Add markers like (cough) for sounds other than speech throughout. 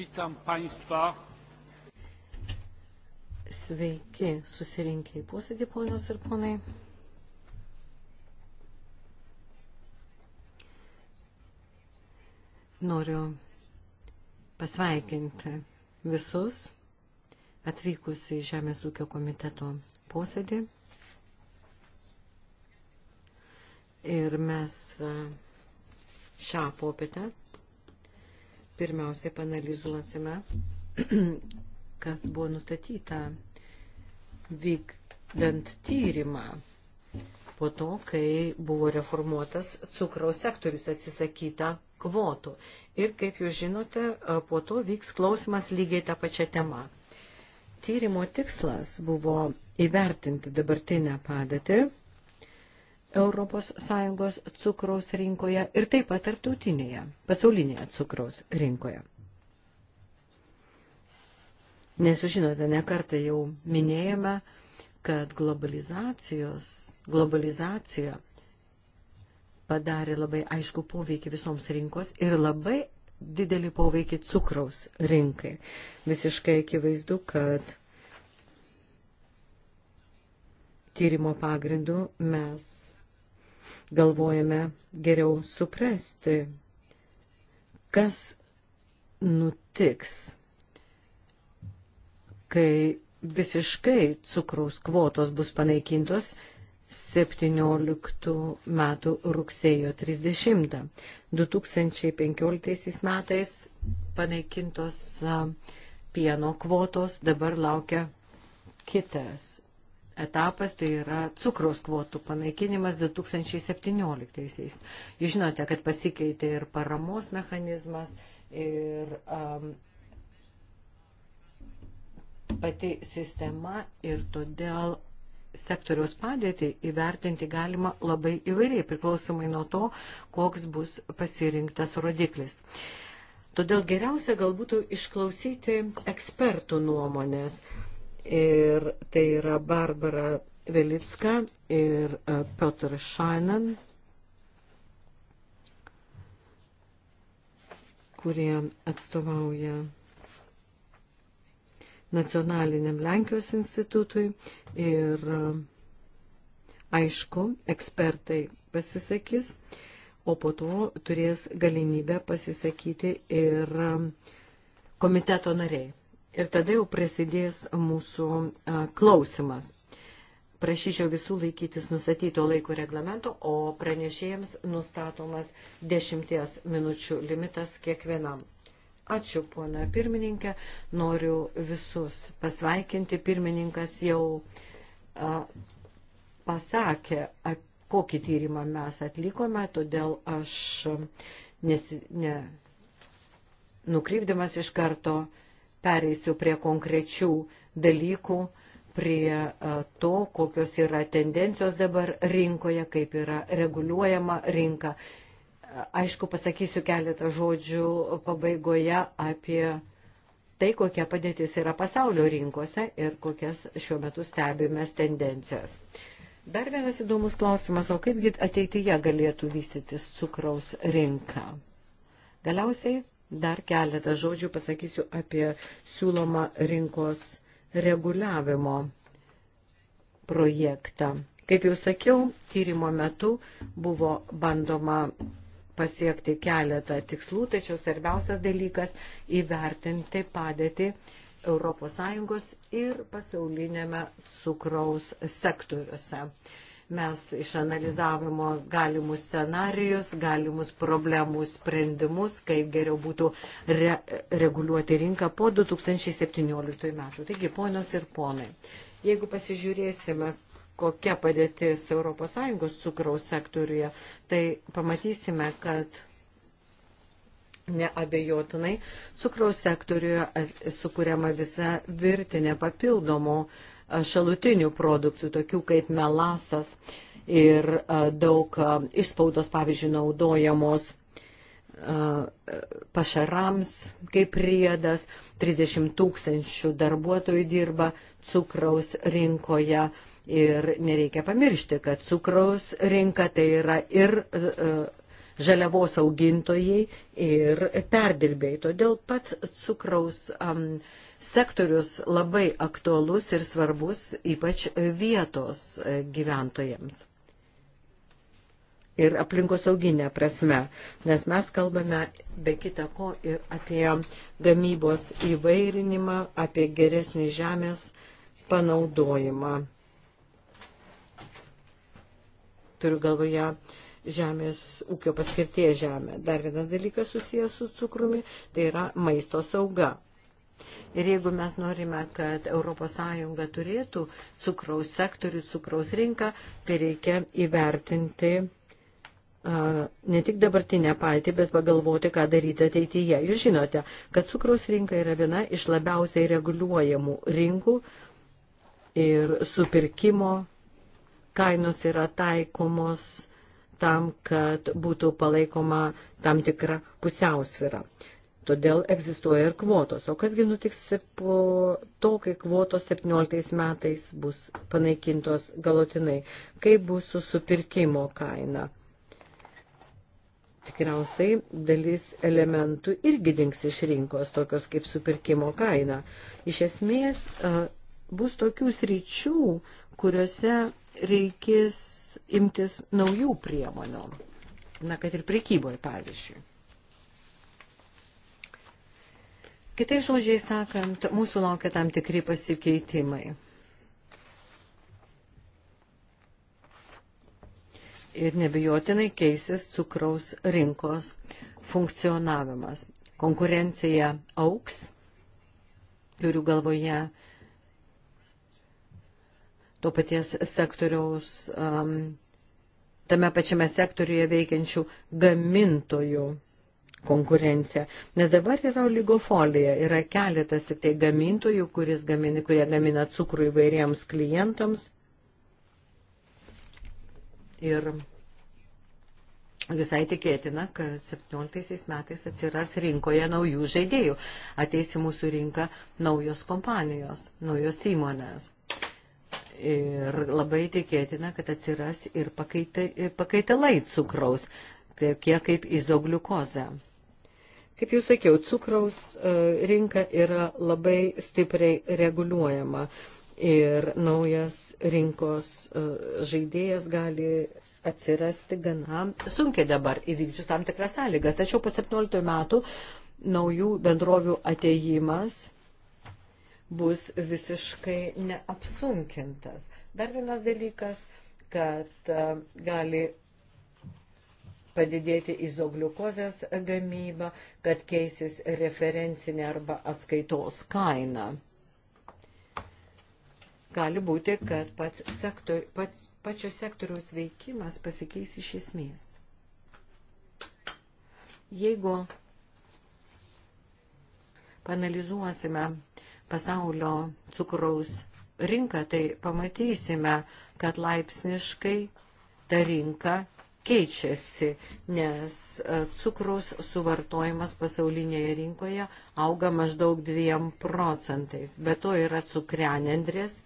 Witam Państwa. Sveiki, susirinkę į posėdį, ponios ir ponai. Noriu pasveikinti visus atvykus į Žemės ūkio komiteto posėdį. Ir mes šią popietę pirmiausiai panalizuosime, (clears throat) kas buvo nustatyta vykdant tyrimą po to, kai buvo reformuotas cukraus sektorius atsisakyta kvotų. Ir kaip jūs žinote, po to vyks klausimas lygiai tą pačią temą. Tyrimo tikslas buvo įvertinti dabartinę padėtį ES cukraus rinkoje ir taip pat tarptautinėje, pasaulinėje cukraus rinkoje. Nes, žinote, nekartą jau minėjome, kad globalizacijos, globalizacija padarė labai aišku poveikį visoms rinkos ir labai didelį poveikį cukraus rinkai. Visiškai akivaizdu, kad tyrimo pagrindu mes galvojame geriau suprasti, kas nutiks, kai visiškai cukraus kvotos bus panaikintos 17 metų rugsėjo 30. 2015 metais panaikintos pieno kvotos, dabar laukia kitas etapas, tai yra cukraus kvotų panaikinimas 2017-aisiais. Jūs žinote, kad pasikeitė ir paramos mechanizmas, ir um, pati sistema ir todėl sektoriaus padėtį įvertinti galima labai įvairiai, priklausomai nuo to, koks bus pasirinktas rodiklis. Todėl geriausia galbūt išklausyti ekspertų nuomonės Ir tai yra Barbara Velicka ir e, Piotr Šainan, kurie atstovauja nacionaliniam Lenkijos institutui ir e, aišku, ekspertai pasisakys, o po to turės galimybę pasisakyti ir e, komiteto nariai ir tada jau prasidės mūsų klausimas. Prašyčiau visų laikytis nustatyto laiko reglamento, o pranešėjams nustatomas dešimties minučių limitas kiekvienam. Ačiū, pona pirmininkė. Noriu visus pasveikinti. Pirmininkas jau a, pasakė, a, kokį tyrimą mes atlikome, todėl aš nes, ne, nukrypdamas iš karto pereisiu prie konkrečių dalykų, prie e, to, kokios yra tendencijos dabar rinkoje, kaip yra reguliuojama rinka. Aišku, pasakysiu keletą žodžių pabaigoje apie tai, kokia padėtis yra pasaulio rinkose ir kokias šiuo metu stebimės tendencijas. Dar vienas įdomus klausimas, o kaipgi ateityje galėtų vystytis cukraus rinka? Galiausiai Dar keletą žodžių pasakysiu apie siūlomą rinkos reguliavimo projektą. Kaip jau sakiau, tyrimo metu buvo bandoma pasiekti keletą tikslų, tačiau svarbiausias dalykas - įvertinti padėtį ES ir pasaulinėme cukraus sektoriuose. Mes išanalizavimo galimus scenarius, galimus problemų sprendimus, kaip geriau būtų re reguliuoti rinką po 2017 metų. Taigi, ponios ir ponai, jeigu pasižiūrėsime, kokia padėtis ES cukraus sektoriuje, tai pamatysime, kad neabejotinai cukraus sektoriuje e, sukūriama visa virtinė papildomų uh, šalutinių produktų, tokių kaip melasas ir daug išspaudos, pavyzdžiui, naudojamos pašarams kaip priedas, 30 tūkstančių darbuotojų dirba cukraus rinkoje ir nereikia pamiršti, kad cukraus rinka tai yra ir žaliavos augintojai ir perdirbėjai. Todėl pats cukraus um, sektorius labai aktualus ir svarbus ypač vietos e, gyventojams. Ir aplinkosauginė prasme, nes mes kalbame be kita ko ir apie gamybos įvairinimą, apie geresnį žemės panaudojimą. Turiu galvoje žemės ūkio paskirties žemę. Dar vienas dalykas susijęs su cukrumi, tai yra maisto sauga. Ir jeigu mes norime, kad ES turėtų cukraus sektorių, cukraus rinką, tai reikia įvertinti ne tik dabartinę patį, bet pagalvoti, ką daryti ateityje. Jūs žinote, kad cukraus rinka yra viena iš labiausiai reguliuojamų rinkų ir supirkimo kainos yra taikomos tam, kad būtų palaikoma tam tikra pusiausvira. Todėl egzistuoja ir kvotos. O kasgi nutiks po to, kai kvotos 17 metais bus panaikintos galutinai? Kaip bus su supirkimo kaina? Tikriausiai dalis elementų irgi dings iš rinkos, tokios kaip supirkimo kaina. Iš esmės bus tokių sričių, kuriuose reikės imtis naujų priemonių. Na, kad ir prekyboje, pavyzdžiui. Kitai žodžiai sakant, mūsų laukia tam tikri pasikeitimai. Ir nebijotinai keisis cukraus rinkos funkcionavimas. Konkurencija auks, turiu galvoje, to paties sektoriaus, um, tame pačiame sektoriuje veikiančių gamintojų konkurencija. Nes dabar yra oligofolija, yra keletas tik tai gamintojų, gamini, kurie gamina cukrų įvairiems klientams. Ir visai tikėtina, kad 17 metais atsiras rinkoje naujų žaidėjų. Ateis į mūsų rinką naujos kompanijos, naujos įmonės. Ir labai tikėtina, kad atsiras ir pakaitalai cukraus, tokie kaip izogliukoza. Kaip jau sakiau, cukraus e, rinka yra labai stipriai reguliuojama ir naujas rinkos e, žaidėjas gali atsirasti gana sunkiai dabar įvykdžius tam tikras sąlygas. Tačiau po 17 metų naujų bendrovių ateimas bus visiškai neapsunkintas. Dar vienas dalykas, kad e, gali padidėti izogliukozės gamybą, kad keisis referencinė arba atskaitos kaina. Gali būti, kad pats sektor, pats, pačio sektoriaus veikimas pasikeis iš esmės. Jeigu panalizuosime pasaulio cukraus rinką, tai pamatysime, kad laipsniškai ta rinka keičiasi, nes e, cukrus suvartojimas pasaulinėje rinkoje auga maždaug 2 procentais. Be to yra cukrenendrės,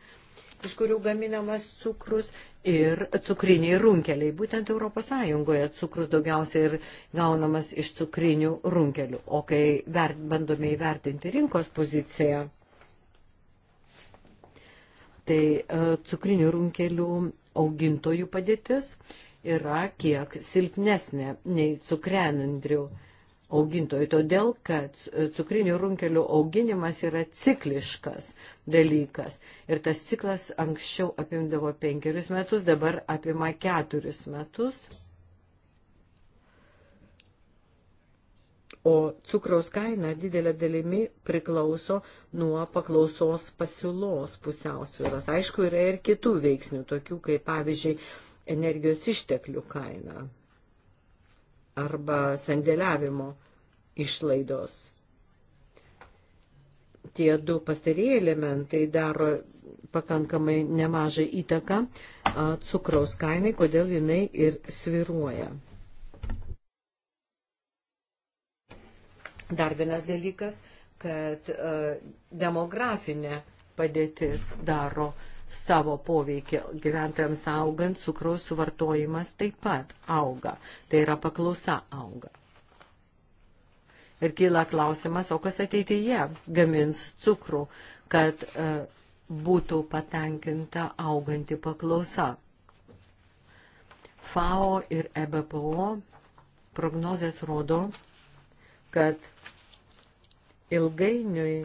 iš kurių gaminamas cukrus ir cukriniai runkeliai. Būtent ES cukrus daugiausiai ir gaunamas iš cukrinių runkelių. O kai ver, bandome įvertinti rinkos poziciją, tai e, cukrinių runkelių augintojų padėtis yra kiek silpnesnė nei cukrenendrių augintojų, todėl kad cukrinių runkelių auginimas yra cikliškas dalykas. Ir tas ciklas anksčiau apimdavo penkerius metus, dabar apima keturius metus. O cukraus kaina didelė dalimi priklauso nuo paklausos pasiūlos pusiausvėros. Aišku, yra ir kitų veiksnių, tokių kaip pavyzdžiui energijos išteklių kainą arba sandėliavimo išlaidos. Tie du pastarieji elementai daro pakankamai nemažą įtaką cukraus kainai, kodėl jinai ir sviruoja. Dar vienas dalykas, kad demografinė padėtis daro uh, savo poveikį gyventojams augant, cukraus suvartojimas taip pat auga, tai yra paklausa auga. Ir kyla klausimas, o kas ateityje gamins cukrų, kad e, būtų patenkinta auganti paklausa. FAO ir EBPO prognozės rodo, kad ilgainiui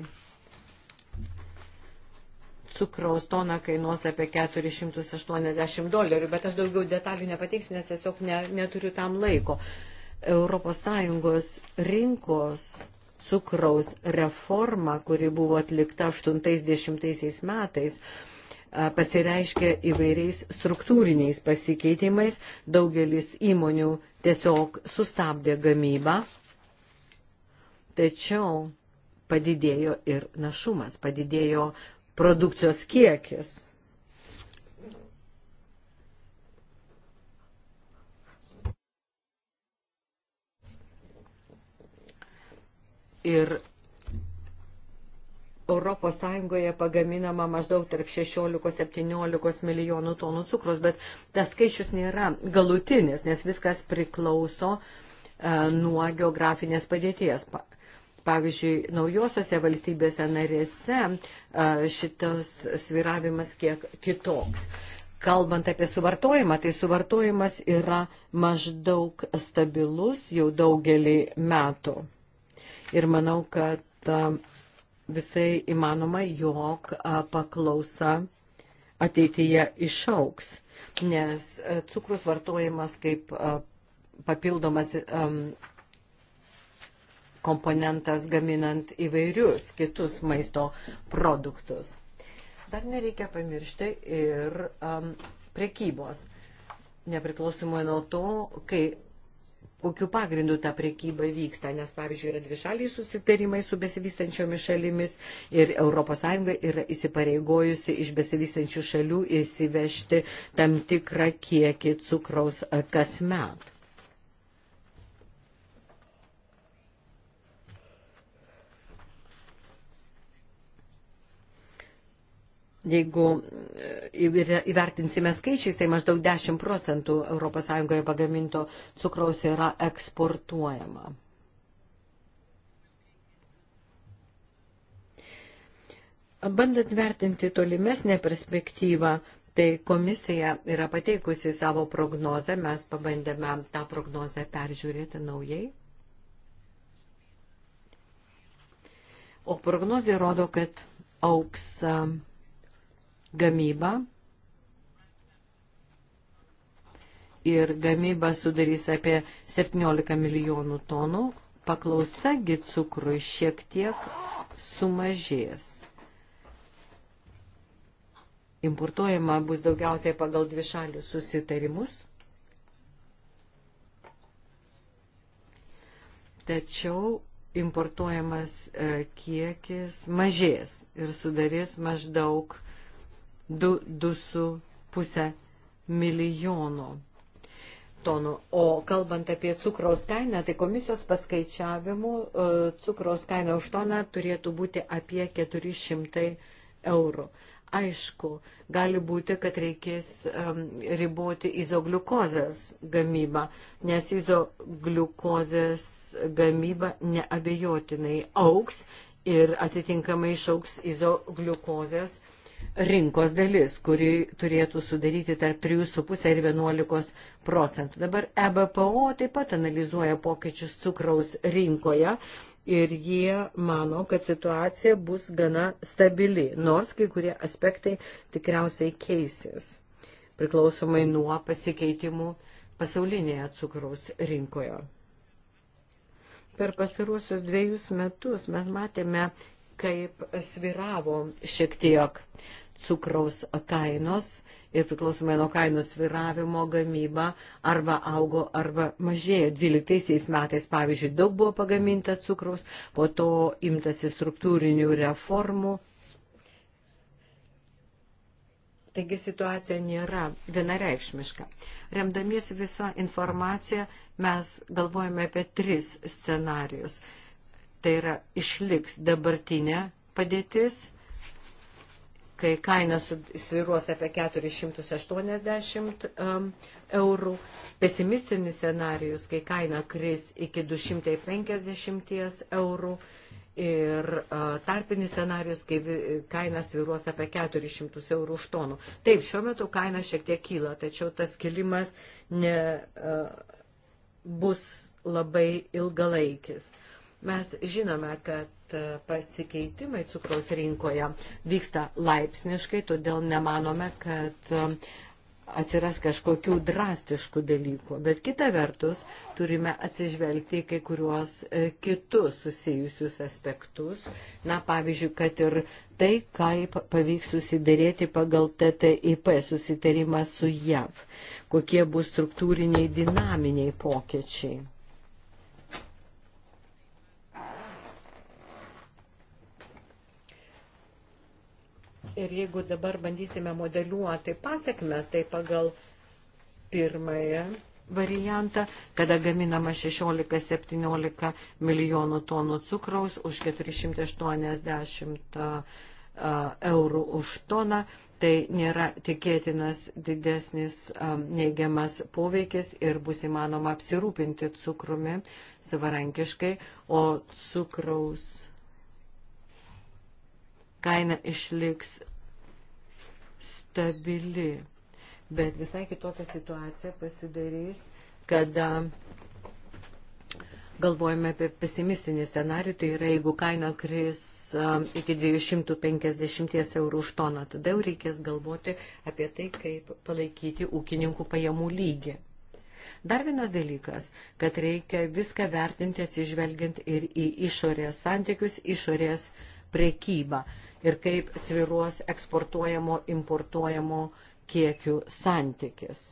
cukraus tona kainuos apie 480 dolerių, bet aš daugiau detalių nepateiksiu, nes tiesiog ne, neturiu tam laiko. ES rinkos cukraus reforma, kuri buvo atlikta 80 metais, pasireiškia įvairiais struktūriniais pasikeitimais. Daugelis įmonių tiesiog sustabdė gamybą, tačiau padidėjo ir našumas, padidėjo produkcijos kiekis. Ir Europos Sąjungoje pagaminama maždaug tarp 16-17 milijonų tonų cukrus, bet tas skaičius nėra galutinis, nes viskas priklauso e, nuo geografinės padėties. Pavyzdžiui, naujosiose valstybėse narėse šitas sviravimas kiek kitoks. Kalbant apie suvartojimą, tai suvartojimas yra maždaug stabilus jau daugelį metų. Ir manau, kad visai įmanoma, jog paklausa ateityje išauks, nes cukrus vartojimas kaip papildomas komponentas gaminant įvairius kitus maisto produktus. Dar nereikia pamiršti ir um, prekybos, nepriklausomai nuo to, kai kokiu pagrindu ta priekyba vyksta, nes pavyzdžiui yra dvišaliai susitarimai su besivystančiomis šalimis ir ES yra įsipareigojusi iš besivystančių šalių įsivežti tam tikrą kiekį cukraus e, kasmet. Jeigu e, įvertinsime skaičiais, tai maždaug 10 procentų ES pagaminto cukraus yra eksportuojama. Bandant vertinti tolimesnę perspektyvą, tai komisija yra pateikusi savo prognozę, mes pabandėme tą prognozę peržiūrėti naujai. O prognozija rodo, kad auks gamybą ir gamyba sudarys apie 17 milijonų tonų, paklausagi cukrui šiek tiek sumažės. Importuojama bus daugiausiai pagal dvišalių susitarimus. Tačiau importuojamas e, kiekis mažės ir sudarys maždaug 0,5 2,5 milijono tonų. O kalbant apie cukraus kainą, tai komisijos paskaičiavimu e, cukraus kaina už toną turėtų būti apie 400 eurų. Aišku, gali būti, kad reikės um, riboti izogliukozės gamybą, nes izogliukozės gamyba neabejotinai auks ir atitinkamai išauks izogliukozės uh, rinkos dalis, kuri turėtų sudaryti tarp 3,5 ir 11 procentų. Dabar EBPO taip pat analizuoja pokyčius cukraus rinkoje ir jie mano, kad situacija bus gana stabili, nors kai kurie aspektai tikriausiai keisis priklausomai nuo pasikeitimų pasaulinėje cukraus rinkoje. Per pastaruosius dviejus metus mes matėme kaip sviravo šiek tiek cukraus kainos ir priklausomai nuo kainų sviravimo gamyba arba augo arba mažėjo. 12 metais, pavyzdžiui, daug buvo pagaminta cukraus, po to imtasi struktūrinių reformų. Taigi situacija nėra vienareikšmiška. Remdamiesi visą informaciją, mes galvojame apie tris scenarius. Tai yra išliks dabartinė padėtis, kai kaina sviruos apie 480 um, eurų. Pesimistinis scenarius, kai kaina kris iki 250 eurų. Ir uh, tarpinis scenarius, kai kaina sviruos apie 400 eurų už tonų. Taip, šiuo metu kaina šiek tiek kyla, tačiau tas kilimas ne, uh, bus labai ilgalaikis. Mes žinome, kad pasikeitimai cukraus rinkoje vyksta laipsniškai, todėl nemanome, kad um, atsiras kažkokių drastiškų dalykų. Bet kita vertus, turime atsižvelgti į kai kuriuos e, kitus susijusius aspektus. Na, pavyzdžiui, kad ir tai, kaip pavyks susidarėti pagal TTIP susitarimą su JAV, kokie bus struktūriniai dinaminiai pokyčiai. ir jeigu dabar bandysime modeliuoti pasiekmes, tai pagal pirmąją variantą, kada gaminama 16-17 milijonų tonų cukraus už 480 eurų už toną, tai nėra tikėtinas didesnis neigiamas poveikis ir bus įmanoma apsirūpinti cukrumi savarankiškai, o cukraus kaina išliks stabili. Bet visai kitokia situacija pasidarys, kada galvojame apie pesimistinį scenarių, tai yra jeigu kaina kris iki 250 eurų už toną, tada jau reikės galvoti apie tai, kaip palaikyti ūkininkų pajamų lygį. Dar vienas dalykas, kad reikia viską vertinti atsižvelgiant ir į išorės santykius, išorės prekybą ir kaip sviruos eksportuojamo, importuojamo kiekių santykis.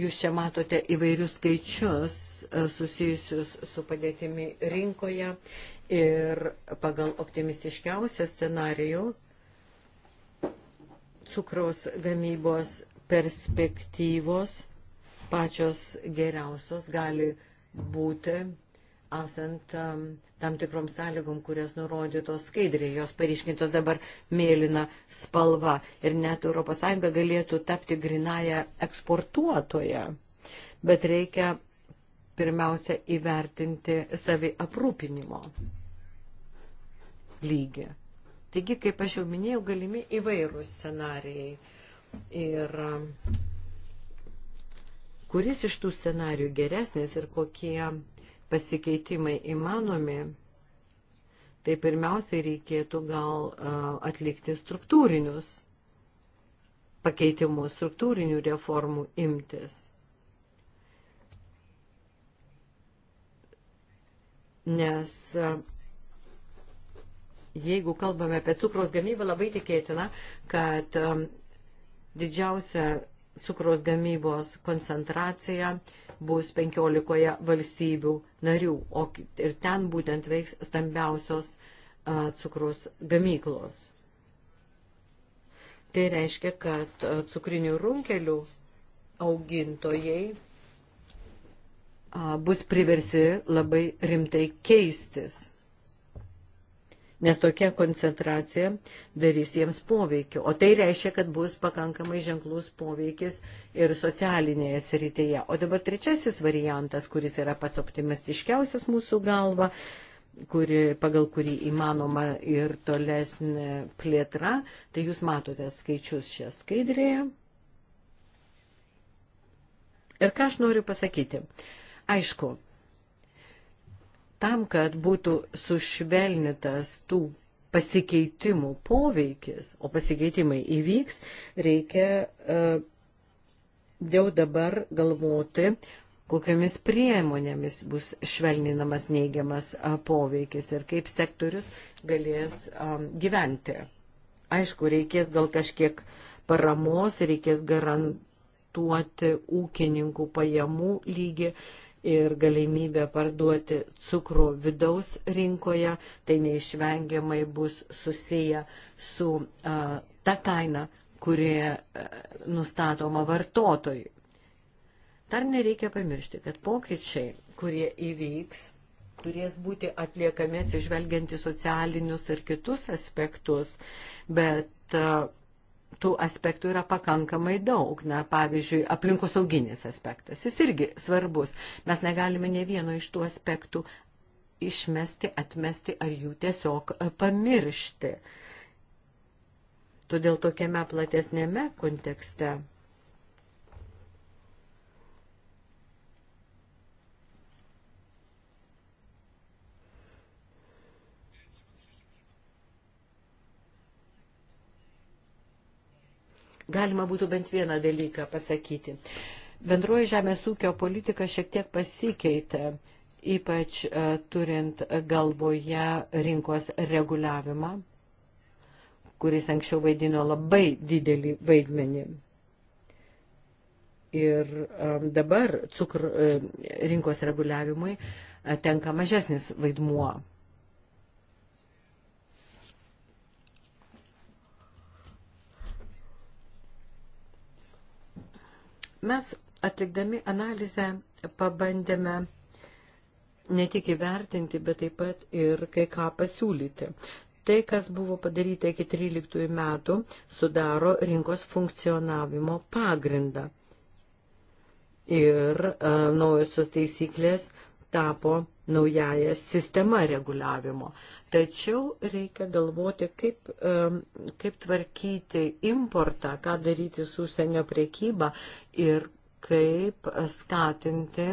Jūs čia matote įvairius skaičius e, susijusius su padėtimi rinkoje ir pagal optimistiškiausią scenarijų cukraus gamybos perspektyvos pačios geriausios gali būti esant um, tam tikrom sąlygom, kurios nurodytos skaidriai, jos paryškintos dabar mėlyna spalva. Ir net ES galėtų tapti grinąją eksportuotoją. Bet reikia pirmiausia įvertinti savi aprūpinimo lygį. Taigi, kaip aš jau minėjau, galimi įvairūs scenarijai. Ir um, kuris iš tų scenarių geresnis ir kokie pasikeitimai įmanomi, tai pirmiausiai reikėtų gal atlikti struktūrinius pakeitimų, struktūrinių reformų imtis. Nes jeigu kalbame apie cukraus gamybą, labai tikėtina, kad didžiausia cukros gamybos koncentracija bus 15 valstybių narių, o ir ten būtent veiks stambiausios cukrus gamyklos. Tai reiškia, kad cukrinių runkelių augintojai bus priversi labai rimtai keistis nes tokia koncentracija darys jiems poveikį. O tai reiškia, kad bus pakankamai ženklus poveikis ir socialinėje srityje. O dabar trečiasis variantas, kuris yra pats optimistiškiausias mūsų galva, kuri, pagal kurį įmanoma ir tolesnė plėtra, tai jūs matote skaičius šią skaidrėje. Ir ką aš noriu pasakyti? Aišku, tam, kad būtų sušvelnitas tų pasikeitimų poveikis, o pasikeitimai įvyks, reikia uh, jau dabar galvoti, kokiamis priemonėmis bus švelninamas neigiamas e, poveikis ir kaip sektorius galės e, gyventi. Aišku, reikės gal kažkiek paramos, reikės garantuoti ūkininkų pajamų lygį, ir galimybę parduoti cukrų vidaus rinkoje, tai neišvengiamai bus susiję su a, ta kaina, kuri a, e, nustatoma vartotojui. Dar nereikia pamiršti, kad pokyčiai, kurie įvyks, turės būti atliekami atsižvelgianti socialinius ir kitus aspektus, bet a, tų aspektų yra pakankamai daug. Na, pavyzdžiui, aplinkosauginis aspektas. Jis irgi svarbus. Mes negalime ne vieno iš tų aspektų išmesti, atmesti ar jų tiesiog pamiršti. Todėl tokiame platesnėme kontekste galima būtų bent vieną dalyką pasakyti. Bendroji žemės ūkio politika šiek tiek pasikeitė, ypač e, turint galvoje rinkos reguliavimą, kuris anksčiau vaidino labai didelį vaidmenį. Ir e, dabar cukr e, rinkos reguliavimui tenka mažesnis vaidmuo Mes atlikdami analizę pabandėme ne tik įvertinti, bet taip pat ir kai ką pasiūlyti. Tai, kas buvo padaryta iki 13 metų, sudaro rinkos funkcionavimo pagrindą. Ir e, naujosios taisyklės tapo naujaja sistema reguliavimo. E, Tačiau reikia galvoti, kaip, kaip tvarkyti importą, ką daryti su užsienio priekyba ir kaip skatinti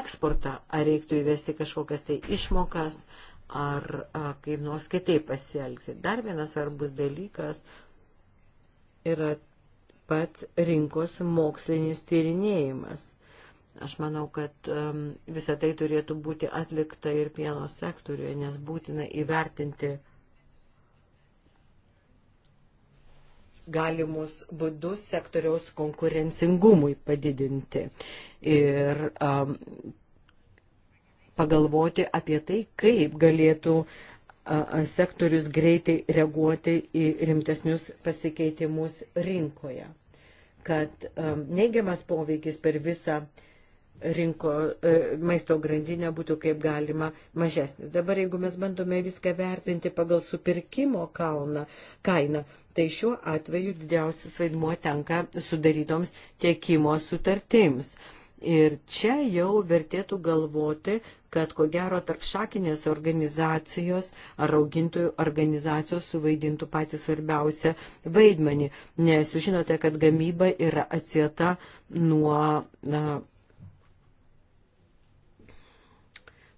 eksportą. Ar reiktų įvesti kažkokias tai išmokas, ar kaip nors kitaip pasielgti. Dar vienas svarbus dalykas yra pats rinkos mokslinis tyrinėjimas. Aš manau, kad um, visa tai turėtų būti atlikta ir pieno sektoriuje, nes būtina įvertinti galimus būdus sektoriaus konkurencingumui padidinti ir um, pagalvoti apie tai, kaip galėtų uh, sektorius greitai reaguoti į rimtesnius pasikeitimus rinkoje kad um, neigiamas poveikis per visą uh, rinko, e, maisto grandinė būtų kaip galima mažesnis. Dabar jeigu mes bandome viską vertinti pagal supirkimo kalną, kainą, tai šiuo atveju didžiausias vaidmuo tenka sudarytoms tiekimo sutartims. Ir čia jau vertėtų galvoti, kad ko gero tarp šakinės organizacijos ar augintojų organizacijos suvaidintų patį svarbiausią vaidmenį, nes jūs žinote, kad gamyba yra atsieta nuo na,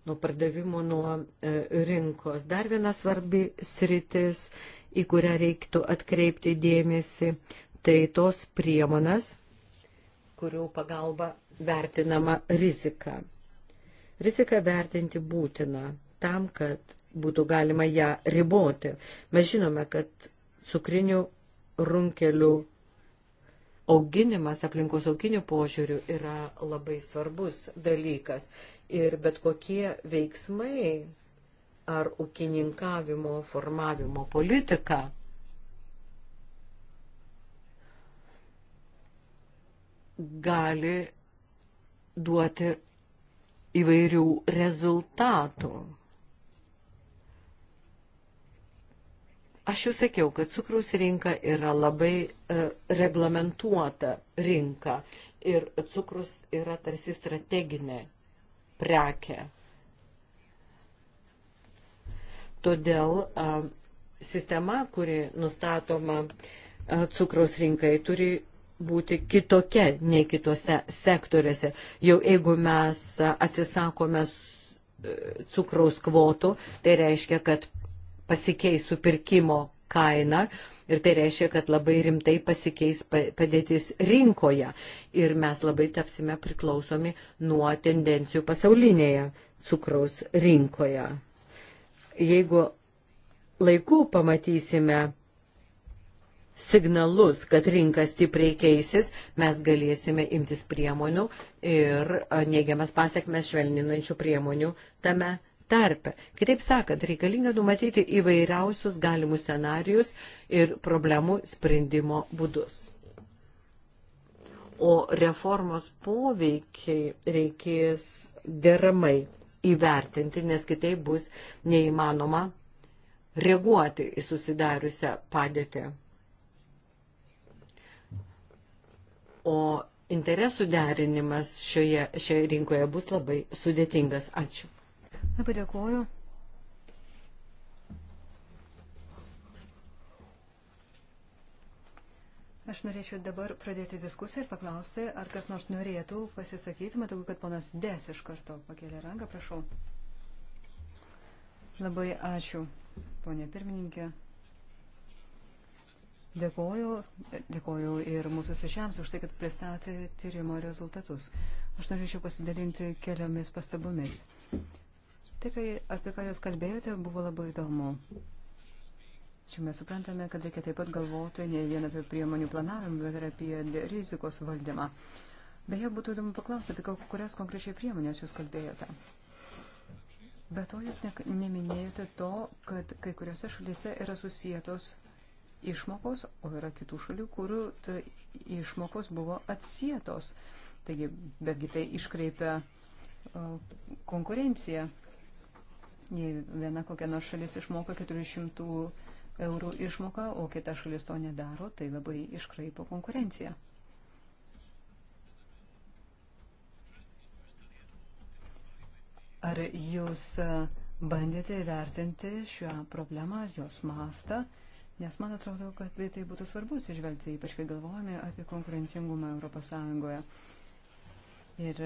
nuo pardavimų, nuo e, rinkos. Dar viena svarbi sritis, į kurią reiktų atkreipti dėmesį, tai tos priemonas, kurių pagalba vertinama rizika. Riziką vertinti būtina tam, kad būtų galima ją riboti. Mes žinome, kad cukrinių runkelių auginimas aplinkos auginių požiūrių yra labai svarbus dalykas ir bet kokie veiksmai ar ūkininkavimo formavimo politika gali duoti įvairių rezultatų. Aš jau sakiau, kad cukraus rinka yra labai e, reglamentuota rinka ir cukrus yra tarsi strateginė prekę. Todėl a, sistema, kuri nustatoma a, cukraus rinkai, turi būti kitokia nei kitose sektoriuose. Jau jeigu mes atsisakome e, cukraus kvotų, tai reiškia, kad pasikeis supirkimo kaina, Ir tai reiškia, kad labai rimtai pasikeis padėtis rinkoje ir mes labai tapsime priklausomi nuo tendencijų pasaulinėje cukraus rinkoje. Jeigu laiku pamatysime signalus, kad rinka stipriai keisis, mes galėsime imtis priemonių ir neigiamas pasiekmes švelninančių priemonių tame tarpe. Kitaip sakant, reikalinga numatyti įvairiausius galimus scenarius ir problemų sprendimo būdus. O reformos poveikiai reikės deramai įvertinti, nes kitaip bus neįmanoma reaguoti į susidariusią padėtį. O interesų derinimas šioje, šioje rinkoje bus labai sudėtingas. Ačiū. Labai dėkuoju. Aš norėčiau dabar pradėti diskusiją ir paklausti, ar kas nors norėtų pasisakyti. Matau, kad ponas Des iš karto pakėlė ranką, prašau. Labai ačiū, ponė pirmininkė. Dėkoju, dėkoju ir mūsų svečiams už tai, kad pristatė tyrimo rezultatus. Aš norėčiau pasidalinti keliomis pastabomis. Tai, kai, apie ką Jūs kalbėjote, buvo labai įdomu. Čia mes suprantame, kad reikia taip pat galvoti ne vien apie priemonių planavimą, bet ir apie rizikos valdymą. Beje, būtų įdomu paklausti, apie kurias konkrečiai priemonės jūs kalbėjote. Be to, jūs ne, neminėjote to, kad kai kuriuose šalyse yra susijėtos išmokos, o yra kitų šalių, kurių išmokos buvo atsijėtos. Taigi, betgi tai iškreipia konkurenciją. Jei viena kokia nors šalis išmoka 400 eurų išmoką, o kita šalis to nedaro, tai labai iškraipo konkurenciją. Ar jūs e, bandėte įvertinti šią problemą, jos mastą? Nes man atrodo, kad tai būtų svarbus išvelgti, ypač kai galvojame apie konkurencingumą Europos Sąjungoje. Ir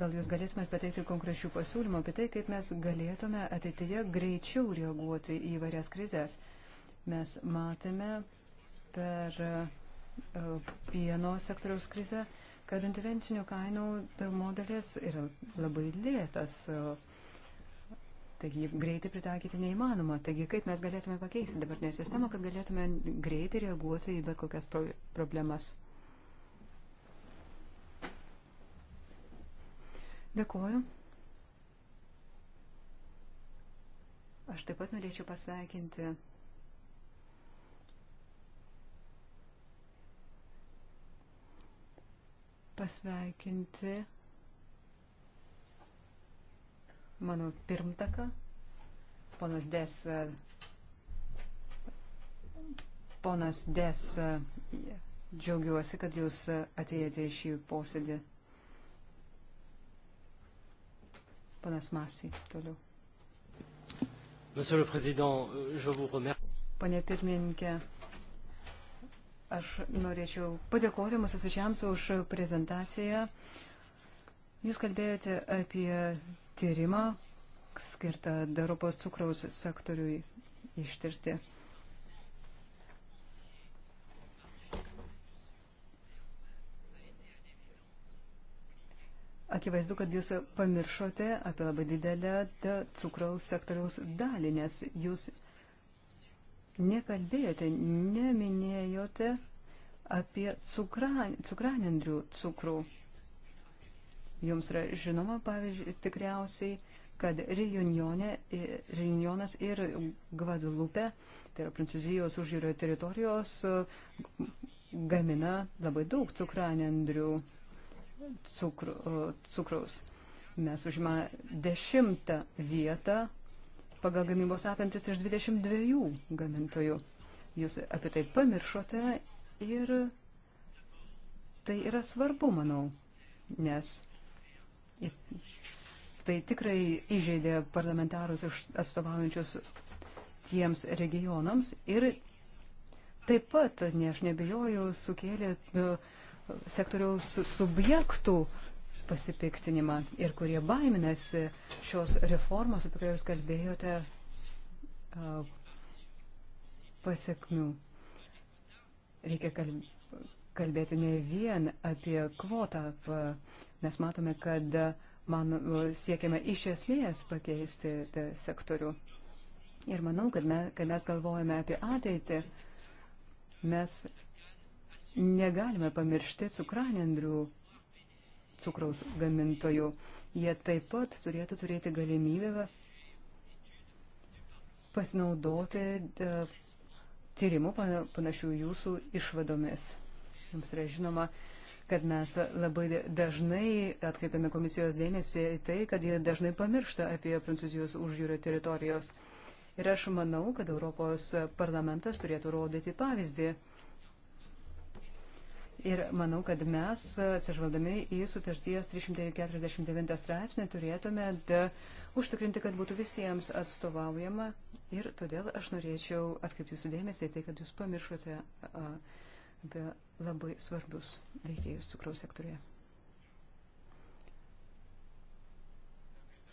Gal jūs galėtumėte pateikti konkrečių pasiūlymų apie tai, kaip mes galėtume ateityje greičiau reaguoti į varias krizės. Mes matėme per e, pieno sektoriaus krizę, kad intervencinių kainų modelis yra labai lėtas. E, taigi greitai pritaikyti neįmanoma. Taigi kaip mes galėtume pakeisti dabartinę sistemą, kad galėtume greitai reaguoti į bet kokias problemas. Dėkuoju. Aš taip pat norėčiau pasveikinti pasveikinti mano pirmtaką, ponas Des, ponas Des, džiaugiuosi, kad jūs atėjote į šį posėdį. Panas Masai, toliau. Pane euh, pirmininkė, aš norėčiau padėkoti mūsų svečiams už prezentaciją. Jūs kalbėjote apie tyrimą skirtą Europos cukraus sektoriui ištirti. Akivaizdu, kad jūs pamiršote apie labai didelę cukraus sektoriaus dalį, nes jūs nekalbėjote, neminėjote apie cukran, cukranendrių cukrų. Jums yra žinoma, pavyzdžiui, tikriausiai, kad e, Reunionas ir Gvadelupe, tai yra Prancūzijos užjūrio teritorijos, gamina labai daug cukranendrių cukru, cukraus. Mes užima dešimtą vietą pagal gamybos apimtis iš 22 gamintojų. Jūs apie tai pamiršote ir tai yra svarbu, manau, nes tai tikrai įžeidė parlamentarus atstovaujančius tiems regionams ir taip pat, ne aš nebejoju, sukėlė uh, sektoriaus subjektų pasipiktinimą ir kurie baiminasi šios reformos, apie kurią jūs kalbėjote, pasiekmių. Reikia kalbėti ne vien apie kvotą. Mes matome, kad man siekiame iš esmės pakeisti sektorių. Ir manau, kad mes, kai mes galvojame apie ateitį, mes Negalime pamiršti cukranendrių cukraus gamintojų. Jie taip pat turėtų turėti galimybę pasinaudoti e, tyrimų panašių jūsų išvadomis. Jums yra žinoma, kad mes labai dažnai atkreipiame komisijos dėmesį į tai, kad jie dažnai pamiršta apie Prancūzijos užjūrio teritorijos. Ir aš manau, kad Europos parlamentas turėtų rodyti pavyzdį Ir manau, kad mes, atsižvaldami į sutarties 349 straipsnį, turėtume da, užtikrinti, kad būtų visiems atstovaujama. Ir todėl aš norėčiau atkreipti jūsų dėmesį į tai, kad jūs pamiršote a, apie labai svarbius veikėjus cukraus sektorėje.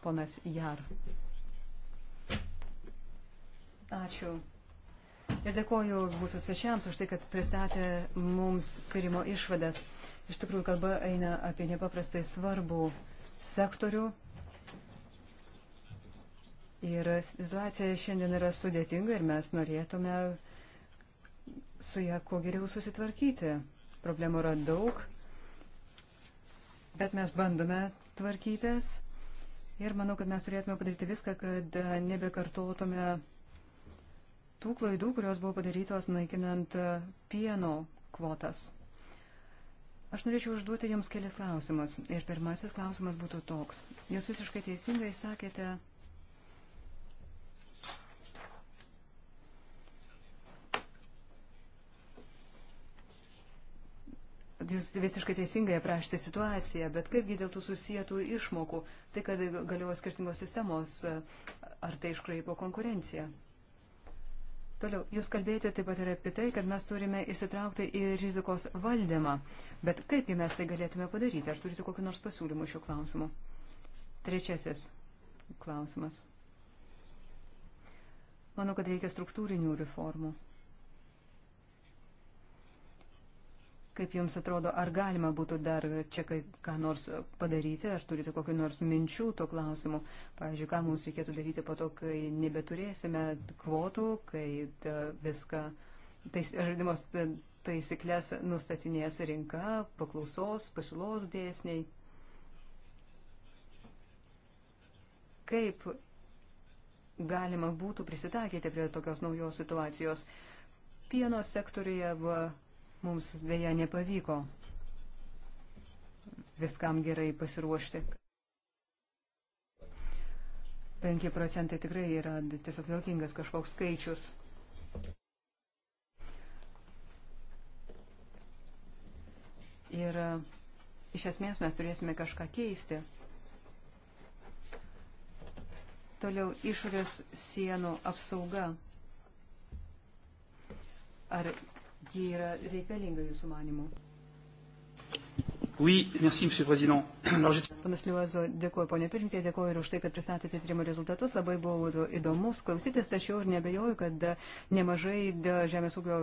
Ponas Jar. Ačiū. Ir dėkoju mūsų svečiams už tai, kad pristatė mums tyrimo išvadas. Iš tikrųjų, kalba eina apie nepaprastai svarbų sektorių. Ir situacija šiandien yra sudėtinga ir mes norėtume su ją kuo geriau susitvarkyti. Problemų yra daug, bet mes bandome tvarkytis. Ir manau, kad mes turėtume padaryti viską, kad nebekartotume tų klaidų, kurios buvo padarytos naikinant e, pieno kvotas. Aš norėčiau užduoti Jums kelis klausimus. Ir pirmasis klausimas būtų toks. Jūs visiškai teisingai sakėte, Jūs visiškai teisingai aprašėte situaciją, bet kaipgi dėl tų susijėtų išmokų, tai kad galiojo skirtingos sistemos, ar tai iškraipo konkurenciją? Toliau, jūs kalbėjote taip pat ir apie tai, kad mes turime įsitraukti į rizikos valdymą. Bet kaip mes tai galėtume padaryti? Ar turite kokį nors pasiūlymų šiuo klausimu? Trečiasis klausimas. Manau, kad reikia struktūrinių reformų. Kaip Jums atrodo, ar galima būtų dar čia kai, ką nors padaryti, ar turite kokiu nors minčių tuo klausimu? Pavyzdžiui, ką mums reikėtų daryti po to, kai nebeturėsime kvotų, kai ta, e, viską, tais, žaidimas e, taisyklės nustatinės rinka, paklausos, pasiūlos dėsniai. Kaip galima būtų prisitaikyti prie tokios naujos situacijos? Pieno sektoriuje va, mums dėja nepavyko viskam gerai pasiruošti. 5 procentai tikrai yra tiesiog juokingas kažkoks skaičius. Ir e, iš esmės mes turėsime kažką keisti. Toliau išorės sienų apsauga. Ar ji yra reikalinga jūsų manimu? Oui, merci, monsieur le président. (clears throat) Alors, je... Panas Liuozo, dėkuoju, ponė pirmininkė, dėkuoju ir už tai, kad pristatėte tyrimo rezultatus. Labai buvo įdomus klausytis, tačiau ir nebejoju, kad e, nemažai e, žemės ūkio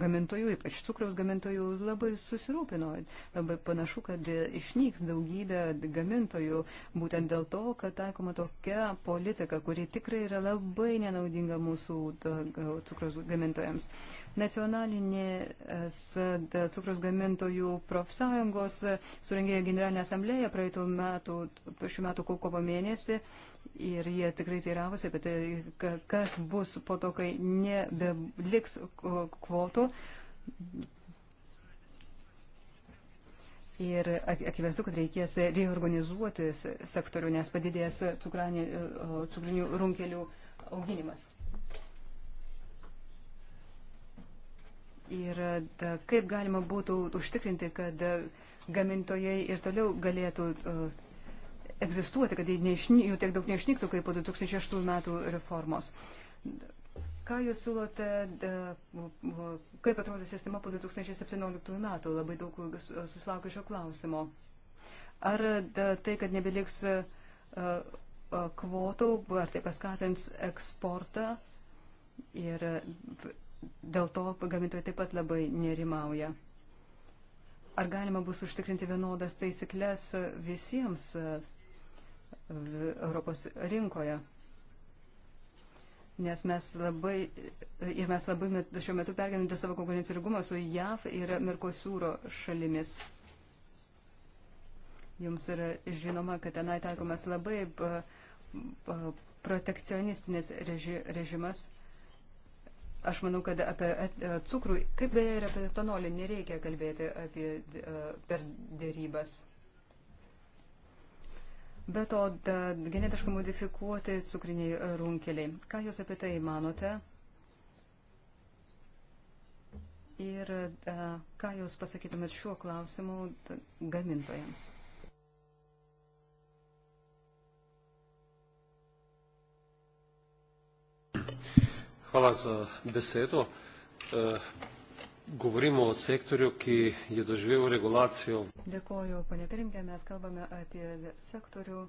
gamintojų, ypač cukraus gamintojų, labai susirūpino. Labai panašu, kad e, išnyks daugybė gamintojų būtent dėl to, kad taikoma tokia politika, kuri tikrai yra labai nenaudinga mūsų cukraus gamintojams. Nacionalinės e, cukrus gamintojų profsąjungos e, surengė generalinę asamblėją praeitų metų, šių metų kovo mėnesį. Ir jie tikrai teiravosi apie tai, kas bus po to, kai nebeliks kvotų. Ir akivaizdu, kad reikės reorganizuoti sektorių, nes padidės e, cukrinių runkelių auginimas. Ir da, kaip galima būtų užtikrinti, kad gamintojai ir toliau galėtų uh, egzistuoti, kad neišny, jų tiek daug neišnyktų kaip po 2006 metų reformos. Ką jūs siūlote, da, kaip atrodo sistema po 2017 metų? Labai daug susilaukiu šio klausimo. Ar da, tai, kad nebeliks uh, kvotų, ar tai paskatins eksportą ir dėl to gamintojai taip pat labai nerimauja. Ar galima bus užtikrinti vienodas taisyklės visiems e, Europos rinkoje? Nes mes labai, e, ir mes labai met, šiuo metu perginam dėl savo konkurencingumą su JAV ir Merkosūro šalimis. Jums yra žinoma, kad tenai taikomas labai e, protekcionistinis reži, režimas Aš manau, kad apie e, cukrų, kaip beje ir apie etanolį, nereikia kalbėti apie, e, per dėrybas. Be to, da, genetiškai modifikuoti cukriniai runkeliai. Ką Jūs apie tai manote? Ir da, e, ką Jūs pasakytumėt šiuo klausimu da, gamintojams? Thank you. (coughs) hvala za besedo. E, govorimo o sektorju, ki je doživel regulacijo. Dėkoju, ponė Pirinkė, mes kalbame apie sektorių,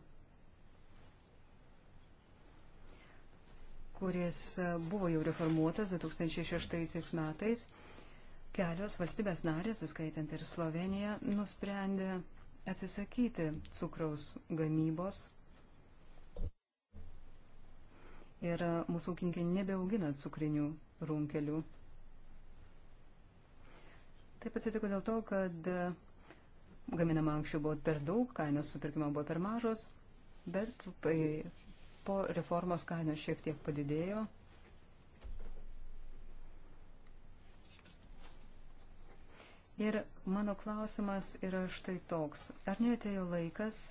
kuris buvo jau reformuotas 2006 metais. Kelios valstybės narės, įskaitant ir Sloveniją, nusprendė atsisakyti cukraus gamybos ir e, mūsų ūkininkai nebeaugina cukrinių runkelių. Taip atsitiko dėl to, kad e, gaminama anksčiau buvo per daug, kainos supirkimo buvo per mažos, bet e, po reformos kainos šiek tiek padidėjo. Ir mano klausimas yra štai toks. Ar neatėjo laikas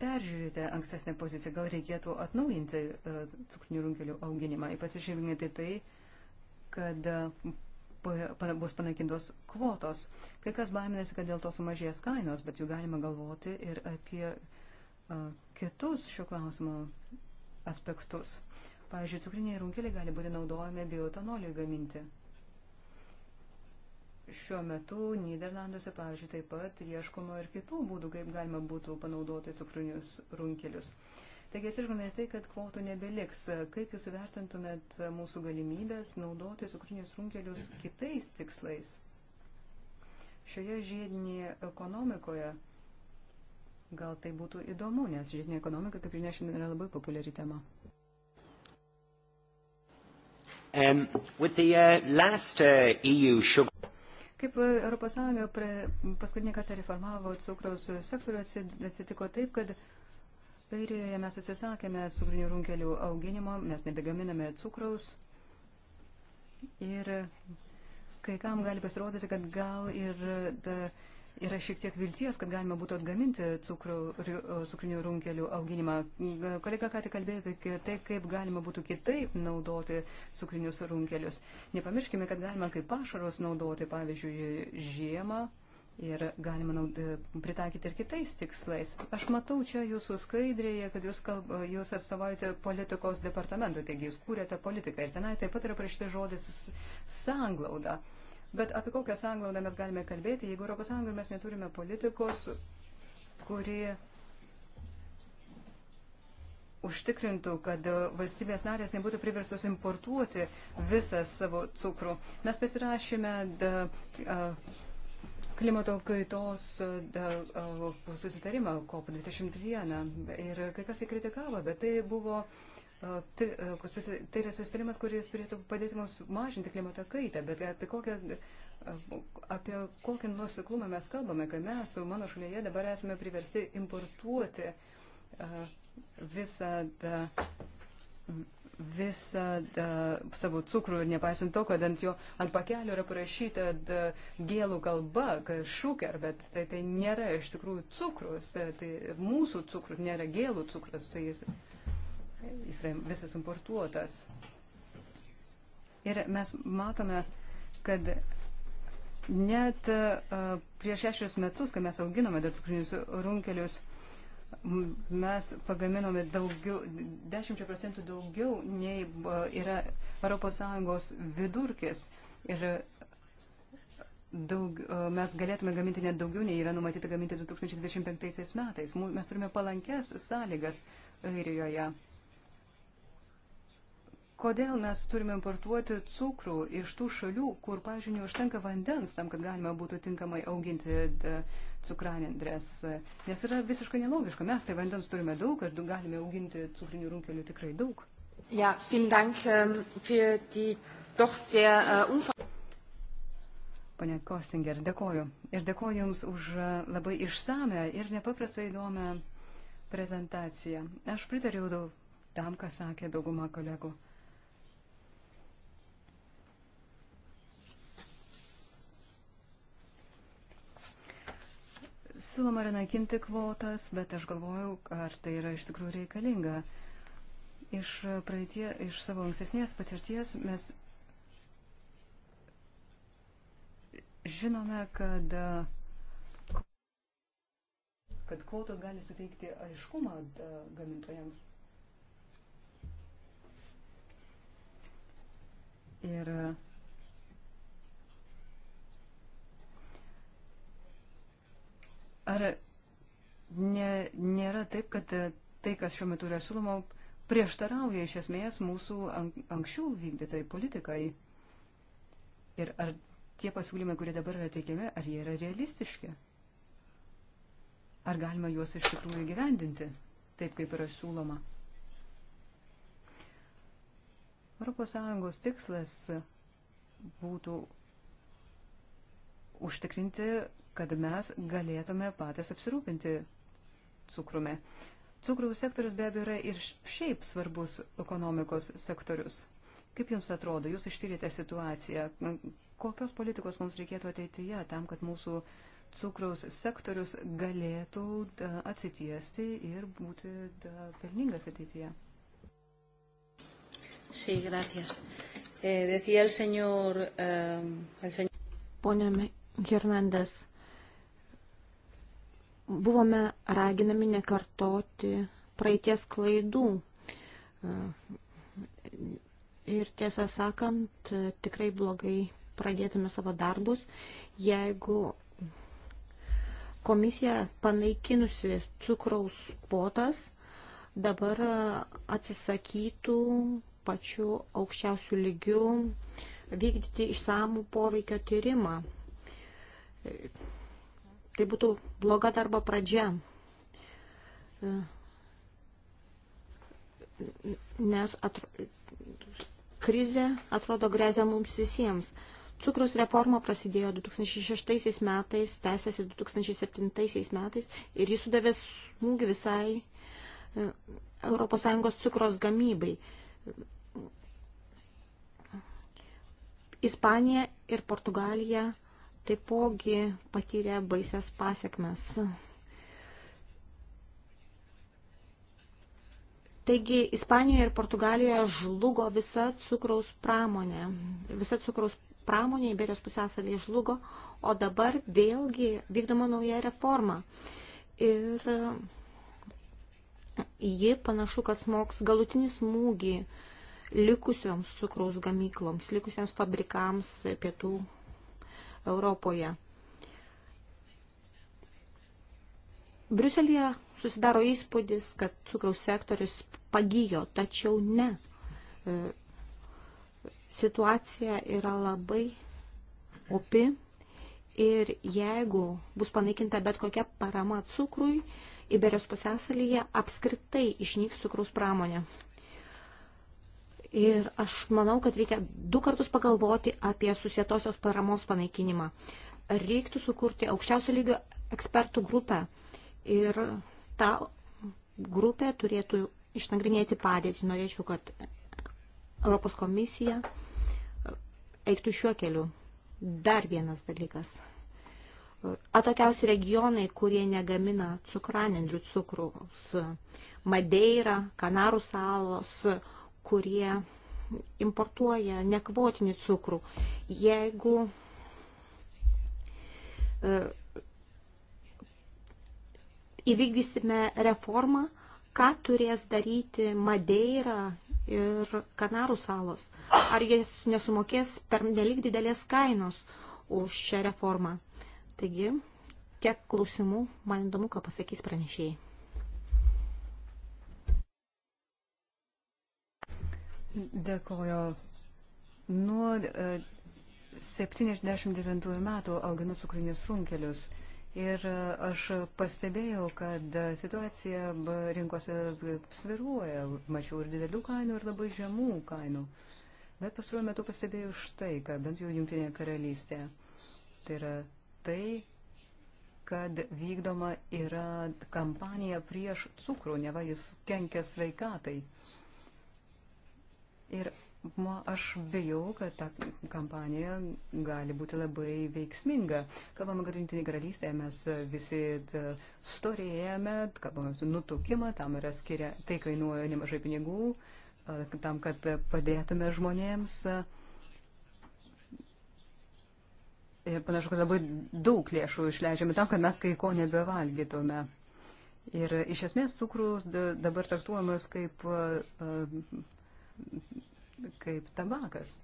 peržiūrėti ankstesnę poziciją, gal reikėtų atnaujinti e, cukrinių runkelių auginimą, ypač išrinkti tai, kad e, bus panaikintos kvotos. Kai kas baiminasi, kad dėl to sumažės kainos, bet jų galima galvoti ir apie e, kitus šio klausimo aspektus. Pavyzdžiui, cukriniai runkeliai gali būti naudojami bioetanoliui gaminti. Šiuo metu Niderlanduose, pavyzdžiui, taip pat ieškoma ir kitų būdų, kaip galima būtų panaudoti cukrinius runkelius. Taigi atsižvelgiant į tai, kad kvotų nebeliks, kaip jūs vertintumėt mūsų galimybės naudoti cukrinius runkelius kitais tikslais? Šioje žiedinėje ekonomikoje gal tai būtų įdomu, nes žiedinė ekonomika, kaip žinia, šiandien yra labai populiari tema. Um, with the uh, last uh, EU sugar Kaip ES paskutinį kartą reformavo cukraus sektorių, atsitiko taip, kad Airijoje mes atsisakėme cukrinių runkelių auginimo, mes nebegaminame cukraus. Ir kai kam gali pasirodyti, kad gal ir da, e, ta yra šiek tiek vilties, kad galima būtų atgaminti cukrų, cukrinių runkelių auginimą. Kolega ką tik kalbėjo apie tai, kaip galima būtų kitaip naudoti cukrinius runkelius. Nepamirškime, kad galima kaip pašarus naudoti, pavyzdžiui, žiemą. Ir galima naud, pritaikyti ir kitais tikslais. Aš matau čia jūsų skaidrėje, kad jūs, kalb, jūs atstovaujate politikos departamentui, taigi jūs kūrėte politiką ir tenai taip pat yra priešti žodis sanglauda. Uh, Bet apie kokią sąnglaudą mes galime kalbėti, jeigu ES mes neturime politikos, kuri užtikrintų, kad valstybės narės nebūtų priverstos importuoti visą savo cukrų. Mes pasirašėme da, a, klimato kaitos da, a, susitarimą COP21 ir kai kas jį kritikavo, bet tai buvo a, Tai, tai yra susitarimas, kuris turėtų padėti mums mažinti klimato kaitą, bet apie kokią, apie kokią nusiklumą mes kalbame, kai mes mano šalyje dabar esame priversti importuoti visą tą visą da, savo cukrų ir nepaisant to, kad ant jo ant pakelio yra parašyta da, gėlų kalba, šūker, bet tai, tai nėra iš tikrųjų cukrus, tai mūsų cukrus nėra gėlų cukrus, tai jis jis yra visas importuotas. Ir mes matome, kad net e, prieš šešius metus, kai mes auginome dar cukrinius runkelius, mes pagaminome daugiau, 10 procentų daugiau nei e, yra ES vidurkis. Ir daug, e, mes galėtume gaminti net daugiau, nei yra numatyta gaminti 2025 metais. Mes turime palankes sąlygas Airijoje. Kodėl mes turime importuoti cukrų iš tų šalių, kur, pavyzdžiui, neužtenka vandens tam, kad galima būtų tinkamai auginti e, cukranendrės? Nes yra visiškai nelogiška. Mes tai vandens turime daug ir galime auginti cukrinių runkelių tikrai daug. Ja, vielen Dank ähm, für die doch sehr äh, umfangreiche. Pane Kostinger, dėkoju. Ir dėkoju Jums už e, labai išsame ir nepaprastai įdomią prezentaciją. Aš pritariu tam, ką sakė dauguma kolegų. Siūloma yra naikinti kvotas, bet aš galvoju, ar tai yra iš tikrųjų reikalinga. Iš, praeitie, iš savo ankstesnės patirties mes žinome, kad, kad kvotos gali suteikti aiškumą e, gamintojams. Ir uh, Ar ne, nėra taip, kad e, tai, kas šiuo metu yra siūloma, prieštarauja iš esmės mūsų anksčiau vykdytai politikai? Ir ar tie pasiūlymai, kurie dabar yra teikiami, ar jie yra realistiški? Ar galima juos iš tikrųjų gyvendinti taip, kaip yra siūloma? ES tikslas būtų užtikrinti kad mes galėtume patys apsirūpinti cukrumi. Cukraus sektorius be abejo yra ir šiaip svarbus ekonomikos sektorius. Kaip Jums atrodo, Jūs ištyrėte situaciją, kokios politikos mums reikėtų ateityje tam, kad mūsų cukraus sektorius galėtų atsitiesti ir būti pelningas ateityje? Sí, gracias. Eh, decía el señor, eh, el señor... Pone Hernández Buvome raginami nekartoti praeities klaidų. Ir tiesą sakant, tikrai blogai pradėtume savo darbus, jeigu komisija panaikinusi cukraus potas dabar atsisakytų pačiu aukščiausių lygių vykdyti išsamų poveikio tyrimą tai būtų bloga darbo pradžia. E, nes atro... krizė atrodo grezia mums visiems. Cukrus reforma prasidėjo 2006 metais, tęsiasi 2007 metais ir jis sudavė smūgį visai ES cukros gamybai. Ispanija ir Portugalija taipogi patyrė baises pasiekmes. Taigi Ispanijoje ir Portugalijoje žlugo visa cukraus pramonė. Visa cukraus pramonė Iberijos pusėsalėje žlugo, o dabar vėlgi vykdoma nauja reforma. Ir ji panašu, kad smoks galutinį smūgį likusioms cukraus gamykloms, likusiems fabrikams pietų Europoje. Briuselėje susidaro įspūdis, kad cukraus sektorius pagyjo, tačiau ne. E, situacija yra labai opi ir jeigu bus panaikinta bet kokia parama cukrui, Iberijos pusėsalyje apskritai išnyks cukraus pramonė. Ir aš manau, kad reikia du kartus pagalvoti apie susietosios paramos panaikinimą. Reiktų sukurti aukščiausio lygio ekspertų grupę. Ir ta grupė turėtų išnagrinėti padėtį. Norėčiau, kad Europos komisija eiktų šiuo keliu. Dar vienas dalykas. Atokiausi regionai, kurie negamina cukranendrių cukrus. Madeira, Kanarų salos, kurie importuoja nekvotinį cukrų. Jeigu e, įvykdysime reformą, ką turės daryti Madeira ir Kanarų salos? Ar jis nesumokės per nelik didelės kainos už šią reformą? Taigi, tiek klausimų, man įdomu, ką pasakys pranešėjai. Dėkoju. Nuo 79 e, metų auginu cukrinius runkelius. Ir e, aš pastebėjau, kad e, situacija rinkose sviruoja. Mačiau ir didelių kainų, ir labai žemų kainų. Bet pastaruoju metu pastebėjau štai, ką bent jau Junktinėje karalystėje. Tai yra tai, kad vykdoma yra kampanija prieš cukrų, neva jis kenkia sveikatai. Uh, Ir aš bijau, kad ta kampanija gali būti labai veiksminga. Kalbame, kad Junktinėje karalystėje mes visi e, storėjame, kalbame apie nutukimą, tam yra skiria, tai kainuoja nemažai pinigų, e, tam, kad padėtume žmonėms. Ir panašu, kad labai daug lėšų išleidžiame tam, kad mes kai ko nebevalgytume. Ir iš esmės cukrus dabar traktuojamas kaip uh, kaip tabakas.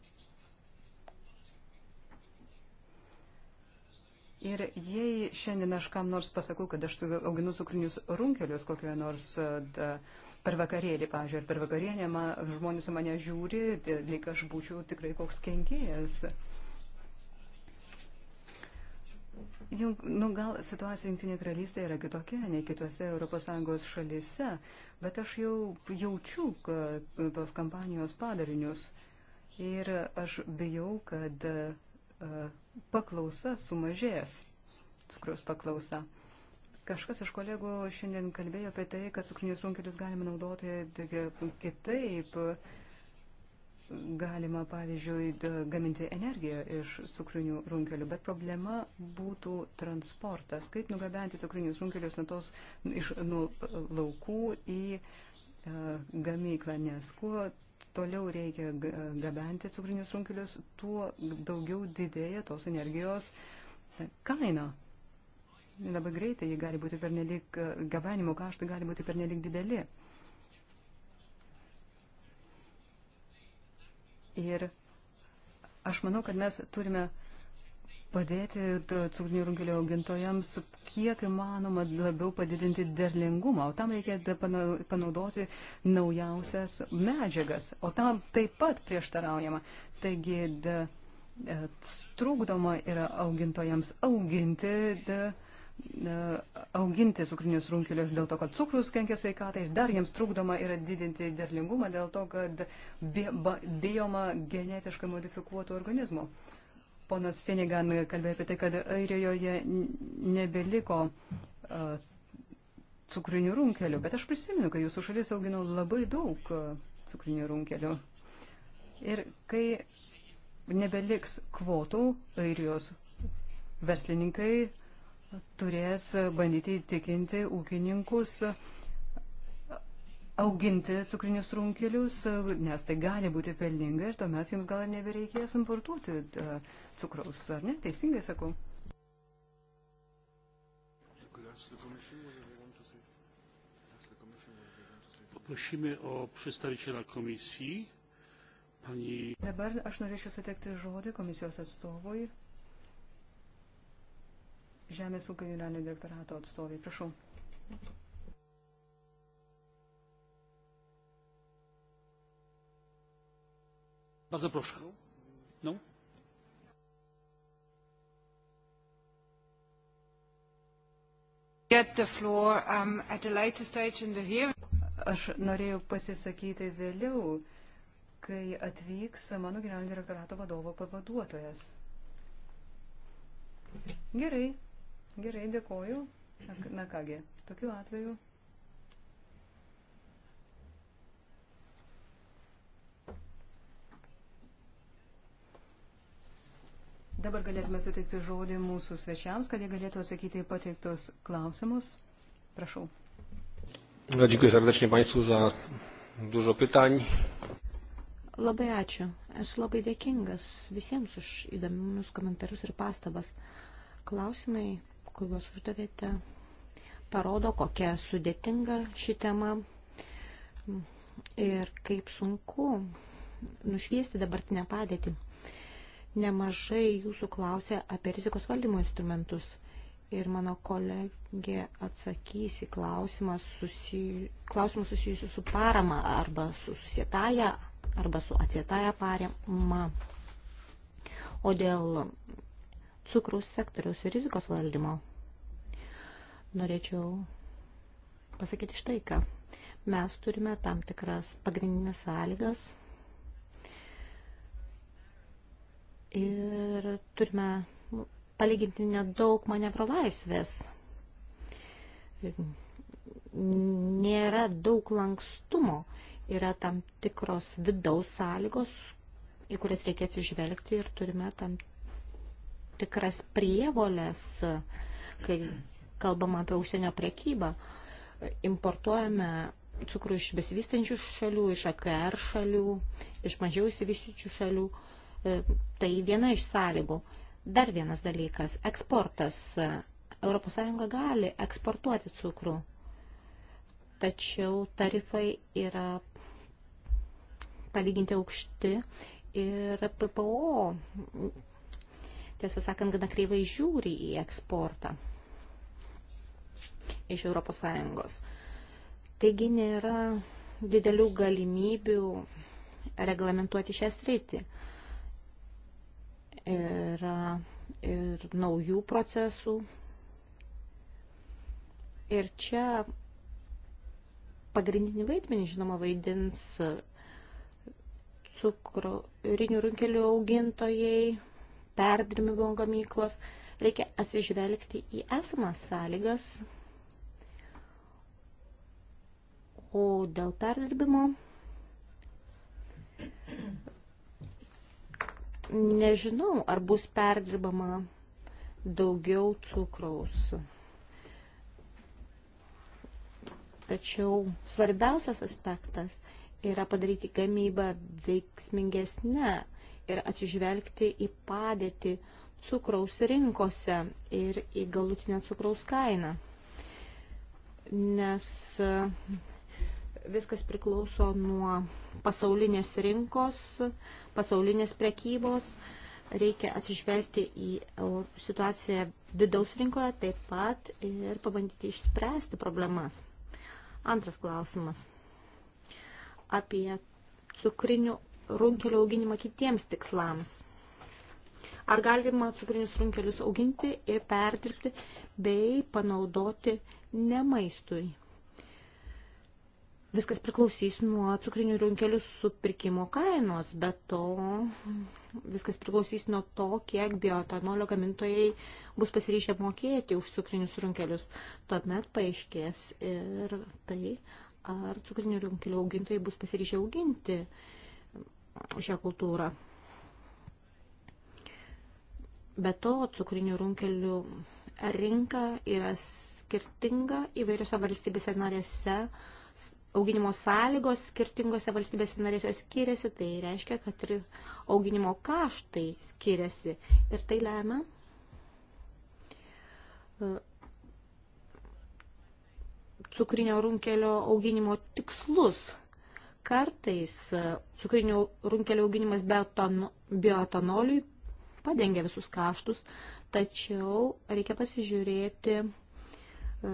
Ir jei šiandien aš kam nors pasakau, kad aš auginu cukrinius runkelius kokioje nors da, per vakarėlį, pavyzdžiui, ar per vakarienę man, žmonės mane žiūri, tai lyg aš būčiau tikrai koks kenkėjas. Jum, nu, gal situacija Junktinė karalystė yra kitokia nei kitose ES šalise, bet aš jau jaučiu kad tos kampanijos padarinius ir aš bijau, kad e, paklausa sumažės, cukraus paklausa. Kažkas iš kolegų šiandien kalbėjo apie tai, kad cukrinius runkelius galima naudoti e, kitaip galima, pavyzdžiui, gaminti energiją iš cukrinių runkelių, bet problema būtų transportas. Kaip nugabenti cukrinius runkelius nuo tos iš nuo e, laukų į uh, gamyklą, nes kuo toliau reikia e, gabenti cukrinius runkelius, tuo daugiau didėja tos energijos kaina. Labai greitai jį gali būti pernelik, gabenimo kaštai gali būti pernelik dideli. Ir aš manau, kad mes turime padėti cukrinių runkelių augintojams kiek įmanoma labiau padidinti derlingumą, o tam reikia panaudoti naujausias medžiagas, o tam taip pat prieštaraujama. Taigi da, e, trukdoma yra augintojams auginti da, E, auginti cukrinius runkelius dėl to, kad cukrus kenkia sveikatai ir dar jiems trukdoma yra didinti derlingumą dėl to, kad bijoma genetiškai modifikuotų organizmų. Ponas Finigan kalbėjo apie tai, kad Airijoje nebeliko e, cukrinių runkelių, bet aš prisimenu, kad jūsų šalis augino labai daug e, cukrinių runkelių. Ir kai nebeliks kvotų, airijos verslininkai turės bandyti įtikinti ūkininkus auginti cukrinius runkelius, nes tai gali būti pelninga ir tuomet jums gal ir nebereikės importuoti e, cukraus, ar ne? Teisingai sakau. Prosimy o przedstawiciela komisji, pani... Dabar aš norėčiau sutikti žodį komisijos atstovui, Žemės ūkio generalinio direktorato atstovai. Prašau. Bardzo proszę. No. Get the floor um, at a later stage in the hearing. Aš norėjau pasisakyti vėliau, kai atvyks mano generalinio direktorato vadovo pavaduotojas. Gerai, Gerai, dėkoju. Na kągi, tokiu atveju. Dabar galėtume suteikti žodį mūsų svečiams, kad jie galėtų atsakyti į pateiktus klausimus. Prašau. No, dziękuję serdecznie Państwu za dużo pytań. Labai ačiū. Esu labai dėkingas visiems už įdomius komentarus ir pastabas. Klausimai, kuriuos uždavėte, parodo, kokia sudėtinga ši tema ir kaip sunku nušviesti dabartinę padėtį. Nemažai jūsų klausė apie rizikos valdymo instrumentus ir mano kolegė atsakys į klausimą susi... klausimus susijusius su parama arba su susietaja arba su atsietaja parama. O dėl cukrus sektoriaus ir rizikos valdymo. Norėčiau pasakyti štai ką. Mes turime tam tikras pagrindinės sąlygas ir turime palyginti nedaug manevro laisvės. Nėra daug lankstumo, yra tam tikros vidaus sąlygos, į kurias reikia atsižvelgti ir turime tam tikras prievolės, kai kalbam apie užsienio priekybą. Importuojame cukrų iš besivystančių šalių, iš AKR šalių, iš mažiau įsivystyčių šalių. E, tai viena iš sąlygų. Dar vienas dalykas - eksportas. ES gali eksportuoti cukrų, tačiau tarifai yra palyginti aukšti ir PPO tiesą sakant, gana kreivai žiūri į eksportą iš ES. Taigi nėra didelių galimybių reglamentuoti šią sritį. Yra ir naujų procesų. Ir čia pagrindinį vaidmenį, žinoma, vaidins cukrų rinių runkelių augintojai perdirbimo gamyklos, reikia atsižvelgti į esamas sąlygas. O dėl perdirbimo nežinau, ar bus perdirbama daugiau cukraus. Tačiau svarbiausias aspektas yra padaryti gamybą veiksmingesnę ir atsižvelgti į padėtį cukraus rinkose ir į galutinę cukraus kainą. Nes e, viskas priklauso nuo pasaulinės rinkos, pasaulinės prekybos. Reikia atsižvelgti į situaciją vidaus rinkoje taip pat ir pabandyti išspręsti problemas. Antras klausimas. Apie cukrinių runkelių auginimą kitiems tikslams? Ar galima cukrinius runkelius auginti ir perdirbti bei panaudoti ne maistui? Viskas priklausys nuo cukrinių runkelių supirkimo kainos, bet to viskas priklausys nuo to, kiek bioetanolio gamintojai bus pasiryšę mokėti už cukrinius runkelius. Tuomet paaiškės ir tai, ar cukrinių runkelių augintojai bus pasiryšę auginti uh, šią kultūrą. Be to, cukrinių runkelių rinka yra skirtinga įvairiose valstybėse narėse. Auginimo sąlygos skirtingose valstybėse narėse skiriasi, tai reiškia, kad ir auginimo kaštai skiriasi. Ir tai lemia e, cukrinio runkelio auginimo tikslus kartais e, cukrinių runkelių auginimas bioetanoliui padengia visus kaštus, tačiau reikia pasižiūrėti, e,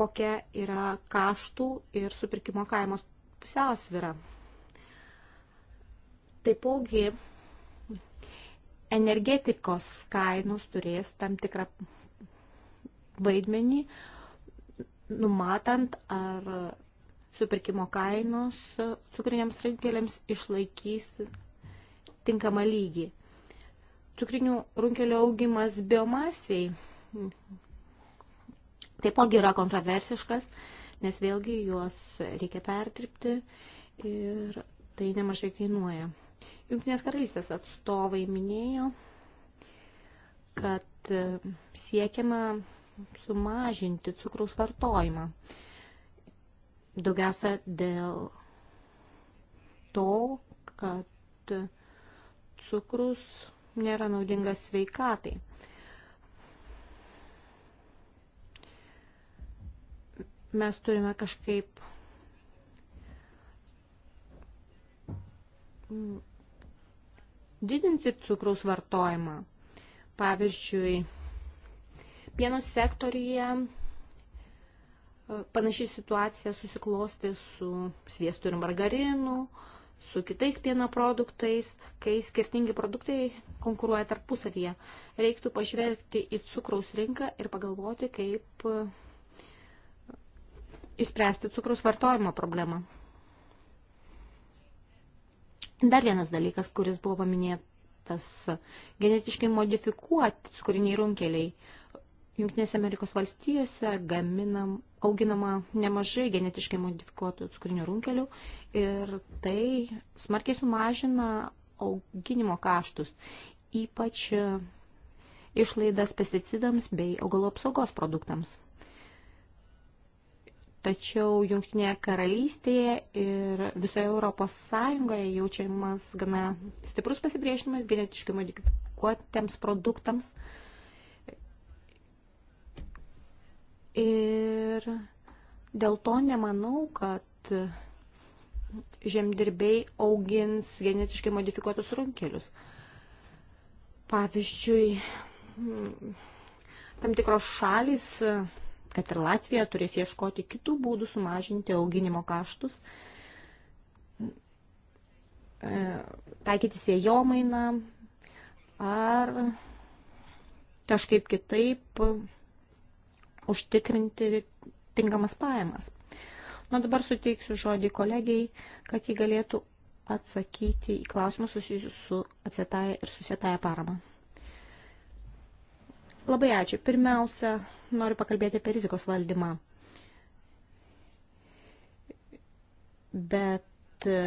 kokia yra kaštų ir supirkimo kainos pusiausvyra. Taipogi energetikos kainos turės tam tikrą vaidmenį, numatant ar supirkimo kainos cukriniams runkeliams išlaikys tinkamą lygį. Cukrinių runkelio augimas biomasiai taipogi yra kontroversiškas, nes vėlgi juos reikia pertripti ir tai nemažai kainuoja. Junktinės karalystės atstovai minėjo, kad siekiama sumažinti cukraus vartojimą. Daugiausia dėl to, kad cukrus nėra naudingas sveikatai. Mes turime kažkaip didinti cukraus vartojimą. Pavyzdžiui, pieno sektoriuje Panaši situacija susiklosti su sviestu ir margarinu, su kitais pieno produktais, kai skirtingi produktai konkuruoja tarpusavyje. Reiktų pažvelgti į cukraus rinką ir pagalvoti, kaip e, išspręsti cukraus vartojimo problemą. Dar vienas dalykas, kuris buvo paminėtas - genetiškai modifikuoti cukriniai runkeliai. Junktinėse Amerikos valstijose gaminam, auginama nemažai genetiškai modifikuotų cukrinių runkelių ir tai smarkiai sumažina auginimo kaštus, ypač e, išlaidas pesticidams bei augalų apsaugos produktams. Tačiau Junktinėje karalystėje ir visoje Europos Sąjungoje jaučiamas gana stiprus pasipriešinimas genetiškai modifikuotiems produktams. Uh, Ir dėl to nemanau, kad žemdirbiai augins genetiškai modifikuotus runkelius. Pavyzdžiui, tam tikros šalis, kad ir Latvija, turės ieškoti kitų būdų sumažinti auginimo kaštus, e, taikyti sėjomainą ar kažkaip kitaip užtikrinti tinkamas pajamas. Nu, dabar suteiksiu žodį kolegijai, kad jį galėtų atsakyti į klausimus susijusius su atsietaja ir susietaja parama. Labai ačiū. Pirmiausia, noriu pakalbėti apie rizikos valdymą. Bet e,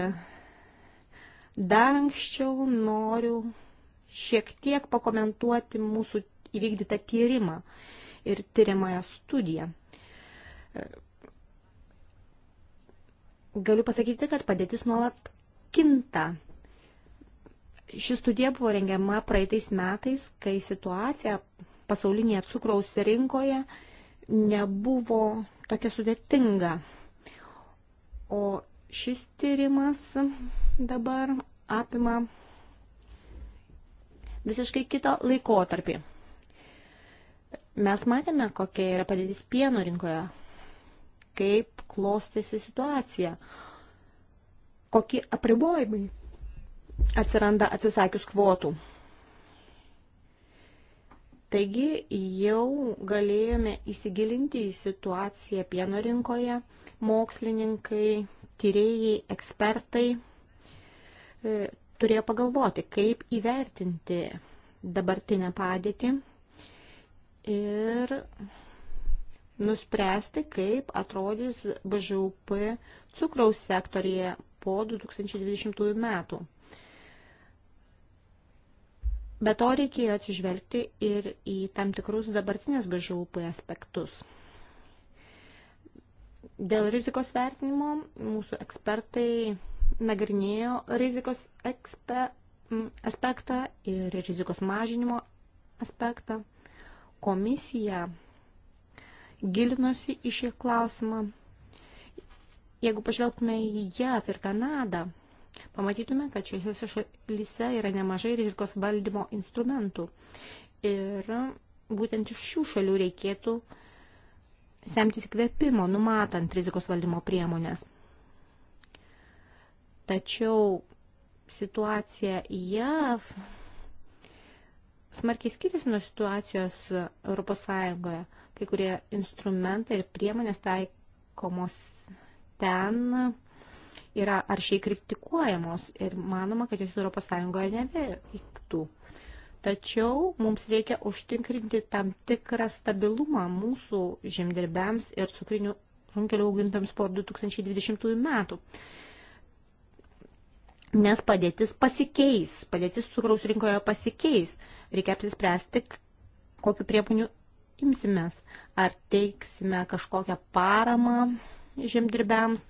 dar anksčiau noriu šiek tiek pakomentuoti mūsų įvykdytą tyrimą. Uh, ir tyriamąją studiją. Galiu pasakyti, kad padėtis nuolat kinta. Ši studija buvo rengiama praeitais metais, kai situacija pasaulinėje cukraus rinkoje nebuvo tokia sudėtinga. O šis tyrimas dabar apima visiškai kitą laikotarpį. Mes matėme, kokia yra padėtis pieno rinkoje, kaip klostėsi situacija, kokie apribojimai atsiranda atsisakius kvotų. Taigi jau galėjome įsigilinti į situaciją pieno rinkoje, mokslininkai, tyrėjai, ekspertai e, turėjo pagalvoti, kaip įvertinti dabartinę padėtį ir nuspręsti, kaip atrodys BŽUP cukraus sektorija po 2020 metų. Be to reikėjo atsižvelgti ir į tam tikrus dabartinės BŽUP aspektus. Dėl rizikos vertinimo mūsų ekspertai nagrinėjo rizikos ekspe, aspektą ir rizikos mažinimo aspektą komisija gilinosi į šį klausimą. Jeigu pažvelgtume į JAV ir Kanadą, pamatytume, kad šiose šalyse yra nemažai rizikos valdymo instrumentų. Ir būtent iš šių šalių reikėtų semtis įkvėpimo, numatant rizikos valdymo priemonės. Tačiau situacija JAV smarkiai skiriasi nuo situacijos ES. Kai kurie instrumentai ir priemonės taikomos ten yra aršiai kritikuojamos ir manoma, kad jos ES neveiktų. Tačiau mums reikia užtinkrinti tam tikrą stabilumą mūsų žemdirbėms ir cukrinių runkelių augintams po 2020 metų nes padėtis pasikeis, padėtis cukraus rinkoje pasikeis. Reikia apsispręsti, kokiu priemonių imsimės. Ar teiksime kažkokią paramą žemdirbiams,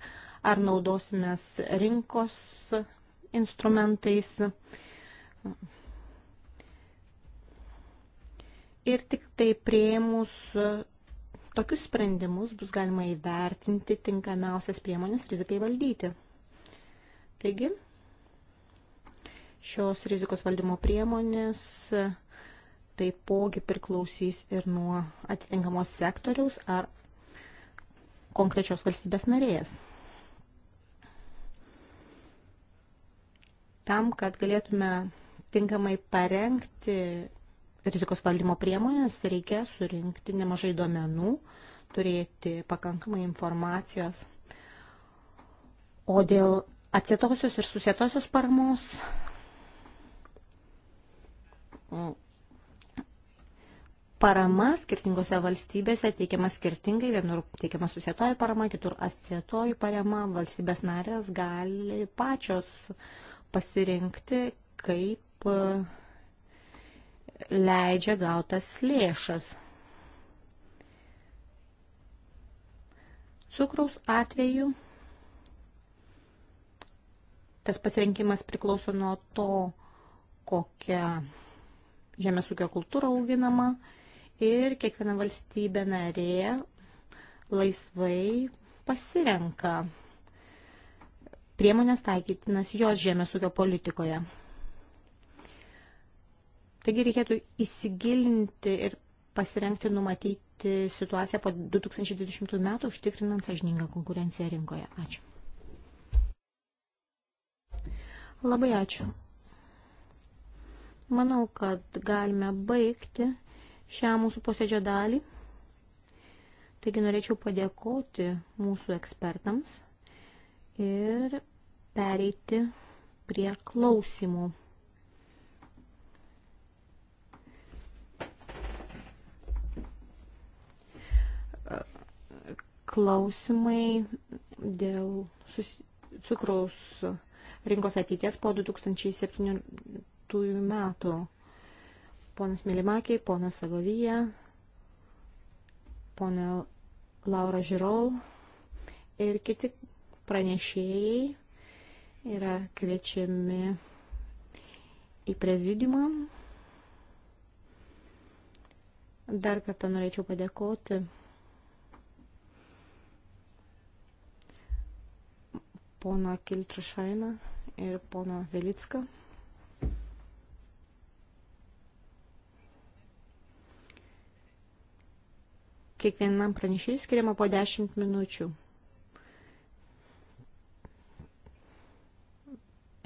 ar naudosimės rinkos instrumentais. Ir tik tai prieimus tokius sprendimus bus galima įvertinti tinkamiausias priemonės rizikai valdyti. Taigi, Šios rizikos valdymo priemonės taipogi priklausys ir nuo atitinkamos sektoriaus ar konkrečios valstybės narėjas. Tam, kad galėtume tinkamai parengti rizikos valdymo priemonės, reikia surinkti nemažai duomenų, turėti pakankamai informacijos. O dėl atsietosios ir susietosios paramos parama skirtingose valstybėse teikiama skirtingai, vienur teikiama susietoji parama, kitur atsietoji parama, valstybės narės gali pačios pasirinkti, kaip e, leidžia gautas lėšas. Cukraus atveju tas pasirinkimas priklauso nuo to, kokią žemės ūkio kultūra auginama ir kiekviena valstybė narė laisvai pasirenka priemonės taikytinas jos žemės ūkio politikoje. Taigi reikėtų įsigilinti ir pasirengti numatyti situaciją po 2020 metų, užtikrinant sažiningą konkurenciją rinkoje. Ačiū. Labai ačiū. Manau, kad galime baigti šią mūsų posėdžio dalį. Taigi norėčiau padėkoti mūsų ekspertams ir pereiti prie klausimų. Klausimai dėl cukraus rinkos ateities po 2017 2015 metų. Ponas Milimakiai, ponas Sagovija, ponė Laura Žirol ir kiti pranešėjai yra kviečiami į prezidiumą. Dar kartą norėčiau padėkoti pono Kiltrišainą ir pono Velicką. Kiekvienam pranešėjui skiriama po 10 minučių.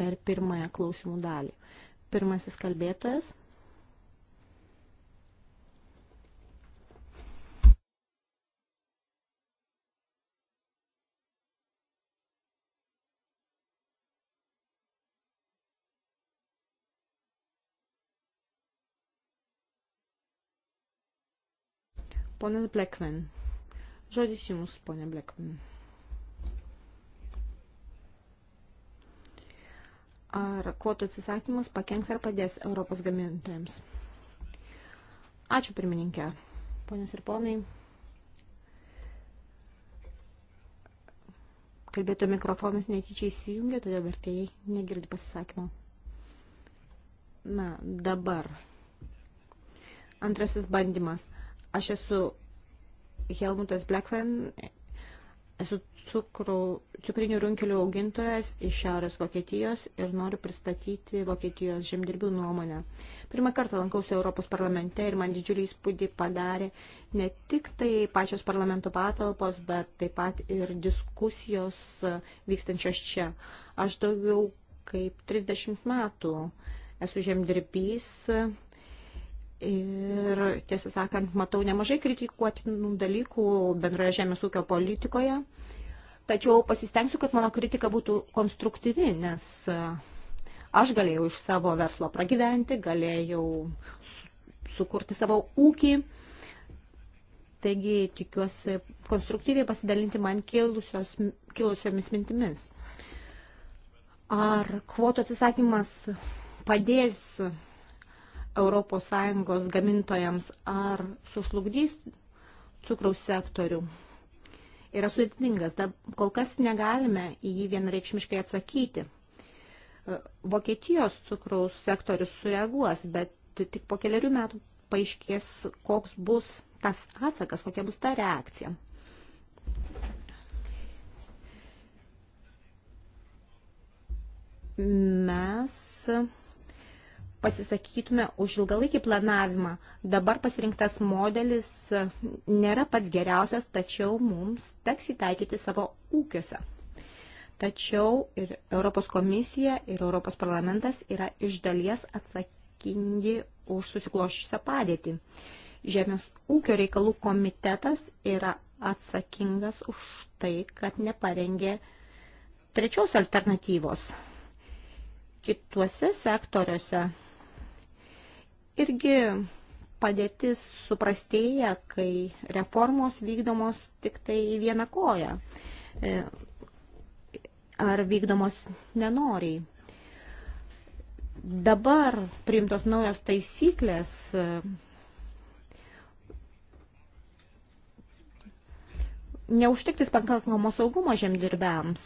Per pirmąją klausimų dalį. Pirmasis kalbėtojas – ponas Blackman. Žodis jums, ponė Blackman. Ar kvotų atsisakymas pakenks ar padės Europos gamintojams? Ačiū pirmininkė. Ponios ir ponai. Kalbėto mikrofonas netyčiai įsijungia, todėl vertėjai negirdi pasisakymo. Na, dabar. Antrasis bandymas. Aš esu Helmutas Blackfen, esu cukrų, cukrinių runkelių augintojas iš Šiaurės Vokietijos ir noriu pristatyti Vokietijos žemdirbių nuomonę. Pirmą kartą lankausi Europos parlamente ir man didžiulį įspūdį padarė ne tik tai pačios parlamento patalpos, bet taip pat ir diskusijos e, vykstančios čia. Aš daugiau kaip 30 metų esu žemdirbys Ir tiesą sakant, matau nemažai kritikuotinų dalykų bendroje žemės ūkio politikoje. Tačiau pasistengsiu, kad mano kritika būtų konstruktyvi, nes e, aš galėjau iš savo verslo pragyventi, galėjau sukurti savo ūkį. Taigi tikiuosi konstruktyviai pasidalinti man kilusios, kilusiomis mintimis. Ar kvotų atsisakymas padės ES gamintojams ar sužlugdys cukraus sektorių, yra sudėtingas. Kol kas negalime į jį vienareikšmiškai atsakyti. E, Vokietijos cukraus sektorius sureaguos, bet tik po keliarių metų paaiškės, koks bus tas atsakas, kokia bus ta reakcija. Mes pasisakytume už ilgalaikį planavimą. Dabar pasirinktas modelis nėra pats geriausias, tačiau mums teks įtaikyti savo ūkiuose. Tačiau ir Europos komisija, ir Europos parlamentas yra iš dalies atsakingi už susiklošusią padėtį. Žemės ūkio reikalų komitetas yra atsakingas už tai, kad neparengė trečios alternatyvos. Kituose sektoriuose irgi padėtis suprastėja, kai reformos vykdomos tik tai vieną koją e, ar vykdomos nenoriai. Dabar priimtos naujos taisyklės e, neužtiktis pakankamo saugumo žemdirbiams,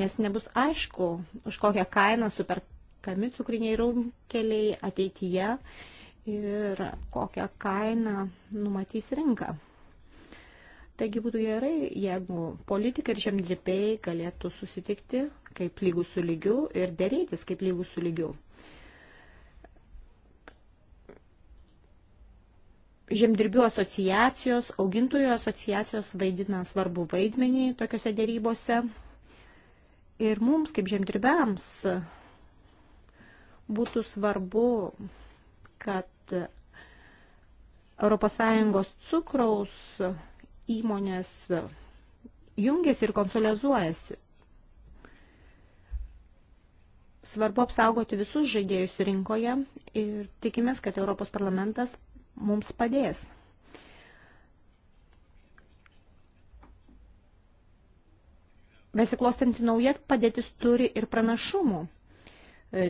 nes nebus aišku, už kokią kainą superkami cukriniai runkeliai ateityje ir kokią kainą numatys rinka. Taigi būtų gerai, jeigu politikai ir žemdirbiai galėtų susitikti kaip lygų su lygiu ir dėrėtis kaip lygų su lygiu. Žemdirbių asociacijos, augintojų asociacijos vaidina svarbu vaidmenį tokiuose dėrybose. Ir mums, kaip žemdirbiams, būtų svarbu, kad kad ES cukraus įmonės jungiasi ir konsolizuojasi. Svarbu apsaugoti visus žaidėjus rinkoje ir tikimės, kad Europos parlamentas mums padės. Besiklostinti nauja padėtis turi ir pranašumų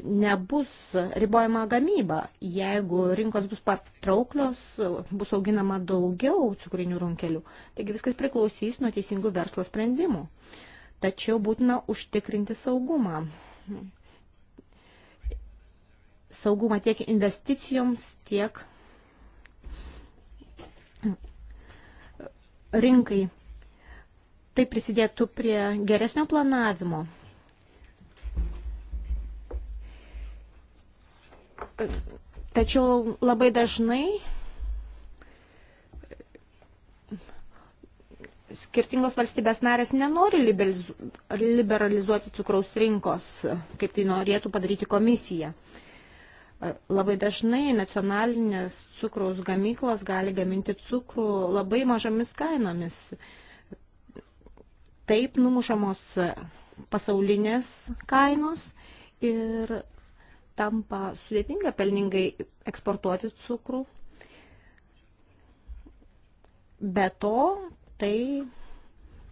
nebus ribojama gamyba. Jeigu rinkos bus patrauklios, bus auginama daugiau cukrinių runkelių. Taigi viskas priklausys nuo teisingų verslo sprendimų. Tačiau būtina užtikrinti saugumą. Saugumą tiek investicijoms, tiek rinkai. Tai prisidėtų prie geresnio planavimo Tačiau labai dažnai skirtingos valstybės narės nenori liberalizuoti cukraus rinkos, kaip tai norėtų padaryti komisija. Labai dažnai nacionalinės cukraus gamyklos gali gaminti cukrų labai mažomis kainomis. Taip numušamos pasaulinės kainos ir tampa sudėtinga pelningai eksportuoti cukrų. Be to, tai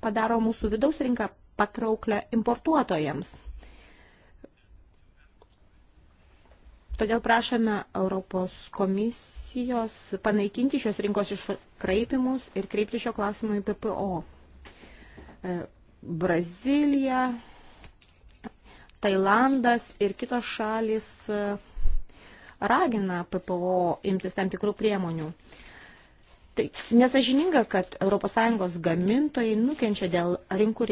padaro mūsų vidaus rinką patrauklę importuotojams. Todėl prašome Europos komisijos panaikinti šios rinkos iškraipimus ir kreipti šio klausimo į PPO. E, Brazilija, Tailandas ir kitos šalis e, ragina PPO imtis tam tikrų priemonių. Tai nesažininga, kad ES gamintojai nukenčia dėl rinkų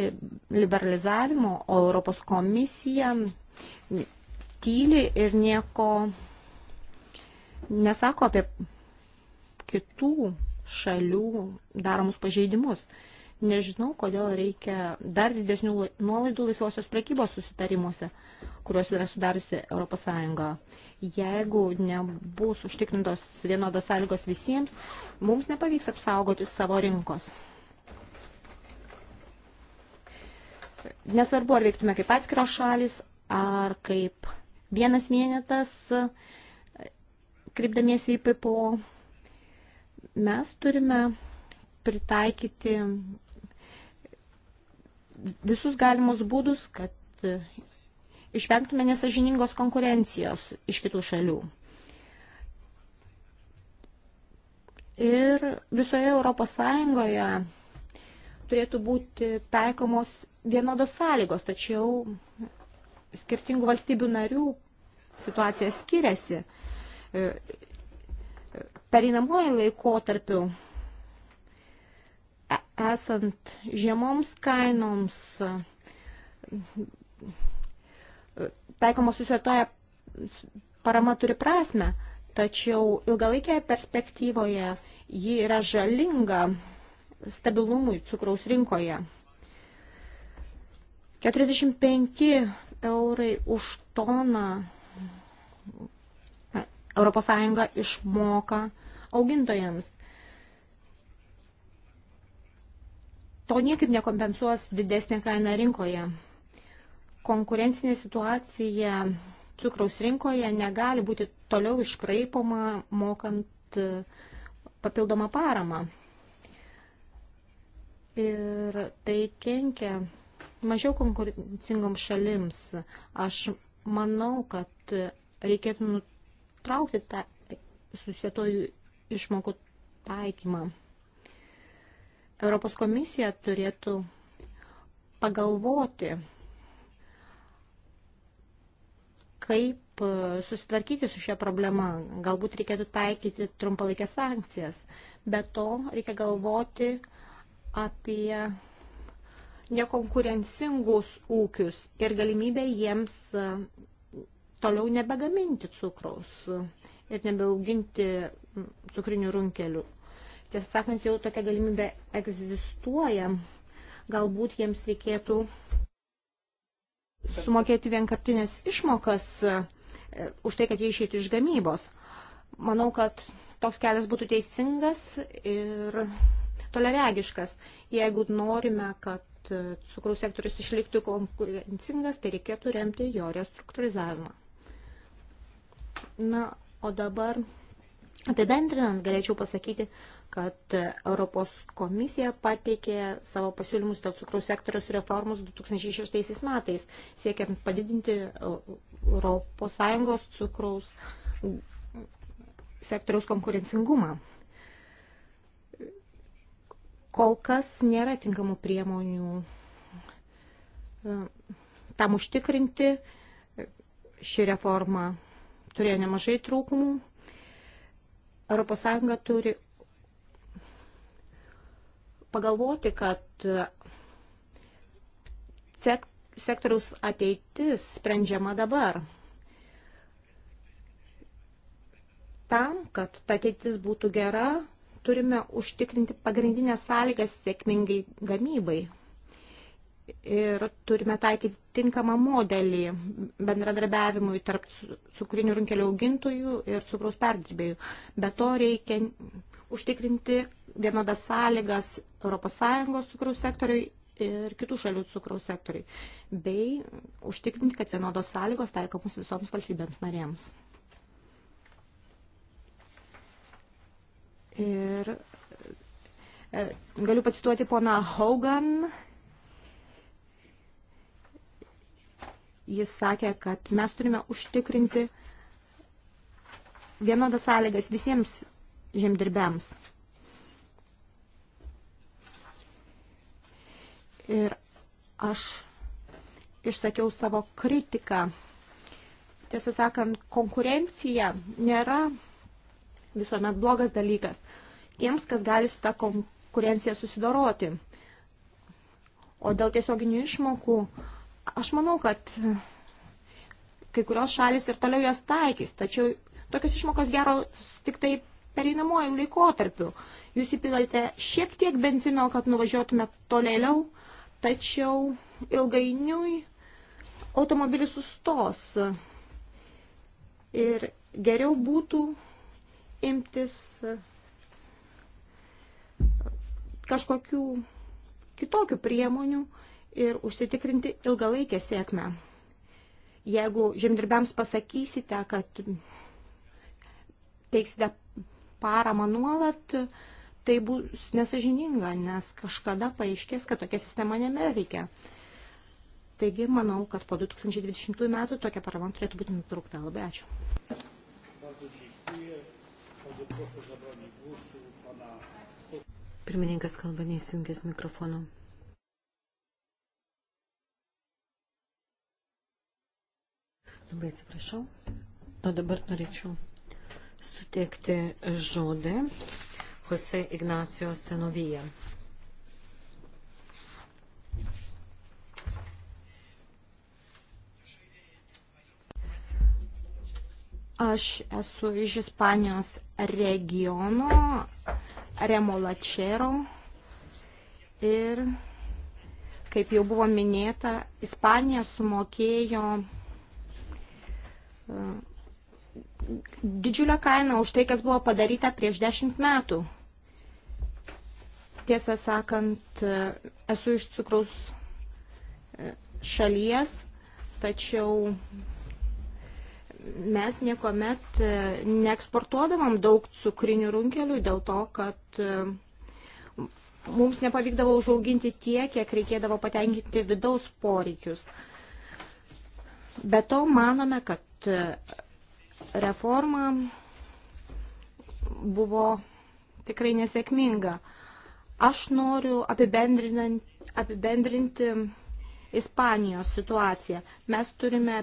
liberalizavimo, o Europos komisija tyli ir nieko nesako apie kitų šalių daromus pažeidimus. Uh, Nežinau, kodėl reikia dar didesnių nuolaidų laisvosios prekybos susitarimuose, kuriuos yra sudariusi ES. Jeigu nebus užtikrintos vienodos sąlygos visiems, mums nepavyks apsaugoti savo rinkos. Nesvarbu, ar veiktume kaip atskiros šalis, ar kaip vienas vienetas, krypdamiesi į PPO, mes turime pritaikyti visus galimus būdus, kad e, išvengtume nesažiningos konkurencijos iš kitų šalių. Ir visoje Europos Sąjungoje turėtų būti taikomos vienodos sąlygos, tačiau skirtingų valstybių narių situacija skiriasi. E, e, Perinamuoju laikotarpiu esant žiemoms kainoms taikoma susietoja parama turi prasme, tačiau ilgalaikėje perspektyvoje ji yra žalinga stabilumui cukraus rinkoje. 45 eurai už toną ES išmoka augintojams. to niekaip nekompensuos didesnė kaina rinkoje. Konkurencinė situacija cukraus rinkoje negali būti toliau iškraipoma, mokant e, papildomą paramą. Ir tai kenkia mažiau konkurencingoms šalims. Aš manau, kad reikėtų nutraukti tą susietojų išmokų taikymą. Europos komisija turėtų pagalvoti, kaip e, susitvarkyti su šia problema. Galbūt reikėtų taikyti trumpalaikės sankcijas. Be to, reikia galvoti apie nekonkurencingus ūkius ir galimybę jiems e, toliau nebegaminti cukraus ir nebeauginti cukrinių runkelių. Tiesą sakant, jau tokia galimybė egzistuoja. Galbūt jiems reikėtų sumokėti vienkartinės išmokas e, už tai, kad jie išeitų iš gamybos. Manau, kad toks kelias būtų teisingas ir toleregiškas. Jeigu norime, kad e, cukrų sektorius išliktų konkurencingas, tai reikėtų remti jo restruktūrizavimą. Na, o dabar apibendrinant galėčiau pasakyti, kad Europos komisija pateikė savo pasiūlymus dėl cukraus sektoriaus reformos 2006 metais, siekiant padidinti ES cukraus sektoriaus konkurencingumą. Kol kas nėra tinkamų priemonių e, tam užtikrinti. Ši reforma turėjo nemažai trūkumų. ES turi pagalvoti, kad sektoriaus ateitis sprendžiama dabar. Tam, kad ta ateitis būtų gera, turime užtikrinti pagrindinės sąlygas sėkmingai gamybai ir turime taikyti tinkamą modelį bendradarbiavimui tarp cukrinių runkelio augintojų ir cukraus perdirbėjų. Be to reikia užtikrinti vienodas sąlygas ES cukraus sektoriui ir kitų šalių cukraus sektoriui, bei užtikrinti, kad vienodos sąlygos taikomus visoms valstybėms narėms. Ir e, galiu pacituoti poną Hogan, Jis sakė, kad mes turime užtikrinti vienodas sąlygas visiems žemdirbiams. Ir aš išsakiau savo kritiką. Tiesą sakant, konkurencija nėra visuomet blogas dalykas tiems, kas gali su tą konkurenciją susidoroti. O dėl tiesioginių išmokų Aš manau, kad kai kurios šalis ir toliau jas taikys, tačiau tokios išmokos geros tik tai pereinamuoju laikotarpiu. Jūs įpilate šiek tiek benzino, kad nuvažiuotume tolėliau, tačiau ilgainiui automobilis sustos. Ir geriau būtų imtis kažkokių kitokių priemonių, ir užsitikrinti ilgalaikę sėkmę. Jeigu žemdirbiams pasakysite, kad teiksite paramą nuolat, tai bus nesažininga, nes kažkada paaiškės, kad tokia sistema nebeveikia. Taigi, manau, kad po 2020 metų tokia parama turėtų būti nutraukta. Labai ačiū. Pirmininkas kalba neįsijungęs mikrofonu. Labai atsiprašau. O dabar norėčiau suteikti žodį Jose Ignacijos senovyje. Aš esu iš Ispanijos regiono Remolačero ir, kaip jau buvo minėta, Ispanija sumokėjo didžiulę kainą už tai, kas buvo padaryta prieš dešimt metų. Tiesą sakant, esu iš cukraus e, šalies, tačiau mes niekuomet e, neeksportuodavom daug cukrinių runkelių dėl to, kad e, mums nepavykdavo užauginti tiek, kiek reikėdavo patenkinti vidaus poreikius. Be to manome, kad kad reforma buvo tikrai nesėkminga. Aš noriu apibendrinti Ispanijos situaciją. Mes turime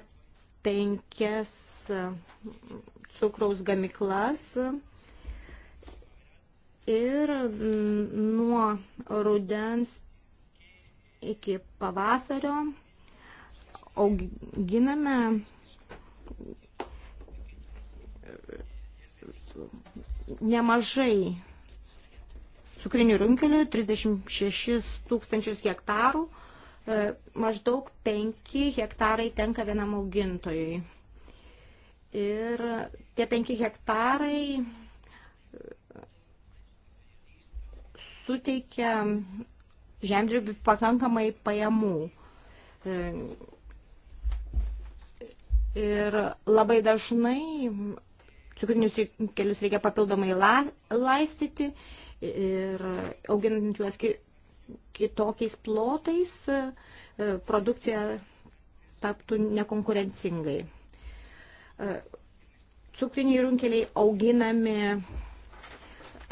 penkias cukraus gamiklas ir nuo rudens iki pavasario auginame nemažai cukrinių runkelių, 36 tūkstančius hektarų, e, maždaug 5 hektarai tenka vienam augintojui. Ir tie 5 hektarai suteikia žemdirbių pakankamai pajamų. E, ir labai dažnai cukrinius kelius reikia papildomai la, laistyti ir auginant juos ki, kitokiais plotais e, produkcija taptų nekonkurencingai. E, cukriniai runkeliai auginami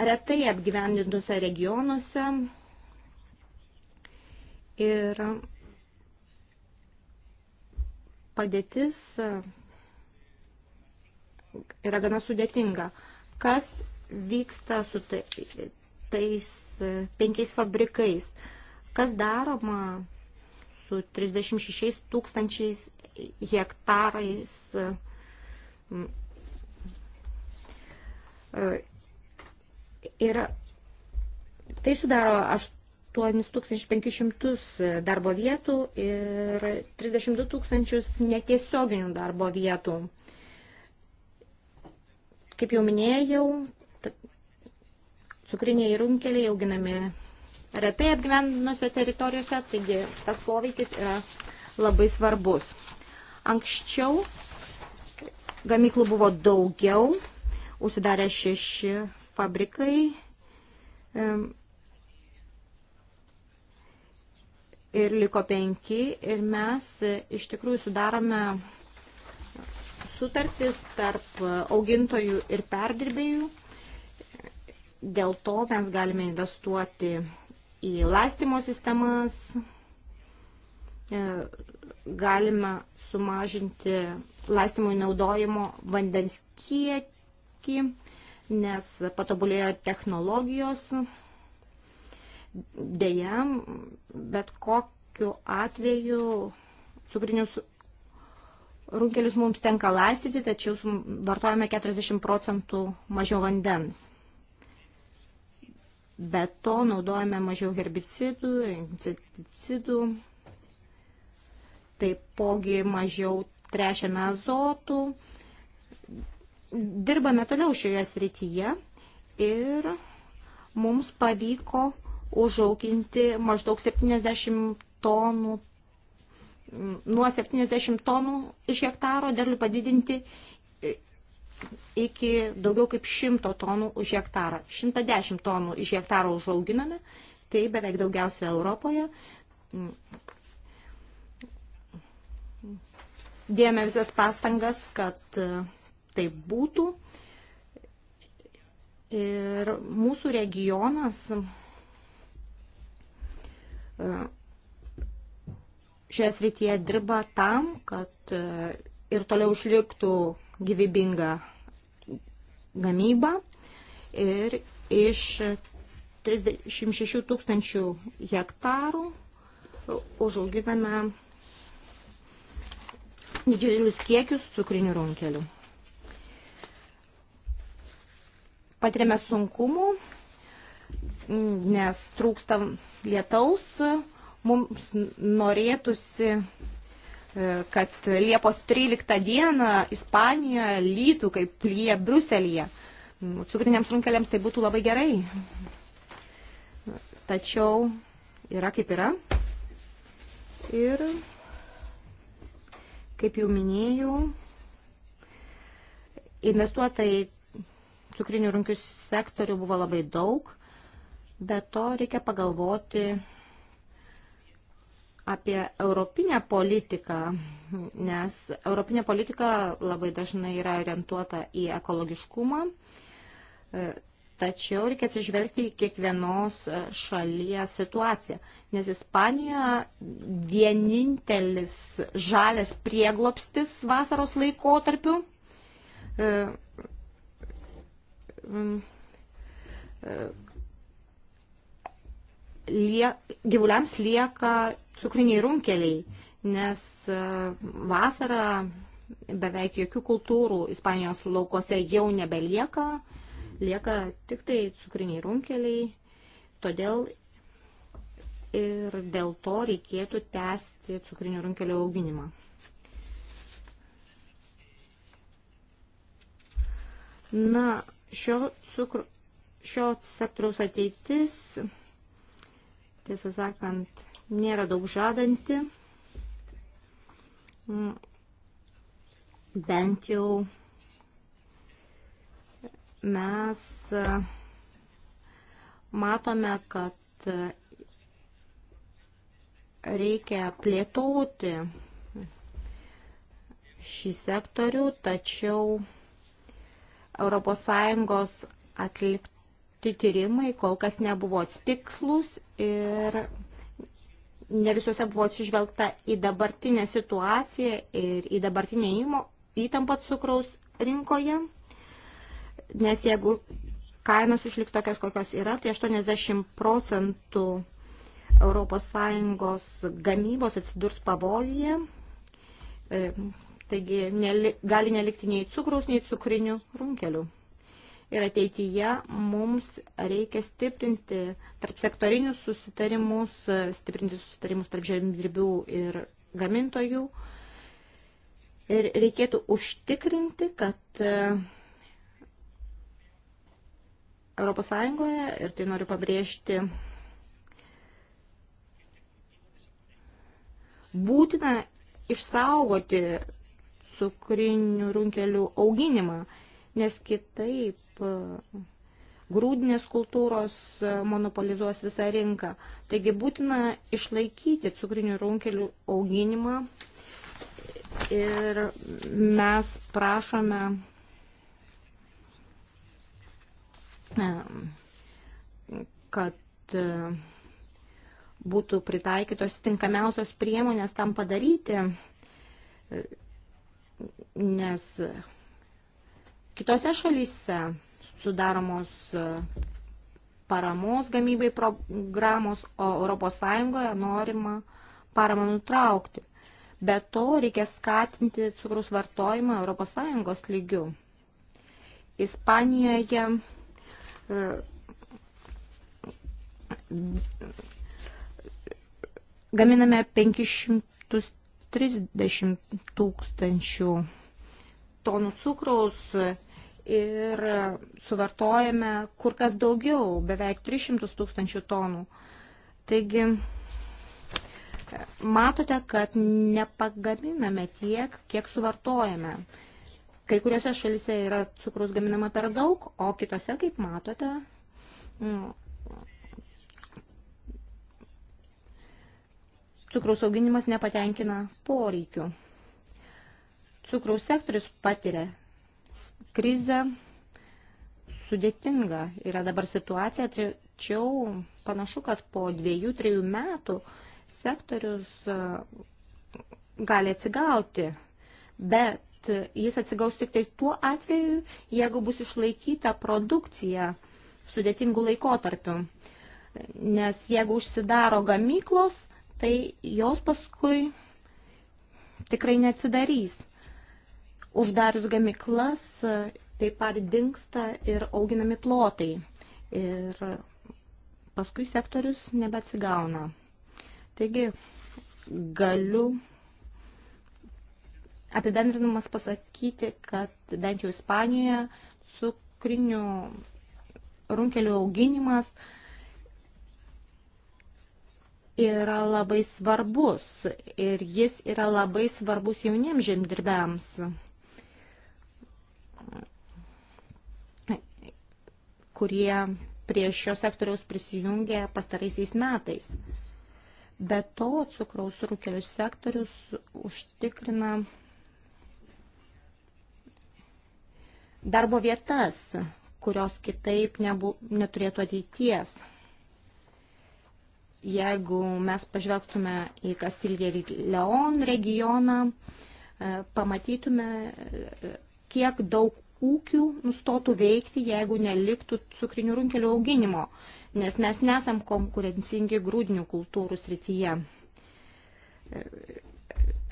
retai apgyvendintose regionuose ir padėtis yra gana sudėtinga. Kas vyksta su tai, tais e, penkiais fabrikais? Kas daroma su 36 tūkstančiais hektarais e, e, ir tai sudaro 8500 darbo vietų ir 32 tūkstančius netiesioginių darbo vietų. Kaip jau minėjau, cukriniai runkeliai auginami retai apgyvendinuose teritorijose, taigi tas poveikis yra labai svarbus. Anksčiau gamyklų buvo daugiau, užsidarė šeši fabrikai. Ir liko penki ir mes e, iš tikrųjų sudarome sutartis tarp augintojų ir perdirbėjų. Dėl to mes galime investuoti į ląstymo sistemas, e, galima sumažinti ląstymui naudojimo vandens kiekį, nes patobulėjo technologijos. Deja, bet kokiu atveju cukrinius Runkelis mums tenka laistyti, tačiau vartojame 40 procentų mažiau vandens. Be to naudojame mažiau herbicidų, insekticidų, taipogi mažiau trešiame azotų. Dirbame toliau šioje srityje ir mums pavyko užauginti maždaug 70 tonų nuo 70 tonų iš hektaro derlių padidinti e, iki daugiau kaip 100 tonų už hektarą. 110 tonų iš hektaro užauginame, tai beveik daugiausia Europoje. Dėjome visas pastangas, kad e, taip būtų. Ir mūsų regionas e, šioje srityje dirba tam, kad e, ir toliau išliktų gyvybinga gamyba ir iš 36 tūkstančių hektarų užauginame didžiulius kiekius cukrinių runkelių. Patiriame sunkumų, nes trūksta lietaus, Mums norėtųsi, e, kad Liepos 13 dieną Ispanijoje lytų kaip lyja Bruselėje. Cukriniams runkeliams tai būtų labai gerai. Tačiau yra kaip yra. Ir kaip jau minėjau, investuota į cukrinių runkių sektorių buvo labai daug, bet to reikia pagalvoti apie europinę politiką, nes europinė politika labai dažnai yra orientuota į ekologiškumą, e, tačiau reikia atsižvelgti į kiekvienos šalies situaciją, nes Ispanija vienintelis žalės prieglopstis vasaros laikotarpiu e, e, lie, gyvuliams lieka cukriniai runkeliai, nes e, vasarą beveik jokių kultūrų Ispanijos laukose jau nebelieka, lieka tik tai cukriniai runkeliai, todėl ir dėl to reikėtų tęsti cukrinių runkelių auginimą. Na, šio, cukru, šio sektoriaus ateitis, tiesą sakant, nėra daug žadanti, mm, bent jau mes e, matome, kad e, reikia plėtoti šį sektorių, tačiau ES atlikti tyrimai kol kas nebuvo tikslus ir ne visose buvo atsižvelgta į dabartinę situaciją ir į dabartinę įmo, įtampą cukraus rinkoje, nes jeigu kainos išliks tokios, kokios yra, tai 80 procentų ES gamybos atsidurs pavojuje, e, taigi gali nelikti nei cukraus, nei cukrinių runkelių ir ateityje mums reikia stiprinti tarp sektorinius susitarimus, stiprinti susitarimus tarp žemdirbių ir gamintojų. Ir reikėtų užtikrinti, kad ES, ir tai noriu pabrėžti, būtina išsaugoti cukrinių runkelių auginimą nes kitaip e, grūdinės kultūros e, monopolizuos visą rinką. Taigi būtina išlaikyti cukrinių runkelių auginimą ir mes prašome e, kad būtų pritaikytos tinkamiausios priemonės tam padaryti, nes Kitose šalyse sudaromos e, paramos gamybai programos, o ES norima paramą nutraukti. Be to reikia skatinti cukrus vartojimą ES lygių. Ispanijoje e, gaminame 530 tūkstančių tonų cukraus ir suvartojame kur kas daugiau, beveik 300 tūkstančių tonų. Taigi, matote, kad nepagaminame tiek, kiek suvartojame. Kai kuriuose šalise yra cukrus gaminama per daug, o kitose, kaip matote, cukraus auginimas nepatenkina poreikių. Cukraus sektorius patiria krizę. Sudėtinga yra dabar situacija, tačiau panašu, kad po dviejų, trejų metų sektorius e, gali atsigauti, bet jis atsigaus tik tai tuo atveju, jeigu bus išlaikyta produkcija sudėtingų laikotarpių. Nes jeigu užsidaro gamyklos, tai jos paskui tikrai neatsidarys. Uždarius gamiklas e, taip pat dinksta ir auginami plotai. Ir paskui sektorius nebeatsigauna. Taigi galiu apibendrinamas pasakyti, kad bent jau Ispanijoje cukrinių runkelių auginimas yra labai svarbus ir jis yra labai svarbus jauniems žemdirbėms kurie prie šio sektoriaus prisijungė pastaraisiais metais. Be to, cukraus rūkelių sektorius užtikrina darbo vietas, kurios kitaip nebu, neturėtų ateities. Jeigu mes pažvelgtume į Kastilį ir Leon regioną, e, pamatytume, kiek daug ūkių nustotų veikti, jeigu neliktų cukrinių runkelių auginimo, nes mes nesam konkurencingi grūdinių kultūrų srityje.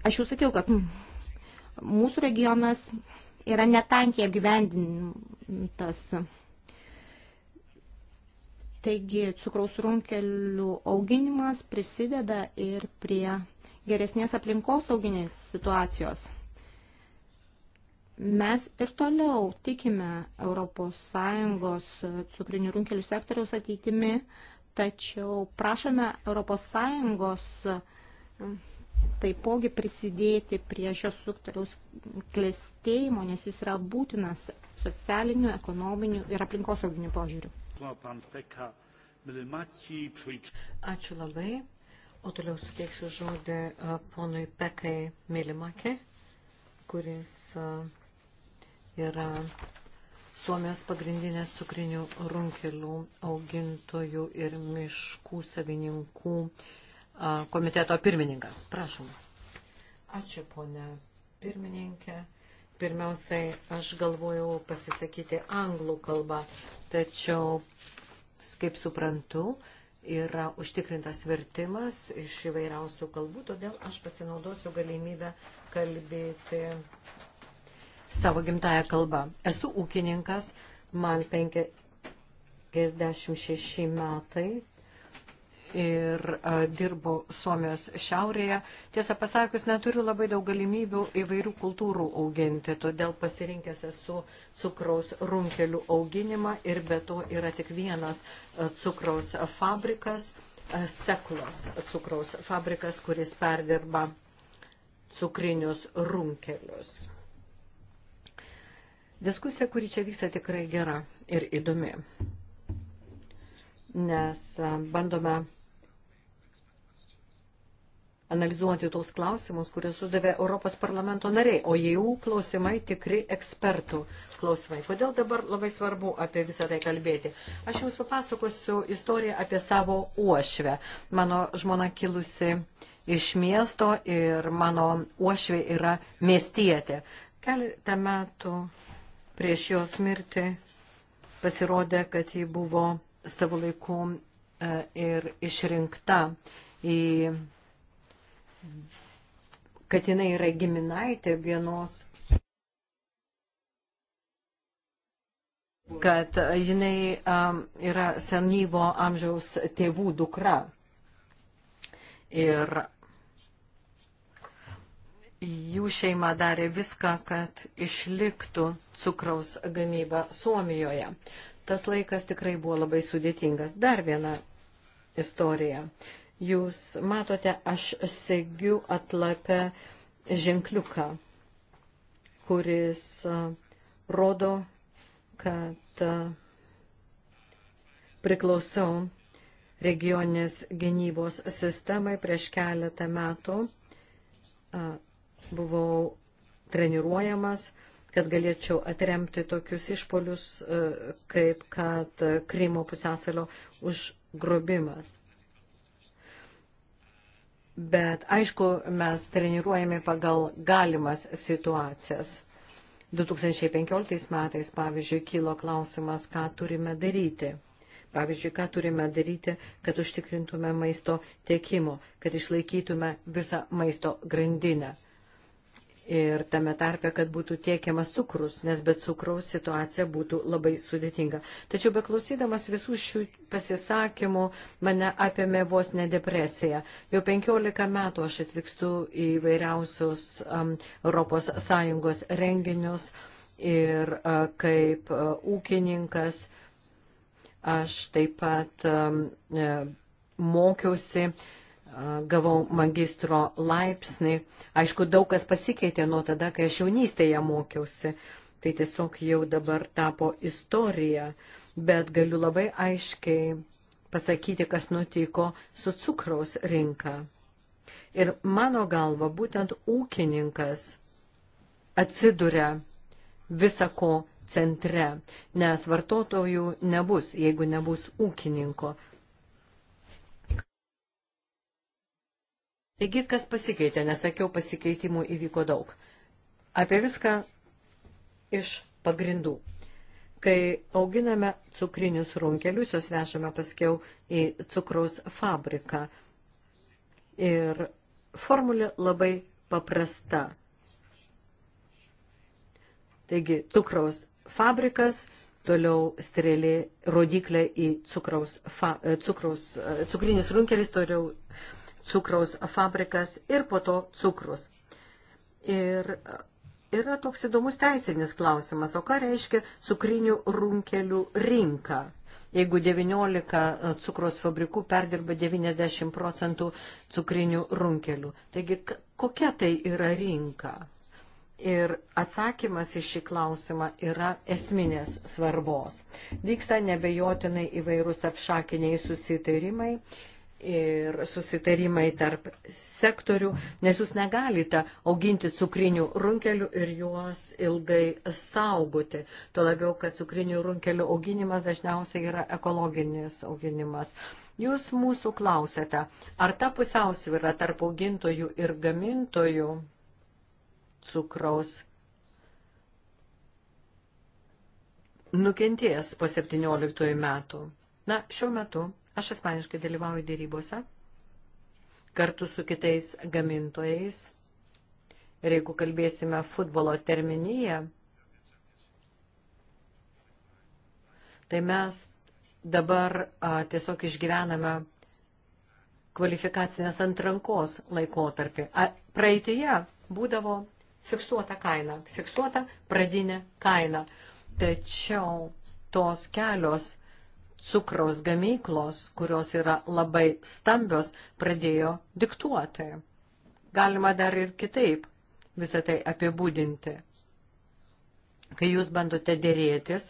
Aš jau sakiau, kad mūsų regionas yra netankiai apgyvendintas. Taigi cukraus runkelių auginimas prisideda ir prie geresnės aplinkos auginės situacijos. Mes ir toliau tikime ES cukrinių runkelių sektoriaus ateitimi, tačiau prašome ES um, taipogi prisidėti prie šios sektoriaus klėstėjimo, nes jis yra būtinas socialiniu, ekonominiu ir aplinkosauginiu požiūriu. Ačiū labai. O toliau suteiksiu žodį uh, ponui Pekai Milimakė, kuris uh, yra Suomijos pagrindinės cukrinių runkelių augintojų ir miškų savininkų komiteto pirmininkas. Prašom. Ačiū, ponė pirmininkė. Pirmiausiai, aš galvojau pasisakyti anglų kalbą, tačiau, kaip suprantu, yra užtikrintas vertimas iš įvairiausių kalbų, todėl aš pasinaudosiu galimybę kalbėti savo gimtają kalbą. Esu ūkininkas, man 56 metai, ir dirbu Suomijos šiaurėje. Tiesą pasakius, neturiu labai daug galimybių įvairių kultūrų auginti, todėl pasirinkęs esu cukraus runkelių auginimą ir be to yra tik vienas cukraus fabrikas, seklos cukraus fabrikas, kuris perdirba cukrinius runkelius. Diskusija, kuri čia vyksta, tikrai gera ir įdomi, nes bandome analizuoti tos klausimus, kurias uždavė Europos parlamento nariai, o jų klausimai tikri ekspertų klausimai. Kodėl dabar labai svarbu apie visą tai kalbėti? Aš Jums papasakosiu istoriją apie savo uošvę. Mano žmona kilusi iš miesto ir mano uošvė yra miestietė. Keletą metų Prieš jos mirtį pasirodė, kad ji buvo savo laiku e, ir išrinkta į kad jinai yra giminaitė vienos kad jinai um, yra senyvo amžiaus tėvų dukra. Ir jų šeima darė viską, kad išliktų cukraus gamyba Suomijoje. Tas laikas tikrai buvo labai sudėtingas. Dar viena istorija. Jūs matote, aš segiu atlapę ženkliuką, kuris rodo, kad priklausau regioninės gynybos sistemai prieš keletą metų buvau treniruojamas, kad galėčiau atremti tokius išpolius, e, kaip kad e, Krymo pusėsalio užgrobimas. Bet aišku, mes treniruojame pagal galimas situacijas. 2015 metais, pavyzdžiui, kilo klausimas, ką turime daryti. Pavyzdžiui, ką turime daryti, kad užtikrintume maisto tiekimo, kad išlaikytume visą maisto grandinę ir tame tarpe, kad būtų tiekiamas cukrus, nes be cukraus situacija būtų labai sudėtinga. Tačiau beklausydamas visų šių pasisakymų mane apėmė vos ne depresija. Jau 15 metų aš atvykstu į vairiausius um, ES renginius ir uh, kaip uh, ūkininkas aš taip pat um, mokiausi uh, gavau magistro laipsnį. Aišku, daug kas pasikeitė nuo tada, kai aš jaunystėje mokiausi. Tai tiesiog jau dabar tapo istorija. Bet galiu labai aiškiai pasakyti, kas nutiko su cukraus rinka. Ir mano galva, būtent ūkininkas atsiduria visako centre, nes vartotojų nebus, jeigu nebus ūkininko. Taigi, kas pasikeitė, nesakiau, pasikeitimų įvyko daug. Apie viską iš pagrindų. Kai auginame cukrinius runkelius, juos vežame paskiau į cukraus fabriką. Ir formulė labai paprasta. Taigi, cukraus fabrikas, toliau strėlė, rodiklė į cukraus, fa, cukraus cukrinis runkelis, toliau cukraus fabrikas ir po to cukrus. Ir yra toks įdomus teisinis klausimas, o ką reiškia cukrinių runkelių rinka? Jeigu 19 cukros fabrikų perdirba 90 procentų cukrinių runkelių. Taigi, kokia tai yra rinka? Ir atsakymas į šį klausimą yra esminės svarbos. Vyksta nebejotinai įvairūs apšakiniai susitarimai ir susitarimai tarp sektorių, nes jūs negalite auginti cukrinių runkelių ir juos ilgai saugoti. Tuo labiau, kad cukrinių runkelių auginimas dažniausiai yra ekologinis auginimas. Jūs mūsų klausėte, ar ta pusiausvyrą tarp augintojų ir gamintojų cukraus nukenties po 17 metų. Na, šiuo metu Aš asmeniškai dalyvauju dėrybose kartu su kitais gamintojais. Ir jeigu kalbėsime futbolo terminiją, tai mes dabar a, tiesiog išgyvename kvalifikacinės antrankos laikotarpį. A, praeitėje būdavo fiksuota kaina, fiksuota pradinė kaina. Tačiau tos kelios cukraus gamyklos, kurios yra labai stambios, pradėjo diktuoti. Galima dar ir kitaip visą tai apibūdinti. Kai jūs bandote dėrėtis,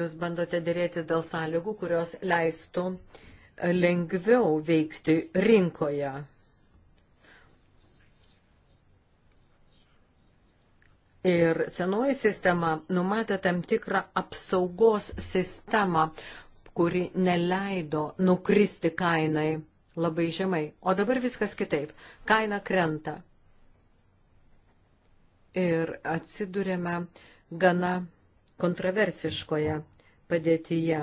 jūs bandote dėrėtis dėl sąlygų, kurios leistų lengviau veikti rinkoje. Ir senoji sistema numatė tam tikrą apsaugos sistemą, kuri neleido nukristi kainai labai žemai. O dabar viskas kitaip. Kaina krenta. Ir atsidurėme gana kontroversiškoje padėtyje.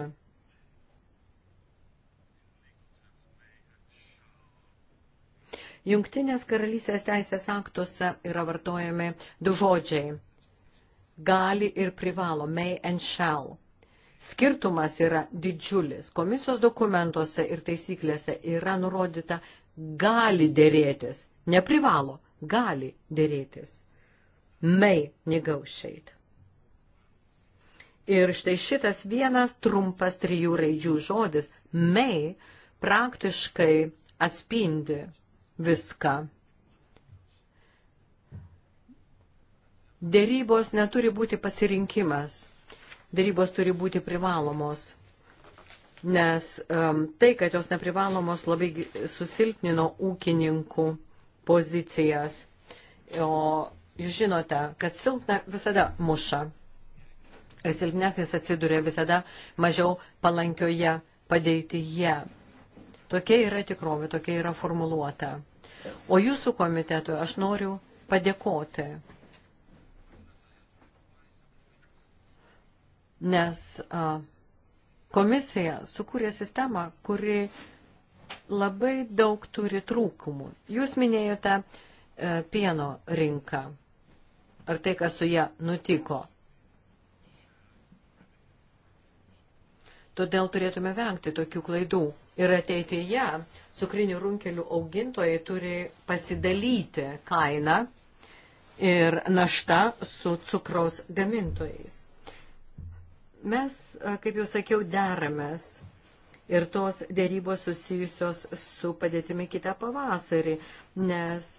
Jungtinės karalystės teisės aktuose yra vartojami du žodžiai - gali ir privalo, may and shall. Skirtumas yra didžiulis. Komisijos dokumentuose ir taisyklėse yra nurodyta gali dėrėtis, neprivalo, gali dėrėtis. May negotiate. Ir štai šitas vienas trumpas trijų raidžių žodis may praktiškai atspindi viską. Dėrybos neturi būti pasirinkimas. Dėrybos turi būti privalomos. Nes um, tai, kad jos neprivalomos, labai susilpnino ūkininkų pozicijas. O jūs žinote, kad silpna visada muša. Ir silpnesnis atsiduria visada mažiau palankioje padėtyje. Tokia yra tikrovė, tokia yra formuluota. O jūsų komitetui aš noriu padėkoti, nes a, komisija sukūrė sistemą, kuri labai daug turi trūkumų. Jūs minėjote e, pieno rinką ar tai, kas su ją nutiko. Todėl turėtume vengti tokių klaidų, ir ateityje cukrinių runkelių augintojai turi pasidalyti kainą ir naštą su cukraus gamintojais. Mes, kaip jau sakiau, deramės ir tos dėrybos susijusios su padėtimi kitą pavasarį, nes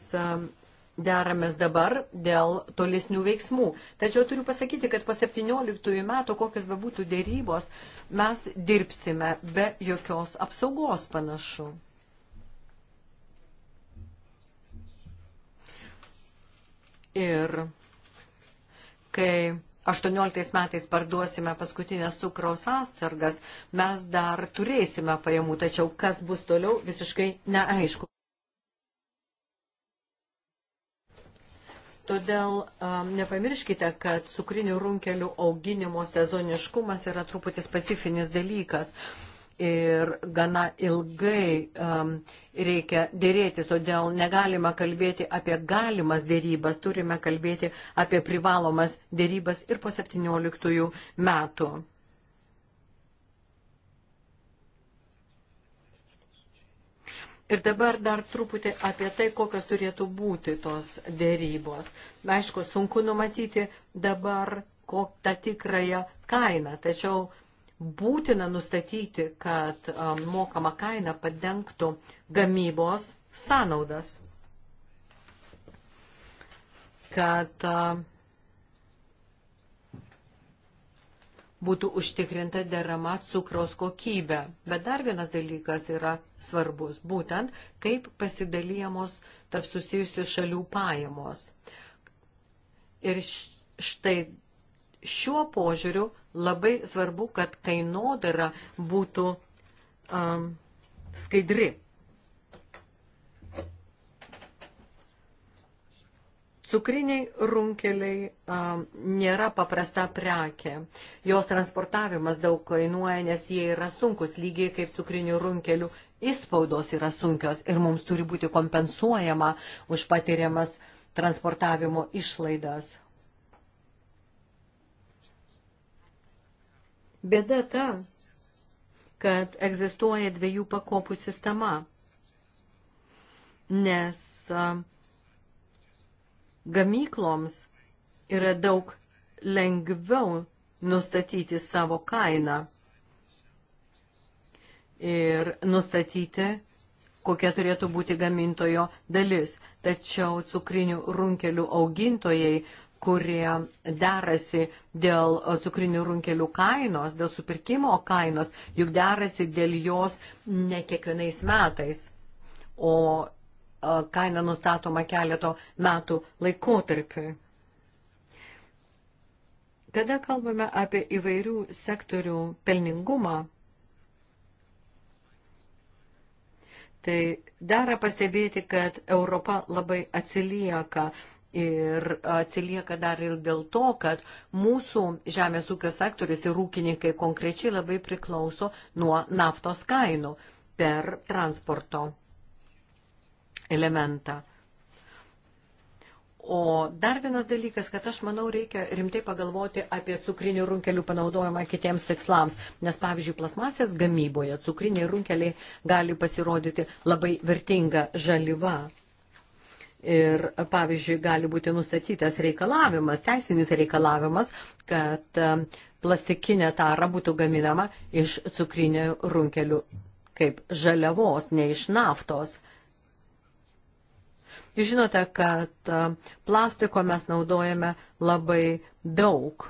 deramės dabar dėl tolesnių veiksmų. Tačiau turiu pasakyti, kad po 17 metų, kokios be būtų dėrybos, mes dirbsime be jokios apsaugos panašu. Ir kai 18 metais parduosime paskutinės cukraus atsargas, mes dar turėsime pajamų, tačiau kas bus toliau visiškai neaišku. Todėl um, nepamirškite, kad cukrinių runkelių auginimo sezoniškumas yra truputį specifinis dalykas ir gana ilgai um, reikia dėrėtis, todėl negalima kalbėti apie galimas dėrybas, turime kalbėti apie privalomas dėrybas ir po 17 metų. Ir dabar dar truputį apie tai, kokios turėtų būti tos dėrybos. Aišku, sunku numatyti dabar tą tikrąją kainą, tačiau būtina nustatyti, kad um, mokama kaina padengtų gamybos sąnaudas, kad um, būtų užtikrinta derama cukraus kokybė. Bet dar vienas dalykas yra svarbus, būtent kaip pasidalyjamos tarp susijusių šalių pajamos. Ir štai šiuo požiūriu labai svarbu, kad kainodara būtų um, skaidri Cukriniai runkeliai a, nėra paprasta prekė. Jos transportavimas daug kainuoja, nes jie yra sunkus, lygiai kaip cukrinių runkelių įspaudos yra sunkios ir mums turi būti kompensuojama už patiriamas transportavimo išlaidas. Bėda ta, kad egzistuoja dviejų pakopų sistema, nes a, gamykloms yra daug lengviau nustatyti savo kainą ir nustatyti, kokia turėtų būti gamintojo dalis. Tačiau cukrinių runkelių augintojai, kurie derasi dėl cukrinių runkelių kainos, dėl supirkimo kainos, juk derasi dėl jos ne kiekvienais metais. O kaina nustatoma keleto metų laikotarpiui. Kada kalbame apie įvairių sektorių pelningumą, tai dera pastebėti, kad Europa labai atsilieka ir atsilieka dar ir dėl to, kad mūsų žemės ūkio sektorius ir ūkininkai konkrečiai labai priklauso nuo naftos kainų per transporto elementą. O dar vienas dalykas, kad aš manau, reikia rimtai pagalvoti apie cukrinių runkelių panaudojimą kitiems tikslams, nes pavyzdžiui, plasmasės gamyboje cukriniai runkeliai gali pasirodyti labai vertinga žaliva. Ir, pavyzdžiui, gali būti nustatytas reikalavimas, teisinis reikalavimas, kad um, plastikinė tara būtų gaminama iš cukrinių runkelių kaip žaliavos, ne iš naftos. Uh, Jūs žinote, kad plastiko mes naudojame labai daug.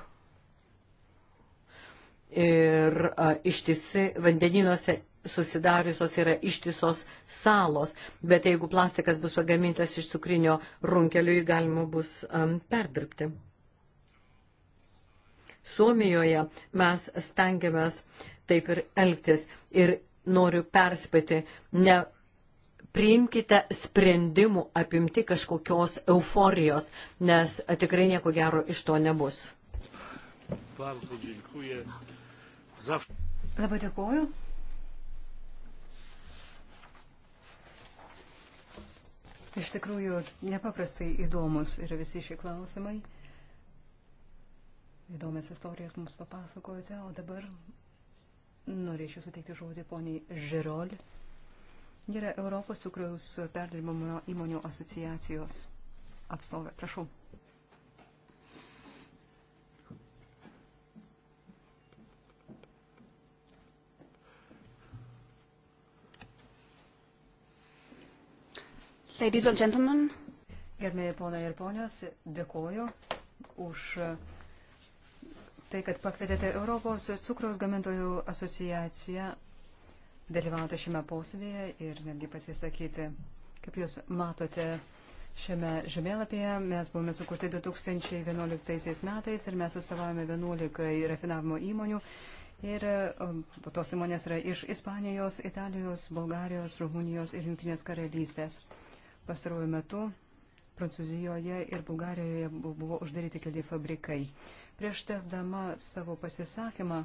Ir ištisi vandeninuose susidariusios yra ištisos salos, bet jeigu plastikas bus pagamintas iš cukrinio runkelio, jį galima bus um, perdirbti. Suomijoje mes stengiamės taip ir elgtis ir noriu perspėti, ne priimkite sprendimų apimti kažkokios euforijos, nes tikrai nieko gero iš to nebus. Labai dėkuoju. Iš tikrųjų, nepaprastai įdomus yra visi šie klausimai. Įdomias istorijas mums papasakojate, o dabar norėčiau suteikti žodį poniai Žirolį yra Europos cukraus perdirbimo įmonių asociacijos atstovė. Prašau. Ladies and gentlemen. Gerbėjai ponai ir ponios, dėkoju už tai, kad pakvietėte Europos cukraus gamintojų asociaciją dalyvauti šiame posėdėje ir netgi pasisakyti. Kaip Jūs matote, šiame žemėlapyje mes buvome sukurti 2011 metais ir mes atstovavome 11 rafinavimo įmonių. Ir um, tos įmonės yra iš Ispanijos, Italijos, Bulgarijos, Rumunijos ir Junktinės karalystės. Pastaruoju metu Prancūzijoje ir Bulgarijoje buvo uždaryti keli fabrikai. Prieš tesdama savo pasisakymą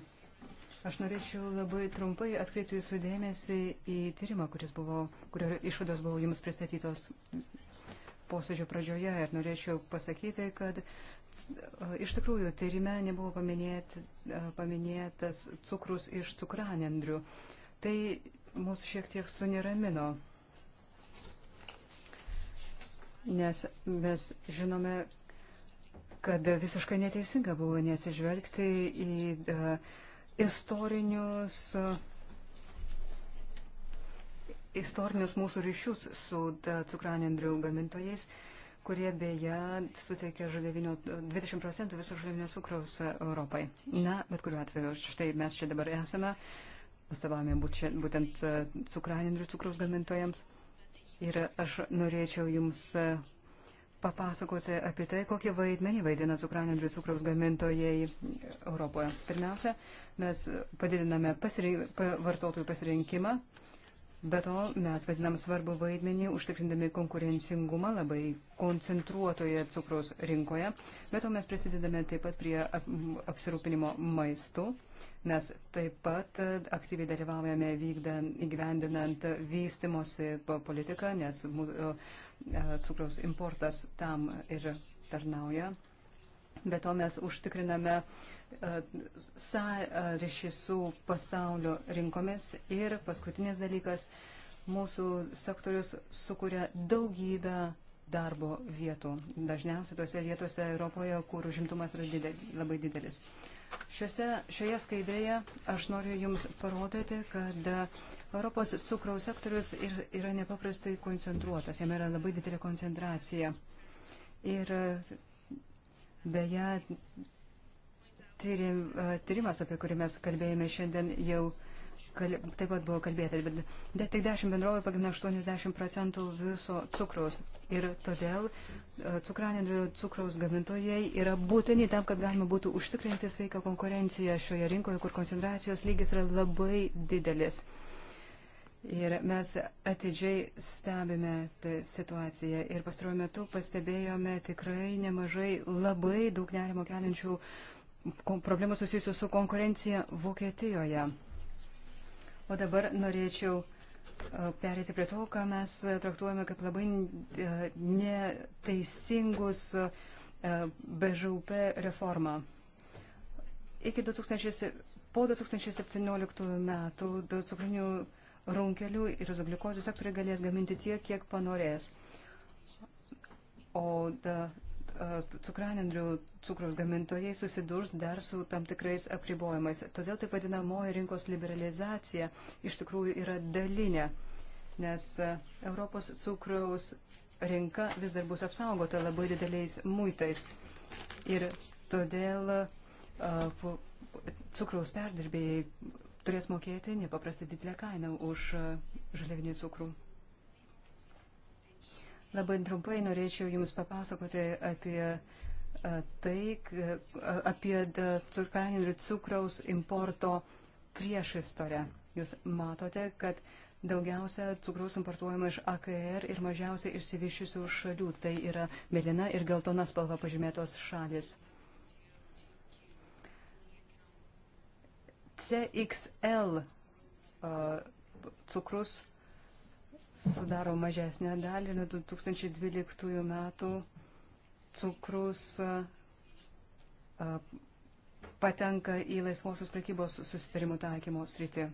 Aš norėčiau labai trumpai atkreipti jūsų dėmesį į tyrimą, kuris buvo, kurio išvados buvo jums pristatytos posėdžio pradžioje ir norėčiau pasakyti, kad e, iš tikrųjų tyrime nebuvo paminėt, e, paminėtas cukrus iš cukranendrių. Tai mūsų šiek tiek suniramino, nes mes žinome, kad visiškai neteisinga buvo nesižvelgti į uh, istorinius, istorinius mūsų ryšius su cukranendrių gamintojais, kurie beje suteikia žaliavinio 20 procentų viso žaliavinio cukraus Europai. Na, bet kuriuo atveju, štai mes čia dabar esame, atstovavome būtent cukranendrių cukraus gamintojams. Ir aš norėčiau Jums papasakoti apie tai, kokį vaidmenį vaidina cukranendrių cukraus gamintojai Europoje. Pirmiausia, mes padidiname pasirink, vartotojų pasirinkimą Be to, mes vadinam svarbu vaidmenį, užtikrindami konkurencingumą labai koncentruotoje cukraus rinkoje. Be to, mes prisidedame taip pat prie apsirūpinimo maistu. Mes taip pat e, aktyviai dalyvaujame vykdant, įgyvendinant vystimosi politiką, nes e, e, cukraus importas tam ir tarnauja. Be to, mes užtikriname uh, ryšį su pasaulio rinkomis ir paskutinis dalykas, mūsų sektorius sukuria daugybę darbo vietų. Dažniausiai tose vietose Europoje, kur užimtumas yra didel, labai didelis. Šiuose, šioje skaidrėje aš noriu Jums parodyti, kad Europos cukraus sektorius ir, yra nepaprastai koncentruotas, jame yra labai didelė koncentracija. Ir beje, tyrimas, apie kurį mes kalbėjome šiandien, jau kal, taip pat buvo kalbėta, bet de, tik 10 bendrovė pagamina 80 procentų viso cukraus. Ir todėl cukranendrių cukraus gamintojai yra būtini tam, kad galima būtų užtikrinti sveiką konkurenciją šioje rinkoje, kur koncentracijos lygis yra labai didelis. Ir mes atidžiai stebime situaciją ir pastaruoju metu pastebėjome tikrai nemažai labai daug nerimo keliančių uh, problemų susijusių su konkurencija Vokietijoje. O dabar norėčiau e, perėti prie to, ką mes traktuojame kaip labai e, neteisingus e, BŽUP reformą. Iki 2000, po 2017 metų cukrinių runkelių ir izogliukozų sektoriai galės gaminti tiek, kiek panorės. O da, cukranendrių cukraus gamintojai susidurs dar su tam tikrais apribojimais. Todėl taip vadinamoji rinkos liberalizacija iš tikrųjų yra dalinė, nes Europos cukraus rinka vis dar bus apsaugota labai dideliais muitais. Ir todėl uh, cukraus perdirbėjai turės mokėti nepaprastai didelę kainą už žaliavinį cukrų. Labai trumpai norėčiau Jums papasakoti apie tai, apie cukralinį ir cukraus importo priešistorę. Jūs matote, kad daugiausia cukraus importuojama iš AKR ir mažiausiai išsivyščiusių šalių. Tai yra melina ir geltona spalva pažymėtos šalis. CXL cukrus sudaro mažesnę dalį. Nuo 2012 metų cukrus patenka į laisvosios prekybos susitarimų taikymo sritį.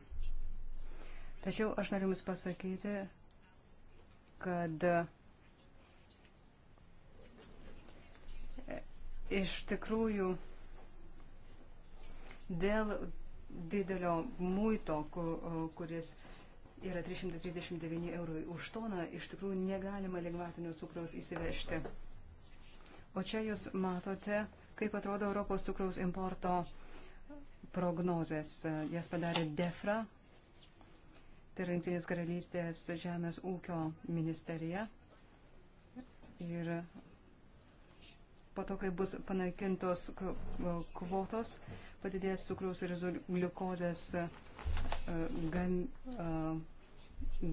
Tačiau aš noriu Jums pasakyti, kad iš tikrųjų dėl didelio muito, kuris uh, yra 339 eurų už toną, iš tikrųjų negalima lengvatinio cukraus įsivežti. O čia jūs matote, kaip atrodo Europos cukraus importo prognozės. Jas padarė DEFRA, tai yra Rinktinės karalystės žemės ūkio ministerija. Ir po to, kai bus panaikintos kvotos, padidės cukraus ir gliukozės e, gan, uh,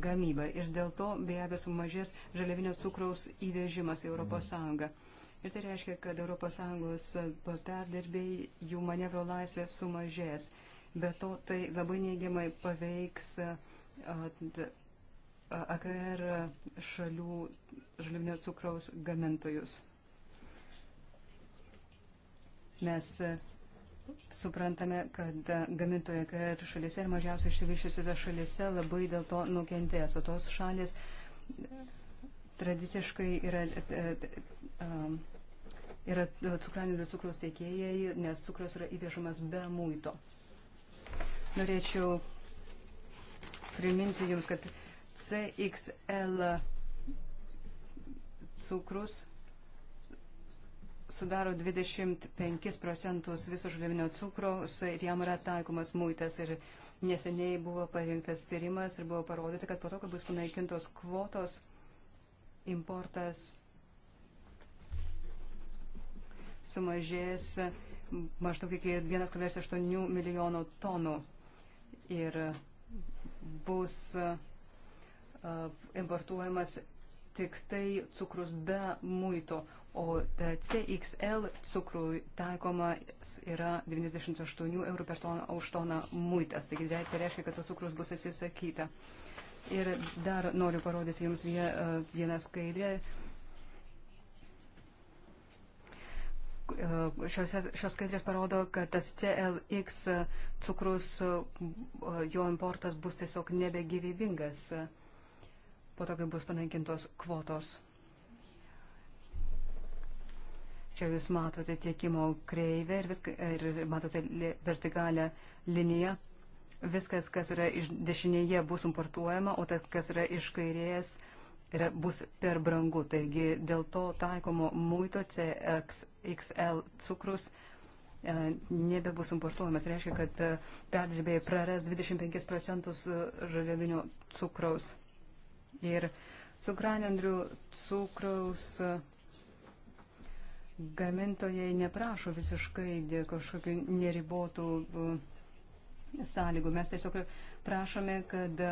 gamybą ir dėl to be abejo sumažės žaliavinio cukraus įvežimas į ES. Mhm. Ir tai reiškia, kad ES perdirbėjai jų manevro laisvė sumažės. Be to, tai labai neigiamai paveiks AKR šalių žaliavinio cukraus gamintojus. Mes suprantame, kad gamintojai ir šalyse ir mažiausiai išsivyščiusiuose šalyse labai dėl to nukentės, o tos šalis tradiciškai yra, e, e, e, um, yra cukranilių cukraus tiekėjai, nes cukros yra įvežamas be muito. Norėčiau priminti Jums, kad CXL cukrus sudaro 25 procentus viso žaliavinio cukraus ir jam yra taikomas muitas. Ir neseniai buvo parinktas tyrimas ir buvo parodyti, kad po to, kai bus panaikintos kvotos, importas sumažės maždaug iki 1,8 milijono tonų ir bus importuojamas tik tai cukrus be muito, o CXL cukrui taikoma yra 98 eurų per toną už toną muitas. Taigi tai reiškia, kad to cukrus bus atsisakyta. Ir dar noriu parodyti Jums e, vieną skaidrę. E, šios, šios skaidrės parodo, kad tas CLX cukrus, e, jo importas bus tiesiog nebegyvybingas po to, kai bus panaikintos kvotos. Čia jūs matote tiekimo kreivę ir, viską, ir matote vertikalę liniją. Viskas, kas yra iš dešinėje, bus importuojama, o tas, kas yra iš kairės, yra, bus per brangu. Taigi dėl to taikomo muito CXL cukrus e, nebebus importuojamas. Reiškia, kad e, perdirbėjai praras 25 procentus žaliavinio cukraus ir cukranendrių cukraus gamintojai neprašo visiškai kažkokių neribotų e, sąlygų. Mes tiesiog prašome, kad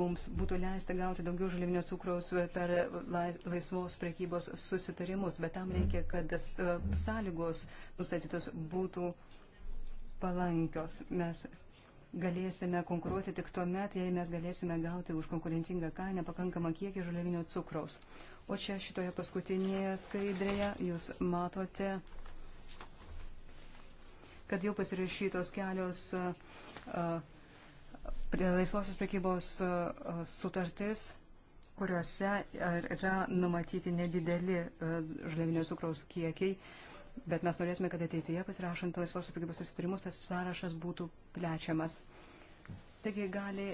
mums būtų leista gauti daugiau žalivinio cukraus per laisvos prekybos susitarimus, bet tam reikia, kad e, sąlygos nustatytos būtų palankios. Mes galėsime konkuruoti tik tuo met, jei mes galėsime gauti už konkurencingą kainą pakankamą kiekį žaliavinio cukraus. O čia šitoje paskutinėje skaidrėje jūs matote, kad jau pasirašytos kelios prie laisvosios prekybos sutartis, kuriuose yra numatyti nedideli žaliavinio cukraus kiekiai bet mes norėtume, kad ateityje pasirašant laisvos prekybos susitarimus tas sąrašas būtų plečiamas. Taigi, gali,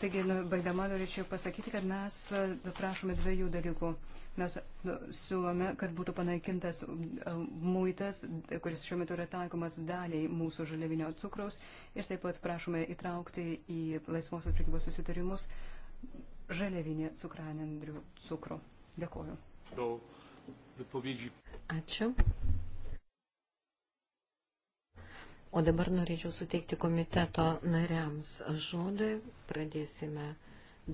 taigi nu, baigdama norėčiau pasakyti, kad mes e, prašome dviejų dalykų. Mes nu, siūlome, kad būtų panaikintas e, muitas, e, kuris šiuo metu yra taikomas daliai mūsų žaliavinio cukraus ir taip pat prašome įtraukti į laisvosios prekybos susitarimus žaliavinį cukranendrių cukrų. Dėkuoju. Daug vypovedžių. Ačiū. O dabar norėčiau suteikti komiteto nariams žodį. Pradėsime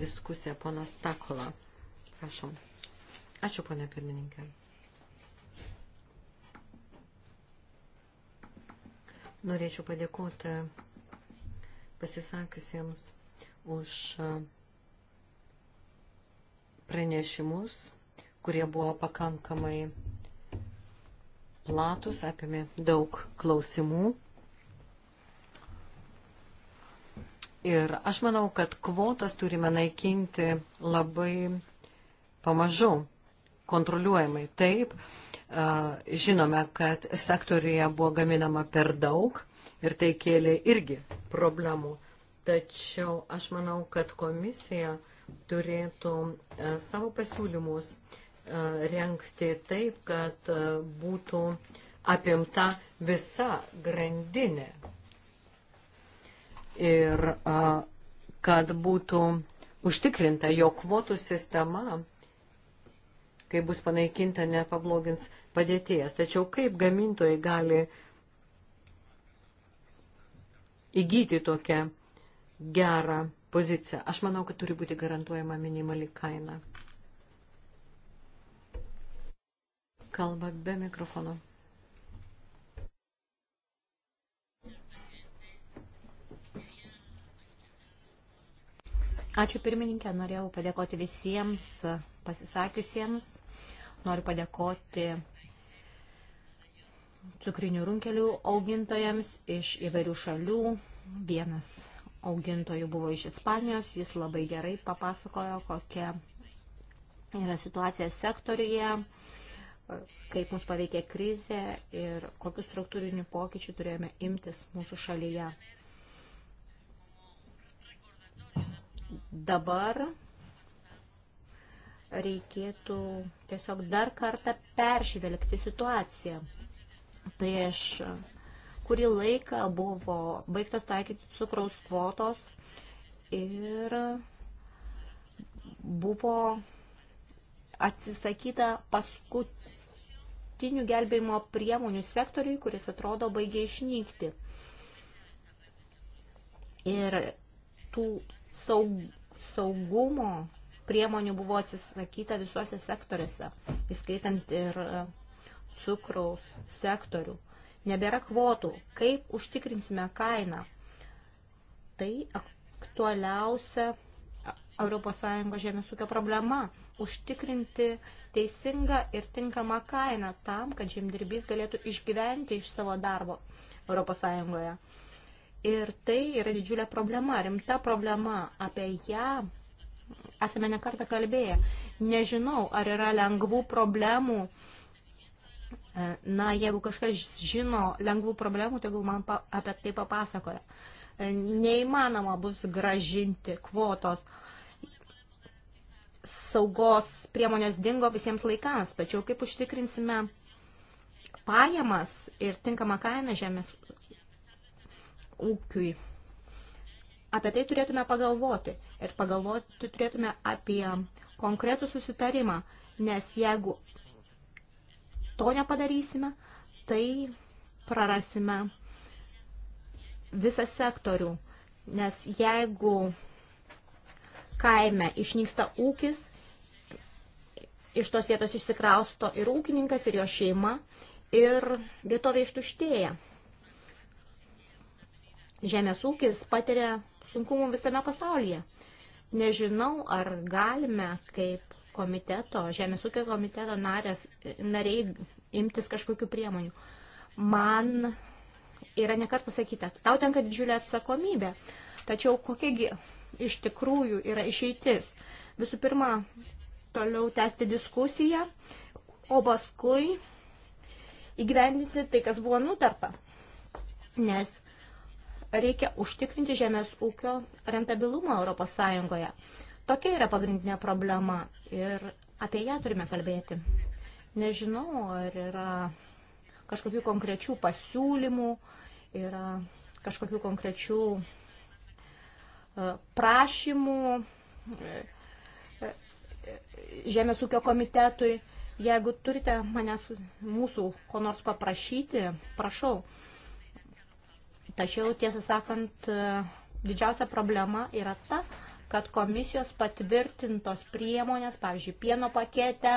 diskusiją. Ponas Takola, prašom. Ačiū, ponė pirmininkė. Norėčiau padėkoti pasisakiusiems už pranešimus kurie buvo pakankamai platus, apimė daug klausimų. Ir aš manau, kad kvotas turime naikinti labai pamažu, kontroliuojamai. Taip, žinome, kad sektorija buvo gaminama per daug ir tai kėlė irgi problemų. Tačiau aš manau, kad komisija turėtų savo pasiūlymus uh, renkti taip, kad būtų apimta visa grandinė ir kad būtų užtikrinta, jog kvotų sistema, kai bus panaikinta, nepablogins padėties. Tačiau kaip gamintojai gali įgyti tokią gerą poziciją? Aš manau, kad turi būti garantuojama minimali kaina. kalba be mikrofono. Ačiū pirmininkė, norėjau padėkoti visiems pasisakiusiems. Noriu padėkoti cukrinių runkelių augintojams iš įvairių šalių. Vienas augintojų buvo iš Ispanijos, jis labai gerai papasakojo, kokia yra situacija sektoriuje kaip mus paveikė krizė ir kokius struktūrinių pokyčių turėjome imtis mūsų šalyje. Dabar reikėtų tiesiog dar kartą peržvelgti situaciją. Prieš kurį laiką buvo baigtas taikyti cukraus kvotos ir buvo atsisakyta paskutinį pagrindinių gelbėjimo priemonių sektoriui, kuris atrodo baigia išnykti. Ir tų saug, saugumo priemonių buvo atsisakyta visose sektoriuose, įskaitant ir e, cukraus sektorių. Nebėra kvotų. Kaip užtikrinsime kainą? Tai aktualiausia ES žemės ūkio problema - užtikrinti teisingą ir tinkamą kainą tam, kad žemdirbys galėtų išgyventi iš savo darbo ES. Ir tai yra didžiulė problema, rimta problema. Apie ją esame nekartą kalbėję. Nežinau, ar yra lengvų problemų. E, na, jeigu kažkas žino lengvų problemų, tegul man apie tai papasakoja. E, neįmanoma bus gražinti kvotos saugos priemonės dingo visiems laikams, tačiau kaip užtikrinsime pajamas ir tinkamą kainą žemės ūkiui. Apie tai turėtume pagalvoti ir pagalvoti turėtume apie konkretų susitarimą, nes jeigu to nepadarysime, tai prarasime visą sektorių, nes jeigu kaime išnyksta ūkis, iš tos vietos išsikrausto ir ūkininkas, ir jo šeima, ir vietovė ištuštėja. Žemės ūkis patiria sunkumų visame pasaulyje. Nežinau, ar galime kaip komiteto, Žemės ūkio komiteto narės, nariai imtis kažkokių priemonių. Man yra nekart pasakyta, tau tenka didžiulė atsakomybė. Tačiau kokiagi iš tikrųjų yra išeitis. Visų pirma, toliau tęsti diskusiją, o paskui įgyvendinti tai, kas buvo nutarta. Nes reikia užtikrinti žemės ūkio rentabilumą Europos Sąjungoje. Tokia yra pagrindinė problema ir apie ją turime kalbėti. Nežinau, ar yra kažkokių konkrečių pasiūlymų, yra kažkokių konkrečių prašymų Žemės ūkio komitetui. Jeigu turite manęs mūsų ko nors paprašyti, prašau. Tačiau, tiesą sakant, didžiausia problema yra ta, kad komisijos patvirtintos priemonės, pavyzdžiui, pieno pakete,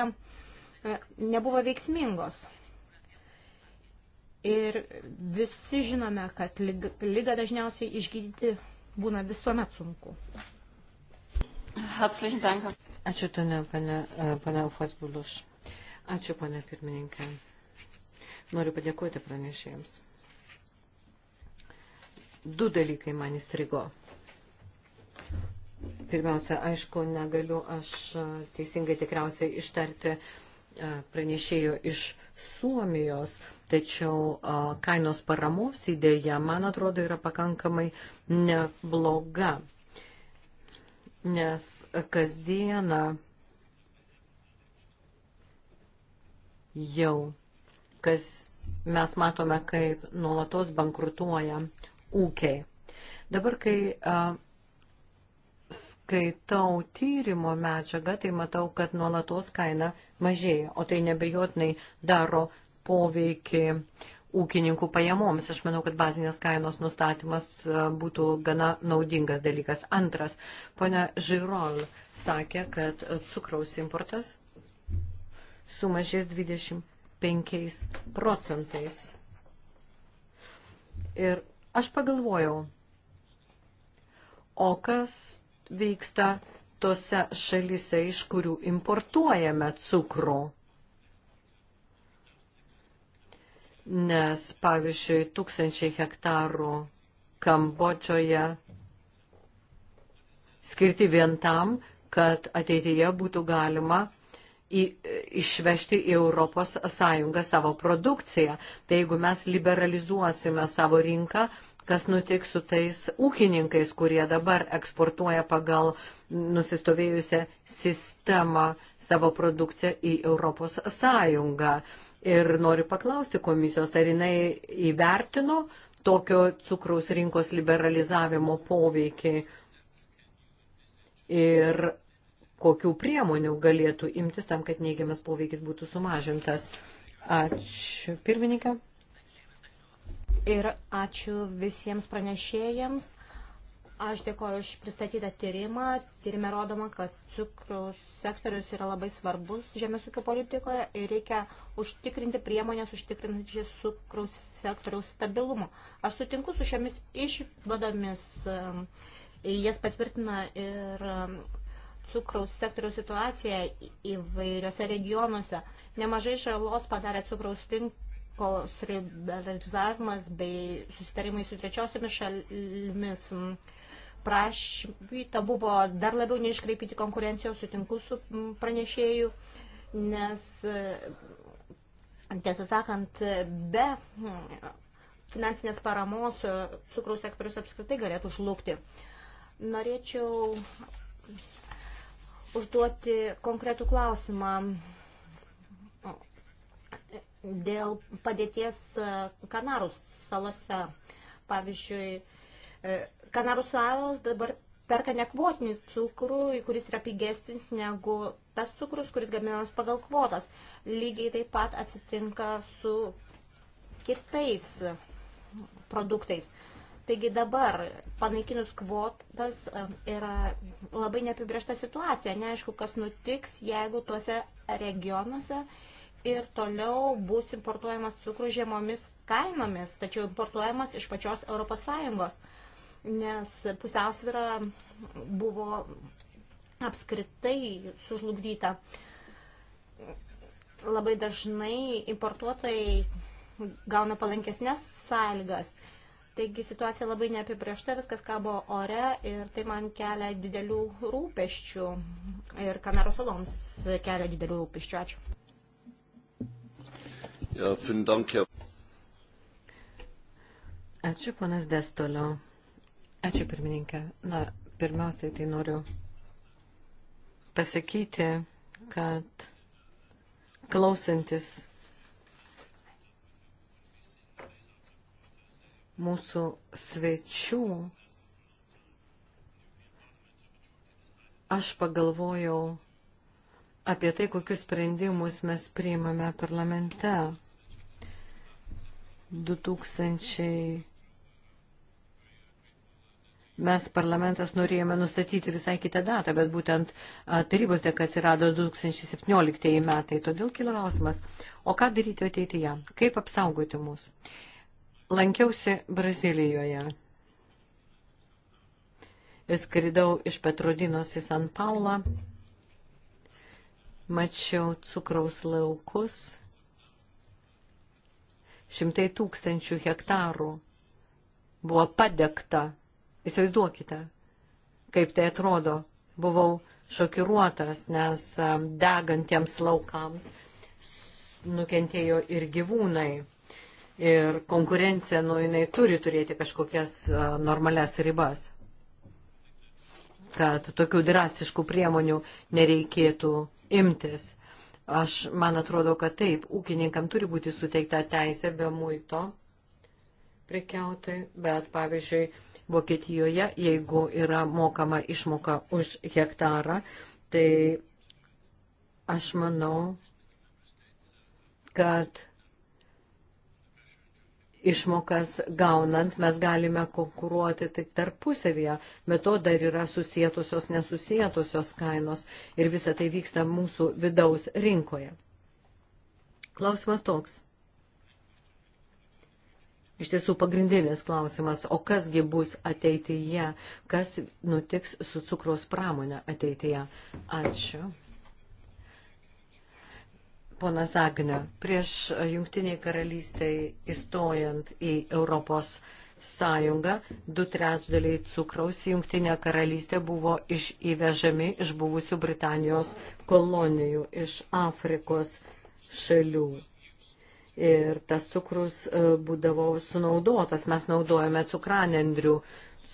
nebuvo veiksmingos. Ir visi žinome, kad lyga dažniausiai išgydyti būna visuomet sunku. Ačiū, tane, pane, pane Fosbuluš. Ačiū, pane pirmininkė. Noriu padėkoti pranešėjams. Du dalykai man įstrigo. Pirmiausia, aišku, negaliu aš teisingai tikriausiai ištarti pranešėjo iš Suomijos tačiau kainos paramos idėja, man atrodo, yra pakankamai nebloga, nes kasdieną jau, kas mes matome, kaip nuolatos bankrutuoja ūkiai. Dabar, kai skaitau tyrimo medžiagą, tai matau, kad nuolatos kaina mažėja, o tai nebejotinai daro poveikį ūkininkų pajamoms. Aš manau, kad bazinės kainos nustatymas e, būtų gana naudingas dalykas. Antras, ponia Žirol sakė, kad cukraus importas sumažės 25 procentais. Ir aš pagalvojau, o kas vyksta tose šalise, iš kurių importuojame cukrų. nes pavyzdžiui tūkstančiai hektarų Kambodžoje skirti vien tam, kad ateityje būtų galima į, išvežti į Europos Sąjungą savo produkciją. Tai jeigu mes liberalizuosime savo rinką, kas nutiks su tais ūkininkais, kurie dabar eksportuoja pagal nusistovėjusią sistemą savo produkciją į Europos Sąjungą. Ir noriu paklausti komisijos, ar jinai įvertino tokio cukraus rinkos liberalizavimo poveikį ir kokių priemonių galėtų imtis tam, kad neigiamas poveikis būtų sumažintas. Ačiū pirmininkė. Ir ačiū visiems pranešėjams. Aš dėkoju už pristatytą tyrimą. Tyrime rodoma, kad cukraus sektorius yra labai svarbus žemės ūkio politikoje ir reikia užtikrinti priemonės užtikrinančias cukraus sektoriaus stabilumą. Aš sutinku su šiomis išvadomis. Jas patvirtina ir cukraus sektoriaus situacija įvairiose regionuose. Nemažai žalos padarė cukraus rinkos liberalizavimas bei susitarimai su trečiosiamis šalimis. Šal prašyta buvo dar labiau neiškreipyti konkurencijos, sutinku su pranešėju, nes tiesą sakant, be finansinės paramos cukraus sektorius apskritai galėtų žlugti. Norėčiau užduoti konkretų klausimą dėl padėties Kanarų salose. Pavyzdžiui, Kanarų salos dabar perka nekvotinį cukrų, kuris yra pigesnis negu tas cukrus, kuris gaminamas pagal kvotas. Lygiai taip pat atsitinka su kitais produktais. Taigi dabar panaikinus kvotas yra labai neapibriešta situacija. Neaišku, kas nutiks, jeigu tuose regionuose ir toliau bus importuojamas cukrus žiemomis kainomis, tačiau importuojamas iš pačios ES nes pusiausvyra buvo apskritai sužlugdyta. Labai dažnai importuotojai gauna palankesnės sąlygas. Taigi situacija labai neapibriešta, viskas kabo ore ir tai man kelia didelių rūpeščių. Ir Kanaro saloms kelia didelių rūpeščių. Ačiū. Ja, Dank, ja. Ačiū, ponas Des toliau. Ačiū pirmininkė. Na, pirmiausiai tai noriu pasakyti, kad klausantis mūsų svečių, aš pagalvojau apie tai, kokius sprendimus mes priimame parlamente. 2000 mes parlamentas norėjome nustatyti visai kitą datą, bet būtent tarybos dėka atsirado 2017 metai. Todėl kila klausimas, o ką daryti ateityje? Kaip apsaugoti mus? Lankiausi Brazilijoje ir skridau iš Petrodinos į San Paulą. Mačiau cukraus laukus, šimtai tūkstančių hektarų buvo padegta Įsivaizduokite, kaip tai atrodo. Buvau šokiruotas, nes degantiems laukams nukentėjo ir gyvūnai. Ir konkurencija, nu, jinai turi turėti kažkokias normales ribas, kad tokių drastiškų priemonių nereikėtų imtis. Aš, man atrodo, kad taip, ūkininkam turi būti suteikta teisė be muito prekiauti, bet, pavyzdžiui, Vokietijoje, jeigu yra mokama išmoka už hektarą, tai aš manau, kad išmokas gaunant mes galime konkuruoti tik tarpusavyje, bet to dar yra susijėtusios, nesusijėtusios kainos ir visa tai vyksta mūsų vidaus rinkoje. Klausimas toks iš tiesų pagrindinis klausimas, o kasgi bus ateityje, kas nutiks su cukros pramonė ateityje. Ačiū. Pona Zagnė, prieš Junktiniai karalystiai įstojant į Europos sąjungą, du trečdaliai cukraus į Jungtinę karalystę buvo iš, įvežami iš buvusių Britanijos kolonijų, iš Afrikos šalių ir tas cukrus e, būdavo sunaudotas. Mes naudojame cukranendrių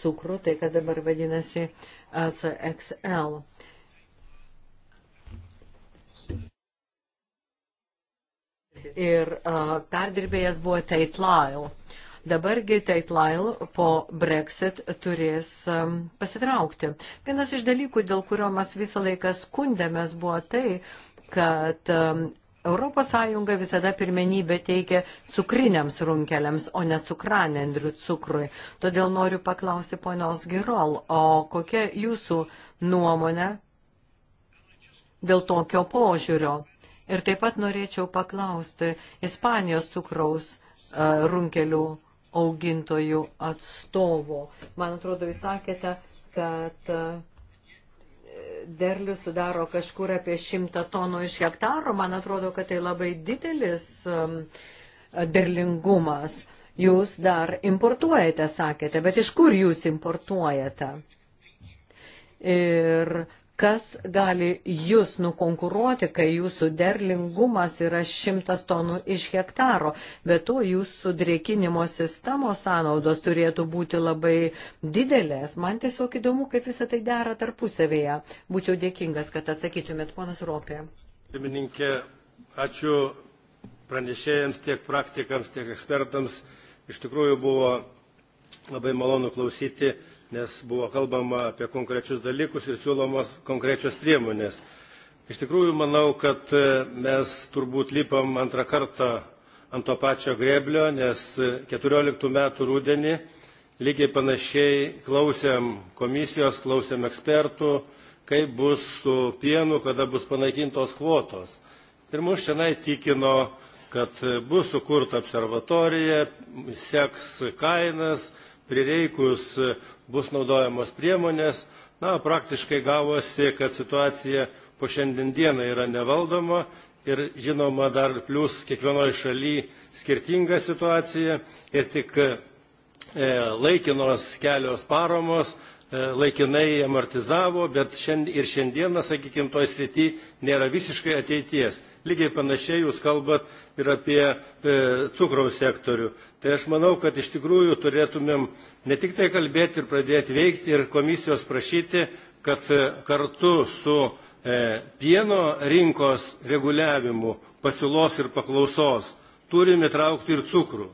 cukrų, tai kas dabar vadinasi CXL. Ir uh, perdirbėjas buvo Tate Lyle. Dabargi Tate Lyle po Brexit turės um, pasitraukti. Vienas iš dalykų, dėl kurio mes visą laiką skundėmės, buvo tai, kad um, Europos Sąjunga visada pirmenybę teikia cukriniams runkeliams, o ne cukranendrių cukrui. Todėl noriu paklausti ponios Girol, o kokia jūsų nuomonė dėl tokio požiūrio? Ir taip pat norėčiau paklausti Ispanijos cukraus uh, runkelių augintojų atstovo. Man atrodo, jūs sakėte, kad uh, derlius sudaro kažkur apie 100 tonų iš hektaro, man atrodo, kad tai labai didelis um, derlingumas. Jūs dar importuojate, sakėte, bet iš kur jūs importuojate? Ir kas gali jūs nukonkuruoti, kai jūsų derlingumas yra 100 tonų iš hektaro. Be to, jūsų drėkinimo sistemos sąnaudos turėtų būti labai didelės. Man tiesiog įdomu, kaip visą tai dera tarpusavėje. Būčiau dėkingas, kad atsakytumėt, ponas Ropė. Pirmininkė, ačiū pranešėjams, tiek praktikams, tiek ekspertams. Iš tikrųjų buvo labai malonu klausyti nes buvo kalbama apie konkrečius dalykus ir siūlomos konkrečios priemonės. Iš tikrųjų, manau, kad e, mes turbūt lipam antrą kartą ant to pačio greblio, nes 14 metų rudenį lygiai panašiai klausėm komisijos, klausėm ekspertų, kaip bus su pienu, kada bus panaikintos kvotos. Ir mus šiandien tikino, kad bus sukurta observatorija, seks kainas, prireikus e, bus naudojamos priemonės. Na, praktiškai gavosi, kad situacija po šiandien dieną yra nevaldoma ir žinoma dar plus kiekvienoje šalyje skirtinga situacija ir tik e, laikinos kelios paramos E, laikinai amortizavo, bet šiandien, ir šiandieną, sakykime, toj srity nėra visiškai ateities. Lygiai panašiai jūs kalbat ir apie e, cukraus sektorių. Tai aš manau, kad iš tikrųjų turėtumėm ne tik tai kalbėti ir pradėti veikti ir komisijos prašyti, kad e, kartu su e, pieno rinkos reguliavimu pasiūlos ir paklausos turime traukti ir cukrų.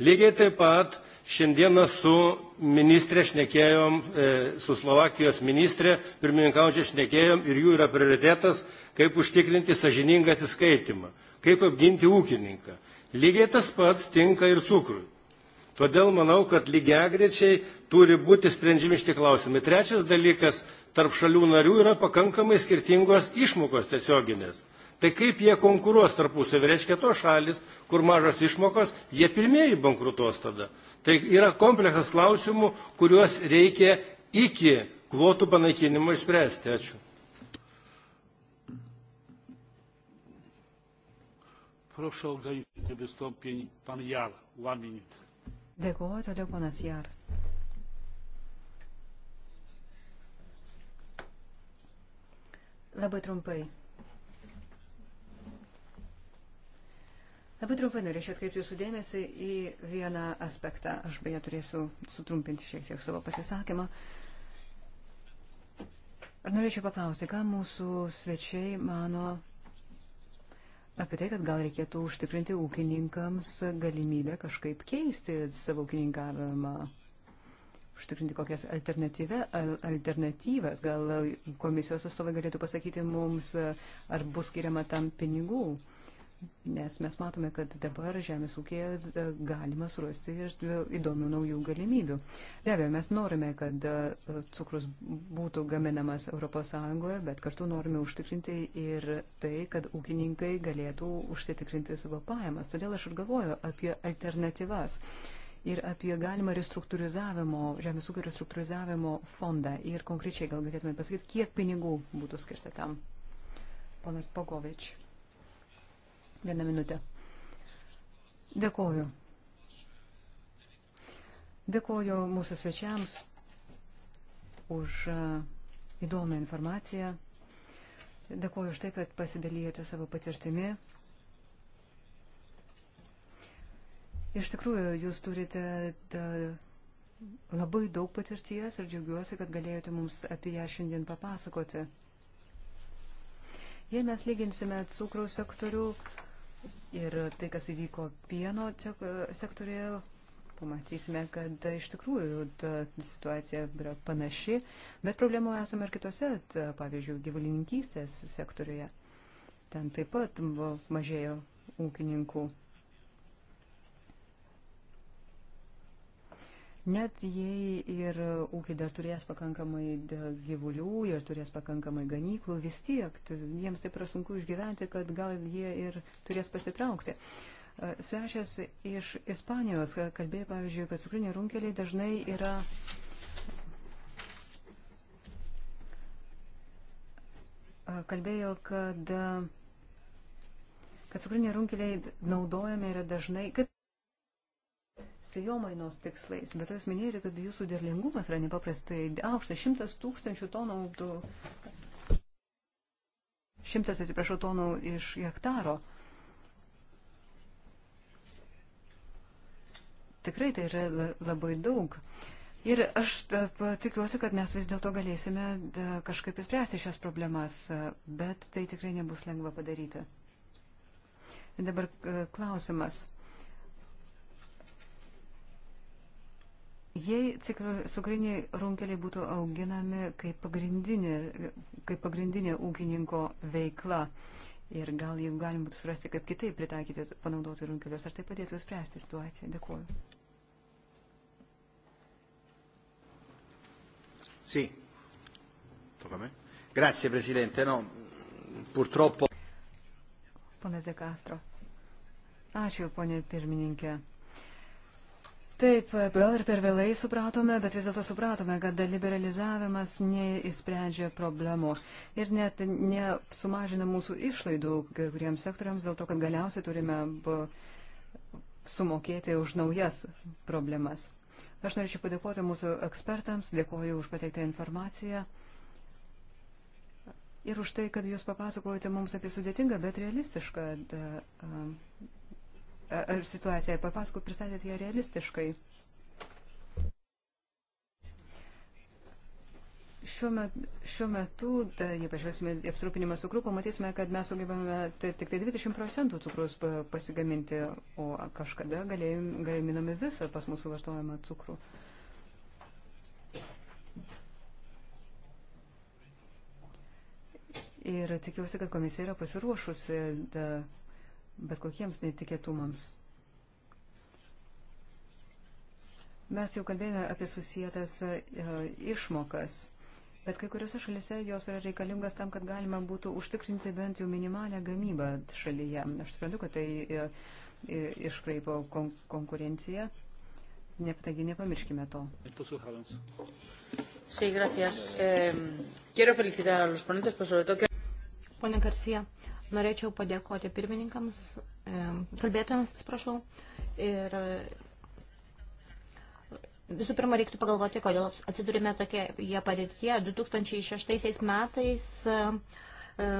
Lygiai taip pat Šiandieną su ministrė šnekėjom, e, su Slovakijos ministrė, pirmininkaučia šnekėjom ir jų yra prioritetas, kaip užtikrinti sažiningą atsiskaitimą, kaip apginti ūkininką. Lygiai tas pats tinka ir cukrui. Todėl manau, kad lygiagrečiai turi būti sprendžiami šitie klausimai. Trečias dalykas, tarp šalių narių yra pakankamai skirtingos išmokos tiesioginės. Tai kaip jie konkuruos tarpusavį, reiškia tos šalis, kur mažos išmokos, jie pirmieji bankrutuos tada. Tai yra kompleksas klausimų, kuriuos reikia iki kvotų panaikinimo išspręsti. Ačiū. Proszę o ograniczenie wystąpień. Pan Jar, one minute. Dėkuoju, toliau ponas Jar. Labai trumpai. Labai trumpai norėčiau atkreipti jūsų dėmesį į vieną aspektą. Aš beje turėsiu sutrumpinti šiek tiek savo pasisakymą. Ar norėčiau paklausti, ką mūsų svečiai mano apie tai, kad gal reikėtų užtikrinti ūkininkams galimybę kažkaip keisti savo ūkininkavimą, užtikrinti kokias alternatyvas. Gal komisijos atstovai galėtų pasakyti mums, ar bus skiriama tam pinigų nes mes matome, kad dabar žemės ūkėje e, galima surasti ir e, įdomių naujų galimybių. Be abejo, mes norime, kad e, cukrus būtų gaminamas ES, bet kartu norime užtikrinti ir tai, kad ūkininkai galėtų užsitikrinti savo pajamas. Todėl aš ir galvoju apie alternatyvas. Ir apie galimą restruktūrizavimo, žemės ūkio restruktūrizavimo fondą. Ir konkrečiai gal galėtume pasakyti, kiek pinigų būtų skirta tam. Ponas Pogovičius. Vieną minutę. Dėkoju. Dėkoju mūsų svečiams už e, įdomią informaciją. Dėkoju už tai, kad pasidalijote savo patirtimi. Iš tikrųjų, jūs turite da, e, labai daug patirties ir džiaugiuosi, kad galėjote mums apie ją šiandien papasakoti. Jei mes lyginsime cukraus sektorių, Ir tai, kas įvyko pieno sektorėje, pamatysime, kad iš tikrųjų situacija yra panaši, bet problemų esame ir kitose, ta, pavyzdžiui, gyvulininkystės sektorėje. Ten taip pat mažėjo ūkininkų. Net jei ir ūkiai dar turės pakankamai gyvulių ir turės pakankamai ganyklų, vis tiek jiems taip yra sunku išgyventi, kad gal jie ir turės pasitraukti. Svečias iš Ispanijos kalbėjo, pavyzdžiui, kad cukriniai runkeliai dažnai yra. Kalbėjo, kad, kad cukriniai runkeliai naudojami yra dažnai. Kaip sijomainos tikslais, bet jūs minėjote, kad jūsų derlingumas yra nepaprastai aukštas, šimtas tūkstančių tonų, šimtas, atsiprašau, tonų iš hektaro. Tikrai tai yra labai daug. Ir aš e, tikiuosi, kad mes vis dėlto galėsime e, kažkaip įspręsti šias problemas, e, bet tai tikrai nebus lengva padaryti. Dabar klausimas. Jei cukriniai runkeliai būtų auginami kaip pagrindinė, kaip pagrindinė ūkininko veikla ir gal jeigu galim būtų surasti, kaip kitaip pritaikyti panaudoti runkelius, ar tai padėtų spręsti situaciją? Dėkuoju. Sì, tocca a me. Grazie Presidente, no, purtroppo. Ponas De Castro. Ačiū, ponė pirmininkė. Taip, gal ir per vėlai supratome, bet vis dėlto supratome, kad liberalizavimas neįsprendžia problemų ir net nesumažina mūsų išlaidų kuriems sektoriams, dėl to, kad galiausiai turime sumokėti už naujas problemas. Aš norėčiau padėkoti mūsų ekspertams, dėkoju už pateiktą informaciją ir už tai, kad jūs papasakojate mums apie sudėtingą, bet realistišką. Da, a, situaciją, papasakot, pristatėt ją realistiškai. Šiuo metu, šiuo metu da, jei pažvelgsime į apsirūpinimą cukrų, pamatysime, kad mes sugebame tik tai 20 procentų cukrus pasigaminti, o kažkada gaminome visą pas mūsų vartojamą cukrų. Ir tikiuosi, kad komisija yra pasiruošusi da, bet kokiems netikėtumams. Mes jau kalbėjome apie susijęs e, išmokas, bet kai kuriuose šalise jos yra reikalingas tam, kad galima būtų užtikrinti bent jau minimalę gamybą šalyje. Aš suprantu, kad tai e, e, iškraipo kon konkurenciją. Ne, taigi nepamirškime to. Sí, gracias. Eh, quiero felicitar a los ponentes, pero sobre todo que... Pone García. Norėčiau padėkoti pirmininkams, e, kalbėtojams, atsiprašau. Ir visų pirma, reiktų pagalvoti, kodėl atsidūrėme tokie jie padėtie. 2006 metais e, e,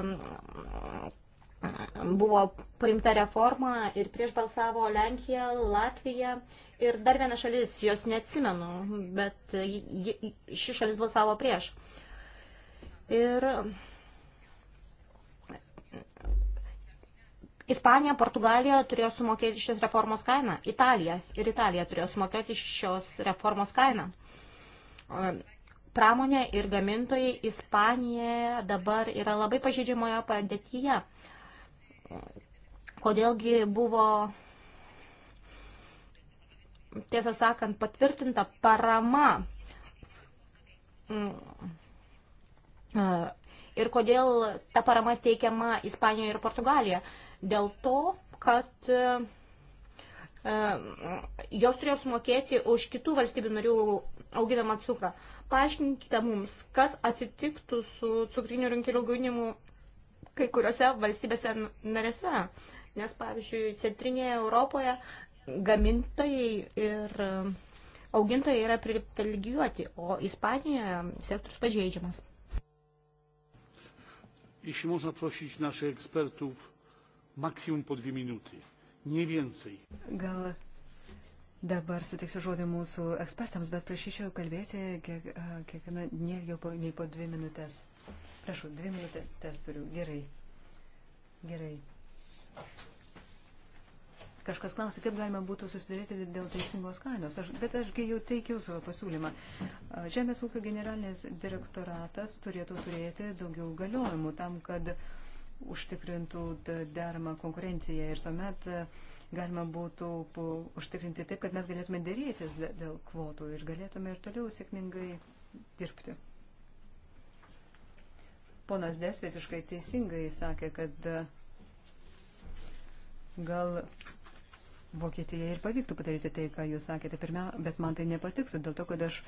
buvo priimta reforma ir prieš balsavo Lenkija, Latvija ir dar viena šalis, jos neatsimenu, bet ši šalis balsavo prieš. Ir Ispanija, Portugalija turėjo sumokėti šios reformos kainą, Italija ir Italija turėjo sumokėti šios reformos kainą. Pramonė ir gamintojai Ispanija dabar yra labai pažeidžiamoje padėtyje. Kodėlgi buvo, tiesą sakant, patvirtinta parama mm, ir kodėl ta parama teikiama Ispanijoje ir Portugalijoje dėl to, kad e, e, jos turėjo sumokėti už kitų valstybių narių auginamą cukrą. Paaiškinkite mums, kas atsitiktų su cukrinių rinkelių auginimu kai kuriuose valstybėse narėse. Nes, pavyzdžiui, centrinėje Europoje gamintojai ir e, augintojai yra privilegijuoti, o Ispanijoje sektorius pažeidžiamas. Jeśli można prosić naszych ekspertów maksimum po dvi minutį, ne vienai. Gal dabar sutiksiu žodį mūsų ekspertams, bet prašyčiau kalbėti kiek, kiekvieną ne ilgiau nei po dvi minutės. Prašau, dvi minutės turiu. Gerai. Gerai. Kažkas klausė, kaip galima būtų susidaryti dėl teisingos kainos, aš, bet ašgi jau teikiau savo pasiūlymą. Žemės ūkio generalinis direktoratas turėtų turėti daugiau galiojimų tam, kad uh, užtikrintų deramą konkurenciją ir tuomet e, galima būtų užtikrinti taip, kad mes galėtume dėrėtis dėl kvotų ir galėtume ir toliau sėkmingai dirbti. Ponas Des visiškai teisingai sakė, kad e, gal Vokietija ir pavyktų padaryti tai, ką jūs sakėte, pirmia, bet man tai nepatiktų, dėl to, kad aš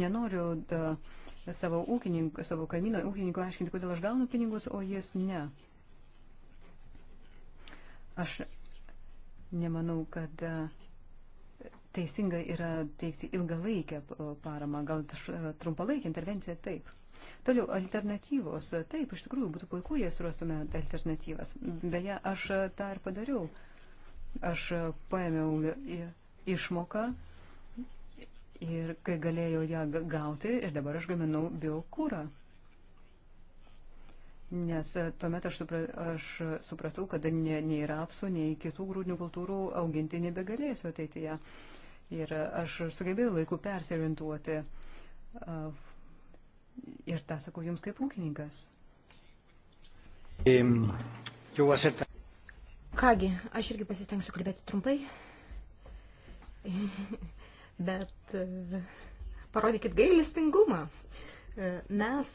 nenoriu da, e, savo, ūkininko, savo kaimyno ūkininko aiškinti, kodėl aš gaunu pinigus, o jis ne. Aš nemanau, kad e, teisinga yra teikti ilgalaikę e, paramą, gal e, trumpalaikę intervenciją taip. Toliau, alternatyvos. Taip, iš tikrųjų, būtų puiku, jei surastume alternatyvas. Beje, aš tą ir padariau. Aš paėmiau išmoką ir kai galėjau ją gauti ir dabar aš gaminau biokūrą. Nes e, tuomet aš, supra, aš supratau, kad nei, nei rapsų, nei kitų grūdinių kultūrų auginti nebegalėsiu ateityje. Ir aš sugebėjau laiku persiorientuoti. Ir tą sakau jums kaip ūkininkas. Kągi, aš irgi pasistengsiu kalbėti trumpai. (laughs) Bet e, parodykit gailestingumą. Uh, E, mes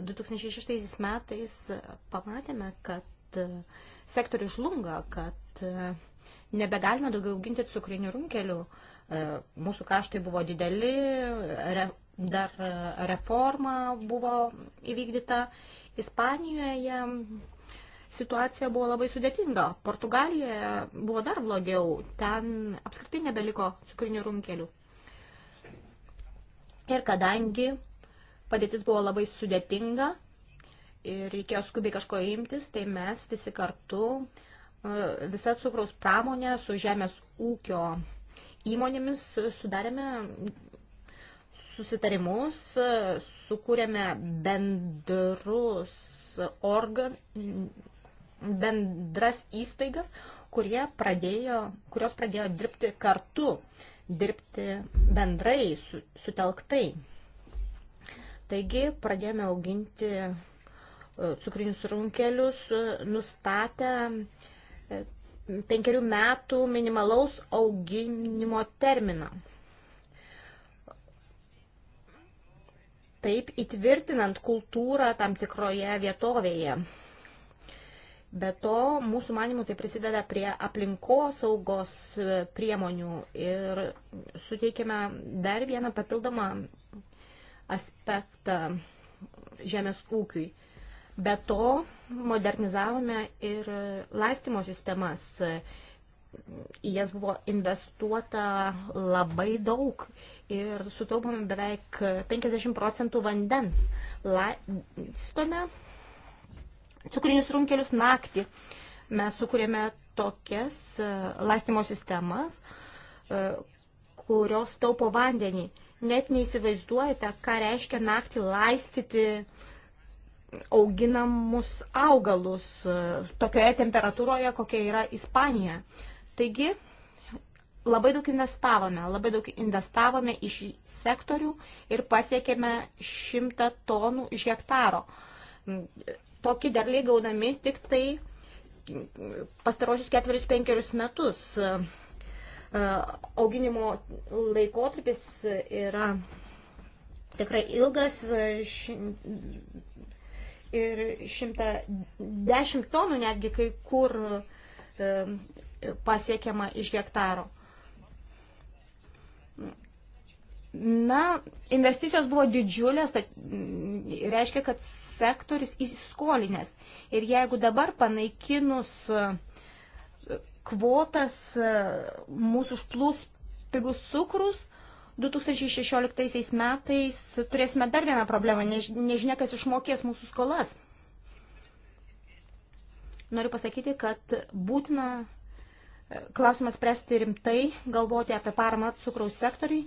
2006 e, metais pamatėme, kad e, sektorius žlunga, kad nebegalime daugiau auginti cukrinių runkelių. Mūsų kaštai buvo dideli, dar reforma buvo įvykdyta. Ispanijoje situacija buvo labai sudėtinga. Portugalijoje buvo dar blogiau. Ten apskritai nebeliko cukrinių runkelių. Ir kadangi Padėtis buvo labai sudėtinga ir reikėjo skubiai kažko imtis, tai mes visi kartu, e, visa cukraus pramonė su žemės ūkio įmonėmis sudarėme susitarimus, e, sukūrėme bendrus organ, bendras įstaigas, pradėjo, kurios pradėjo dirbti kartu, dirbti bendrai, su, sutelktai. Taigi pradėjome auginti e, cukrinius runkelius, e, nustatę e, penkerių metų minimalaus auginimo terminą. Taip įtvirtinant kultūrą tam tikroje vietovėje. Be to, mūsų manimų tai prisideda prie aplinkosaugos priemonių ir suteikiame dar vieną papildomą aspektą žemės ūkiui. Be to modernizavome ir laistymo sistemas. Į jas buvo investuota labai daug ir sutaupome beveik 50 procentų vandens. Laistome cukrinius runkelius naktį. Mes sukūrėme tokias laistymo sistemas, kurios taupo vandenį net neįsivaizduojate, ką reiškia naktį laistyti auginamus augalus e, tokioje temperatūroje, kokia yra Ispanija. Taigi, labai daug investavome, labai daug investavome į šį sektorių ir pasiekėme 100 tonų iš hektaro. Mm, tokį derlį gaunami tik tai pastarosius ketverius penkerius metus. E, auginimo laikotarpis yra tikrai ilgas e, ši, ir 110 tonų netgi kai kur e, pasiekiama iš hektaro. Na, investicijos buvo didžiulės, tai reiškia, kad sektorius įsiskolinęs. Ir jeigu dabar panaikinus uh, kvotas e, mūsų užplūs pigus cukrus, 2016 metais turėsime dar vieną problemą, než, nežinia, kas išmokės mūsų skolas. Noriu pasakyti, kad būtina e, klausimas presti rimtai, galvoti apie paramą cukraus sektoriui,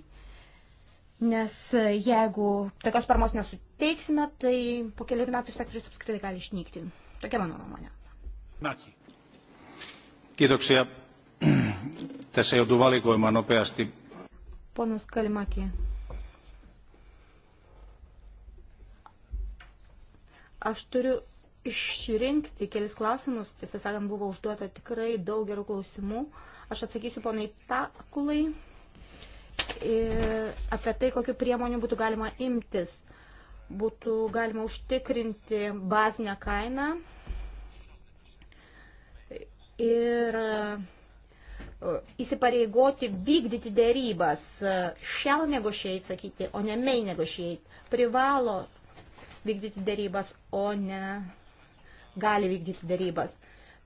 nes e, jeigu tokios paramos nesuteiksime, tai po kelių metų sektorius apskritai gali išnykti. Tokia mano nuomonė. Matį. Kiitoksia. (clears throat) Tässä joutuu valikoimaan nopeasti. Ponas Kalimaki. Aš turiu išrinkti kelis klausimus. Tiesą sakant, buvo užduota tikrai daug gerų klausimų. Aš atsakysiu ponai Takulai apie tai, kokiu priemonių būtų galima imtis. Būtų galima užtikrinti bazinę kainą ir e, įsipareigoti vykdyti dėrybas, shall negotiate sakyti, o ne may negotiate, privalo vykdyti dėrybas, o ne gali vykdyti dėrybas.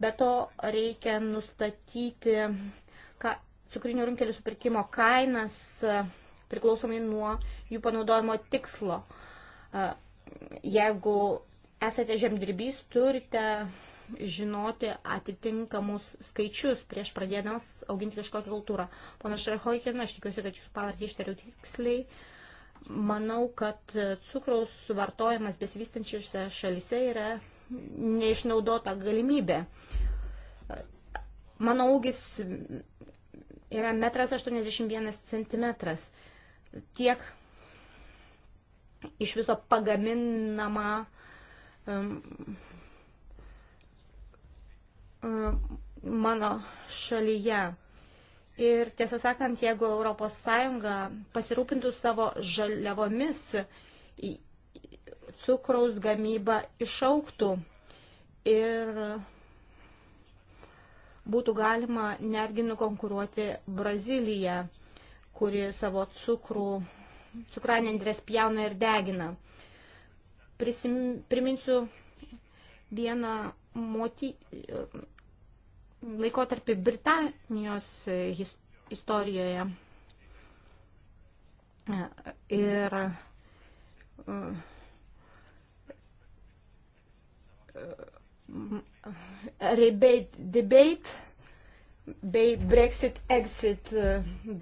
Be to reikia nustatyti ka, cukrinių runkelių supirkimo kainas e, priklausomai nuo jų panaudojimo tikslo. E, jeigu esate žemdirbys, turite žinoti atitinkamus skaičius prieš pradėdamas auginti kažkokią kultūrą. Pana Šrehoikina, aš tikiuosi, kad jūsų pavardį ištariu tiksliai. Manau, kad cukraus suvartojimas besivystančiose šalise yra neišnaudota galimybė. Mano ūgis yra 1,81 m. Tiek iš viso pagaminama um, mano šalyje. Ir tiesą sakant, jeigu ES pasirūpintų savo žaliavomis, cukraus gamyba išauktų ir būtų galima netgi nukonkuruoti Braziliją, kuri savo cukrų, cukranendrės pjauna ir degina. Prisim, priminsiu vieną moti... E, laikotarpį Britanijos e, istorijoje. E, ir rebate debate bei Brexit exit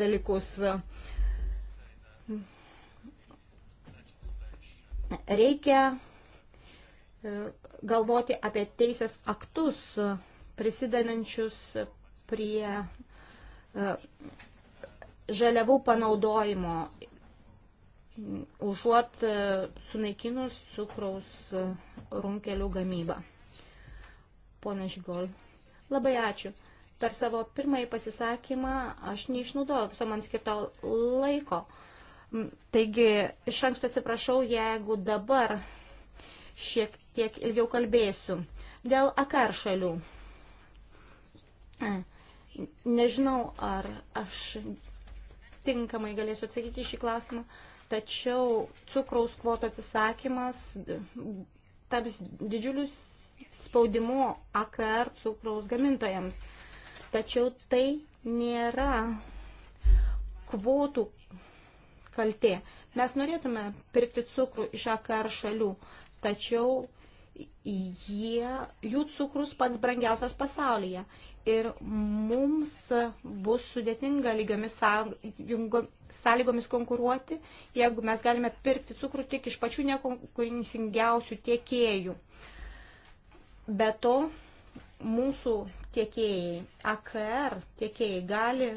dalykus. Reikia galvoti apie teisės aktus prisidedančius prie e, žaliavų panaudojimo, užuot e, sunaikinus cukraus runkelių gamybą. Pone Žigol, labai ačiū. Per savo pirmąjį pasisakymą aš neišnaudojau viso man skirto laiko. Taigi, iš anksto atsiprašau, jeigu dabar šiek tiek ilgiau kalbėsiu. Dėl akar šalių. Nežinau, ar aš tinkamai galėsiu atsakyti šį klausimą, tačiau cukraus kvoto atsisakymas taps didžiulius spaudimu AKR cukraus gamintojams. Tačiau tai nėra kvotų kaltė. Mes norėtume pirkti cukrų iš AKR šalių, tačiau jie, jų cukrus pats brangiausias pasaulyje. Ir mums bus sudėtinga lygiomis sąlygomis konkuruoti, jeigu mes galime pirkti cukrų tik iš pačių nekonkurencingiausių tiekėjų. Be to, mūsų tiekėjai, AKR tiekėjai gali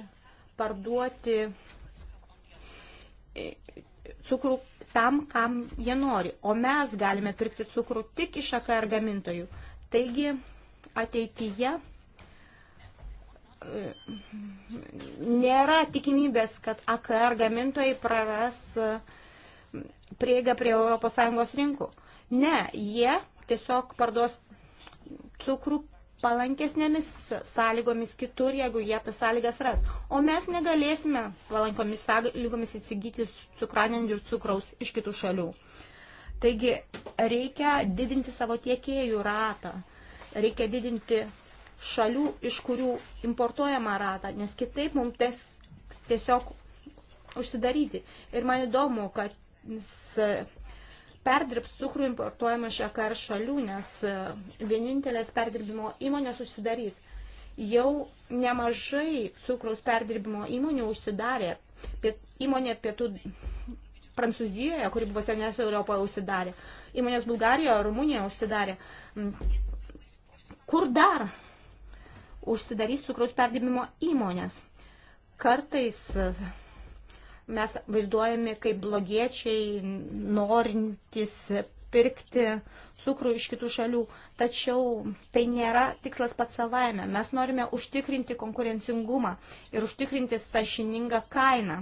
parduoti cukrų tam, kam jie nori, o mes galime pirkti cukrų tik iš AKR gamintojų. Taigi ateityje e, nėra tikimybės, kad AKR gamintojai praras e, prieigą prie ES rinkų. Ne, jie tiesiog parduos cukrų palankesnėmis sąlygomis kitur, jeigu jie tas sąlygas ras. O mes negalėsime palankomis sąlygomis įsigyti cukranendrių cukraus iš kitų šalių. Taigi reikia didinti savo tiekėjų ratą, reikia didinti šalių, iš kurių importuojama ratą, nes kitaip mums tes, tiesiog užsidaryti. Ir man įdomu, kad perdirbs cukrų importuojamą iš AKR šalių, nes e, vienintelės perdirbimo įmonės užsidarys. Jau nemažai cukraus perdirbimo įmonių užsidarė. Įmonė pietų Prancūzijoje, kuri buvo seniausia Europoje, užsidarė. Įmonės Bulgarijoje, Rumunijoje užsidarė. Mm. Kur dar užsidarys cukraus perdirbimo įmonės? Kartais e, mes vaizduojami kaip blogiečiai, norintys pirkti cukrų iš kitų šalių. Tačiau tai nėra tikslas pats savaime. Mes norime užtikrinti konkurencingumą ir užtikrinti sašiningą kainą.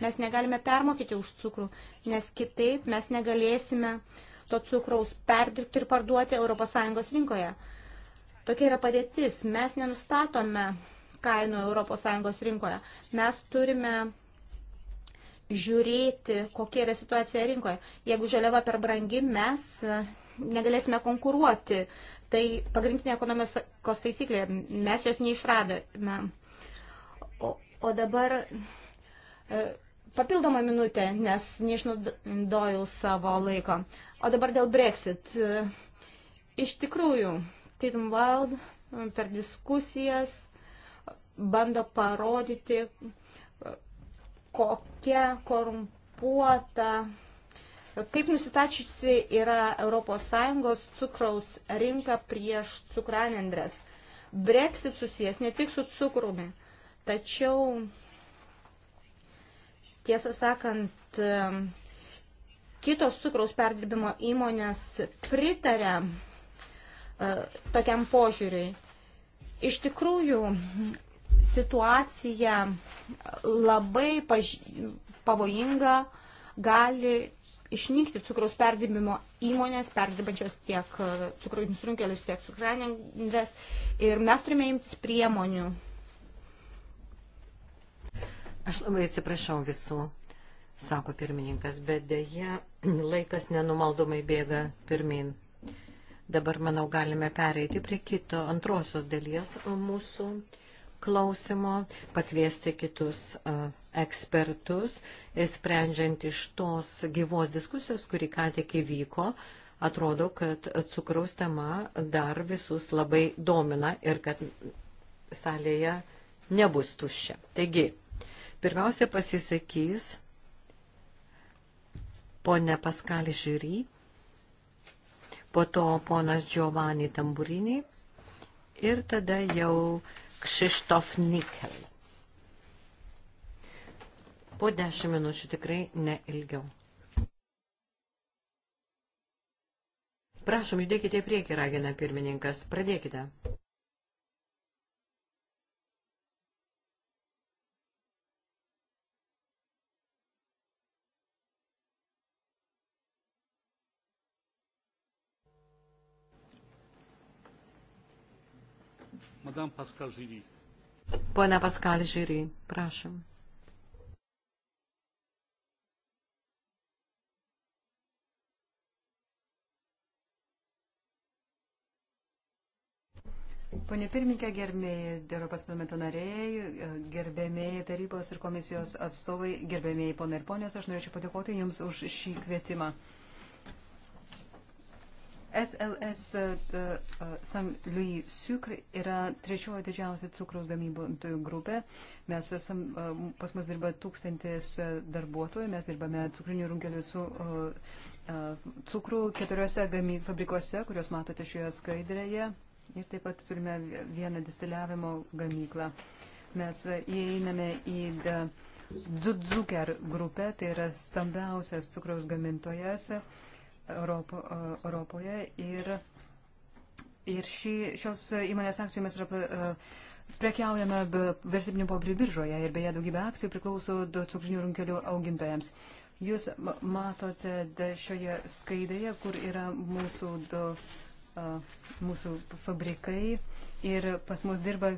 Mes negalime permokyti už cukrų, nes kitaip mes negalėsime to cukraus perdirbti ir parduoti ES rinkoje. Tokia yra padėtis. Mes nenustatome kainų ES rinkoje. Mes turime žiūrėti, kokia yra situacija rinkoje. Jeigu žaliava per brangi, mes e, negalėsime konkuruoti. Tai pagrindinė ekonomikos taisyklė, mes jos neišradome. O, o dabar e, papildomą minutę, nes neišnaudojau savo laiko. O dabar dėl Brexit. E, iš tikrųjų, Tatum Wild per diskusijas bando parodyti, kokia korumpuota, kaip nusistačiusi yra ES cukraus rinka prieš cukranendres. Brexit susijęs ne tik su cukrumi, tačiau tiesą sakant, kitos cukraus perdirbimo įmonės pritarė e, tokiam požiūriui. Iš tikrųjų, situacija labai paž... pavojinga, gali išnykti cukraus perdirbimo įmonės, perdirbančios tiek e, cukrinius runkelius, tiek cukranendres. Ir mes turime imtis priemonių. Aš labai atsiprašau visų, sako pirmininkas, bet dėje laikas nenumaldomai bėga pirmin. Dabar, manau, galime pereiti prie kito antrosios dalies mūsų klausimo, pakviesti kitus ekspertus, sprendžiant iš tos gyvos diskusijos, kuri ką tik įvyko, atrodo, kad cukraus tema dar visus labai domina ir kad salėje nebus tuščia. Taigi, pirmiausia pasisakys ponė Paskali Žiry, po to ponas Giovanni Tamburini ir tada jau Krzysztof Nikel. Po 10 minučių tikrai ne ilgiau. Prašom, judėkite į priekį, ragina pirmininkas. Pradėkite. Madame Pascal Žiry. Pone Pascal Žiry, prašom. Pone pirmininkė, gerbėjai Europos parlamento nariai, gerbėmėjai tarybos ir komisijos atstovai, gerbėmėjai ponai ir ponės, aš norėčiau padėkoti Jums už šį kvietimą. SLS St. E, e, Louis Sucre yra trečioji didžiausia cukraus gamybų grupė. Mes esam, e, pas mus dirba tūkstantis darbuotojų, mes dirbame cukrinių runkelių cu, cukrų keturiose gamyb, fabrikuose, kuriuos matote šioje skaidrėje. Ir taip pat turime vieną distiliavimo gamyklą. Mes įeiname į Dzudzuker grupę, tai yra stambiausias cukraus gamintojas. Europo, Europoje ir, ir ši, šios įmonės akcijomis yra prekiaujama vertybinių popierių biržoje ir beje daugybė akcijų priklauso cukrinių runkelių augintojams. Jūs matote šioje skaidrėje, kur yra mūsų, do, mūsų fabrikai ir pas mus dirba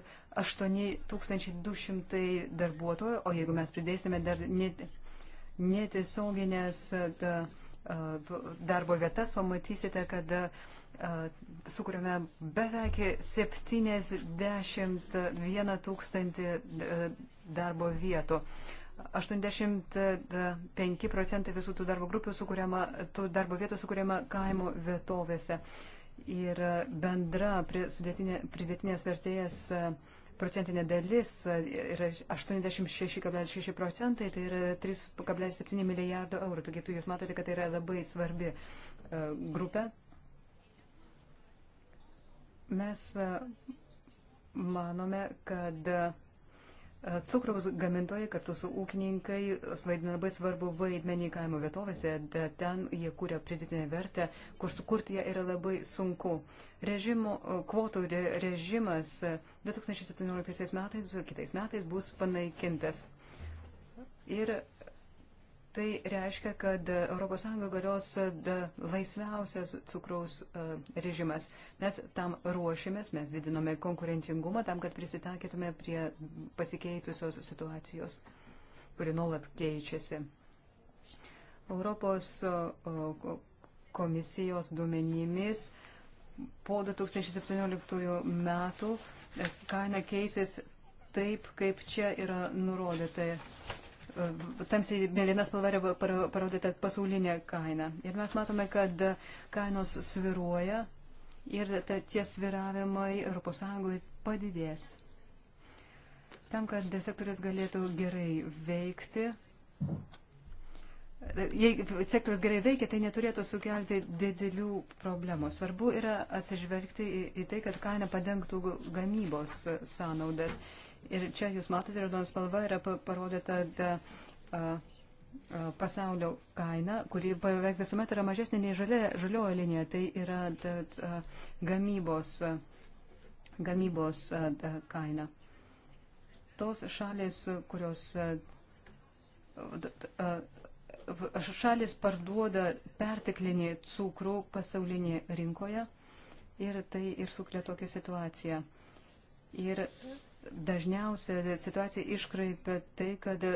8200 darbuotojų, o jeigu mes pridėsime dar net, netiesioginės. Da, darbo vietas, pamatysite, kad sukūrėme beveik 71 tūkstantį darbo vietų. 85 procentai visų tų darbo, sukuriama, tų darbo vietų sukūrėma kaimo vietovėse. Ir bendra pridėtinės vertėjas procentinė dalis e, yra 86,6 procentai, tai yra 3,7 milijardo eurų. Taigi jūs matote, kad tai yra labai svarbi e, grupė. Mes e, manome, kad cukraus gamintojai kartu su ūkininkai vaidina labai svarbu vaidmenį kaimo vietovėse, ten jie kūrė pridėtinę vertę, kur sukurti ją yra labai sunku. Režimo, e, kvotų režimas 2017 e, metais, e, kitais metais bus panaikintas. Ir tai reiškia, kad ES galios laisviausias cukraus režimas. Mes tam ruošimės, mes didinome konkurencingumą tam, kad prisitaikytume prie pasikeitusios situacijos, kuri nuolat keičiasi. Europos komisijos duomenimis po 2017 metų e, kaina keisės taip, kaip čia yra nurodyta. E, tamsiai mėlynas spalva parodyta pasaulinė kaina. Ir mes matome, kad kainos sviruoja ir tie sviravimai ES padidės. Tam, kad sektorius galėtų gerai veikti, Jei sektorius gerai veikia, tai neturėtų sukelti didelių problemų. Svarbu yra atsižvelgti į, į tai, kad kaina padengtų gamybos sąnaudas. Ir čia jūs matote, raudona spalva yra parodyta da, a, a, pasaulio kaina, kuri beveik visuomet yra mažesnė nei žalia, žaliojo linija. Tai yra da, da, gamybos, gamybos da, kaina. Tos šalis, kurios. Da, da, šalis parduoda perteklinį cukrų pasaulinėje rinkoje ir tai ir suklė tokią situaciją. Ir dažniausia situacija iškraipia tai, kad e,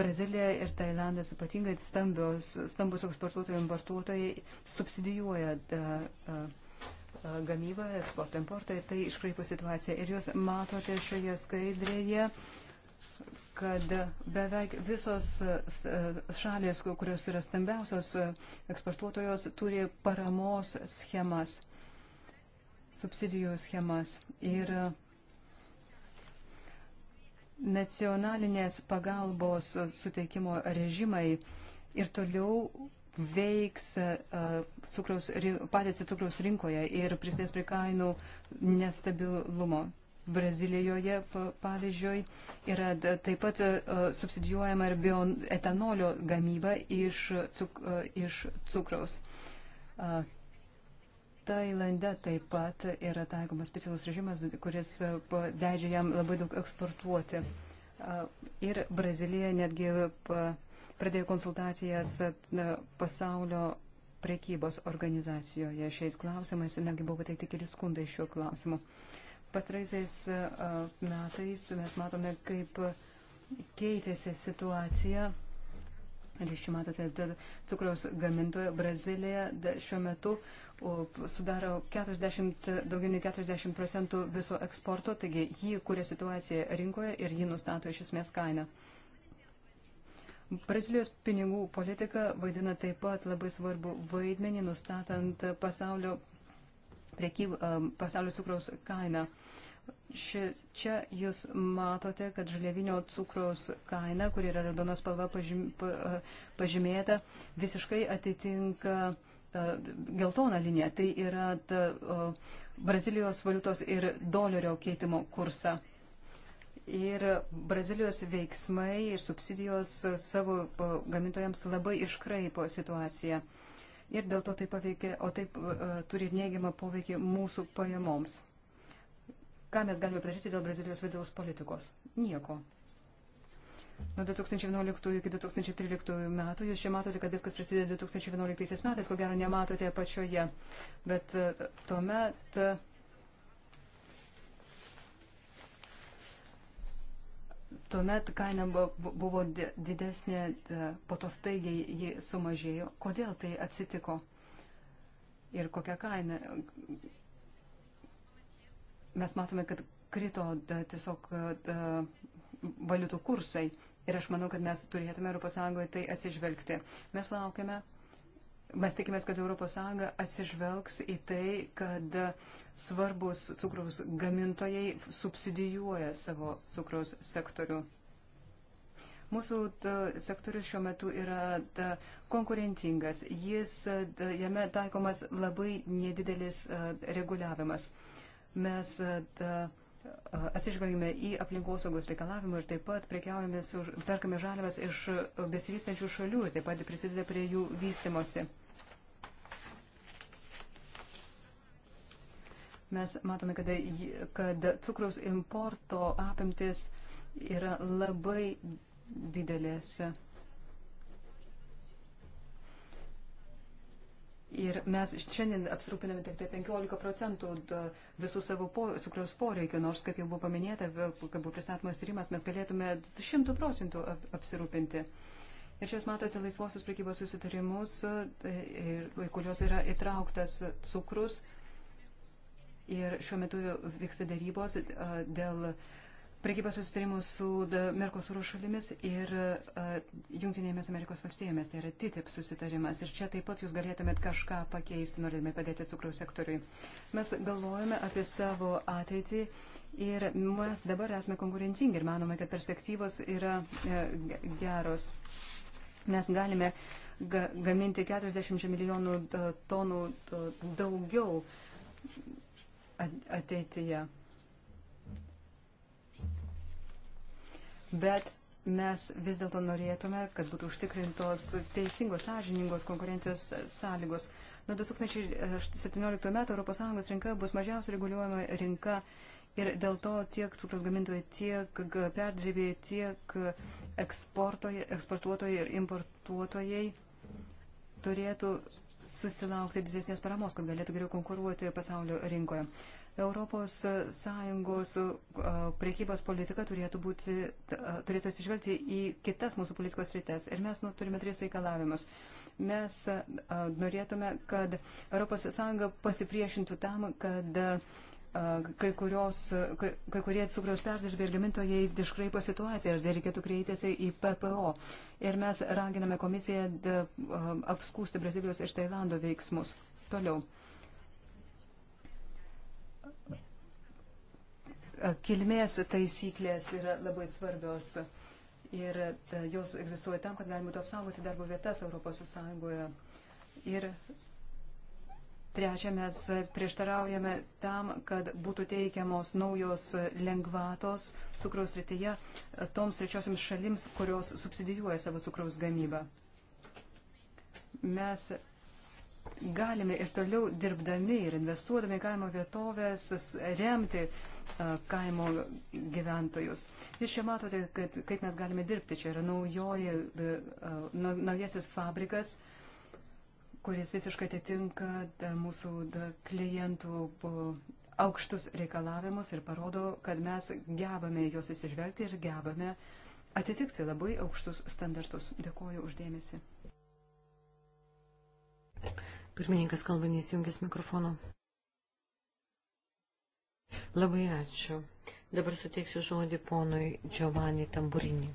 Brazilija ir Tailandas, ypatingai stambios, stambus eksportuotojai, importuotojai subsidijuoja da, e, a, e, gamybą, eksportą, importą, tai iškraipo situaciją. Ir jūs matote šioje skaidrėje kad beveik visos e, šalės, kurios yra stambiausios e, eksportuotojos, turi paramos schemas, subsidijų schemas. Ir e, nacionalinės pagalbos suteikimo režimai ir toliau veiks cukraus, padėti cukraus rinkoje ir prisidės prie kainų nestabilumo. Brazilijoje, pavyzdžiui, yra taip pat e, e, subsidijuojama ir bioetanolio gamyba iš, cuk, e, iš cukraus. Tailande taip pat yra taikomas specialus režimas, kuris leidžia jam labai daug eksportuoti. Ir Brazilija netgi pradėjo konsultacijas pasaulio prekybos organizacijoje šiais klausimais, netgi buvo pateikti keli skundai šiuo klausimu. Uh, Pastraisiais e, metais mes matome, kaip keitėsi situacija. Ir iš čia matote, cukraus gamintoja Brazilija šiuo metu sudaro 40, daugiau nei 40 procentų viso eksporto, taigi ji kuria situaciją rinkoje ir ji nustato iš esmės kainą. Brazilijos pinigų politika vaidina taip pat labai svarbu vaidmenį, nustatant pasaulio, prekyb, pasaulio cukraus kainą. Ši, čia jūs matote, kad žaliavinio cukraus kaina, kur yra raudonas spalva pažym, pa, pažymėta, visiškai atitinka e, geltoną liniją. Tai yra ta, o, Brazilijos valiutos ir dolerio keitimo kursą. Ir Brazilijos veiksmai ir subsidijos savo gamintojams labai iškraipo situaciją. Ir dėl to tai paveikia, o taip uh, turi neigiamą poveikį mūsų pajamoms ką mes galime padaryti dėl Brazilijos vidaus politikos? Nieko. Nuo 2011 iki 2013 metų jūs čia matote, kad viskas prasidėjo 2011 metais, ko gero nematote pačioje. Bet e, tuomet. E, tuomet kaina buvo didesnė, e, po to staigiai ji sumažėjo. Kodėl tai atsitiko? Ir kokia kaina, mes matome, kad krito da, tiesiog da, valiutų kursai. Ir aš manau, kad mes turėtume ES tai atsižvelgti. Mes laukiame, mes tikimės, kad ES atsižvelgs į tai, kad svarbus cukraus gamintojai subsidijuoja savo cukraus sektorių. Mūsų sektorius šiuo metu yra ta, konkurencingas. Jis, ta, jame taikomas labai nedidelis a, reguliavimas mes e, e, atsižvelgime į aplinkosaugos reikalavimą ir taip pat prekiaujame su, perkame žaliavas iš besivystančių šalių ir taip pat prisideda prie jų vystimosi. Mes matome, kad, kad cukraus importo apimtis yra labai didelės. Ir mes šiandien apsirūpiname tik 15 procentų visų savo po, cukraus poreikio, nors, kaip jau buvo paminėta, kaip buvo pristatomas tyrimas, mes galėtume 100 procentų apsirūpinti. Ir čia jūs matote laisvosios prekybos susitarimus, e, kuriuos yra įtrauktas cukrus. Ir šiuo metu vyksta darybos e, dėl prekybos susitarimų su Merkosūro šalimis ir uh, Junktinėmis Amerikos valstybėmis, tai yra TTIP susitarimas. Ir čia taip pat jūs galėtumėt kažką pakeisti, norėdami padėti cukraus sektoriui. Mes galvojame apie savo ateitį ir mes dabar esame konkurencingi ir manome, kad perspektyvos yra uh, geros. Mes galime ga gaminti 40 milijonų uh, tonų uh, daugiau ateityje. Uh, bet mes vis dėlto norėtume, kad būtų užtikrintos teisingos, sąžiningos konkurencijos sąlygos. Nuo 2017 metų ES rinka bus mažiausiai reguliuojama rinka ir dėl to tiek cukraus gamintojai, tiek perdirbėjai, tiek eksportuotojai ir importuotojai turėtų susilaukti didesnės paramos, kad galėtų geriau konkuruoti pasaulio rinkoje. ES priekybos politika turėtų, būti, turėtų atsižvelgti į kitas mūsų politikos rytes. Ir mes nu, turime tris reikalavimus. Mes a, norėtume, kad ES pasipriešintų tam, kad a, kai, kurios, kai, kai kurie cukraus perdirbėjai ir gamintojai iškraipo situaciją ir reikėtų kreitėsi į PPO. Ir mes raginame komisiją apskūsti Brazilijos ir Tailando veiksmus. Toliau. kilmės taisyklės yra labai svarbios ir jos egzistuoja tam, kad galima būtų apsaugoti darbo vietas Europos Sąjungoje. Ir trečia, mes prieštaraujame tam, kad būtų teikiamos naujos lengvatos cukraus rytyje toms trečiosiams šalims, kurios subsidijuoja savo cukraus gamybą. Mes galime ir toliau dirbdami ir investuodami kaimo vietovės remti E, kaimo gyventojus. Jūs čia matote, kad, kaip mes galime dirbti. Čia yra naujoji, e, e, naujasis fabrikas, kuris visiškai atitinka mūsų klientų aukštus reikalavimus ir parodo, kad mes gebame juos įsižvelgti ir gebame atitikti labai aukštus standartus. Dėkuoju uždėmesi. Pirmininkas kalba neįsijungęs mikrofono. Labai ačiū. Dabar suteiksiu žodį ponui Giovanni Tamburini.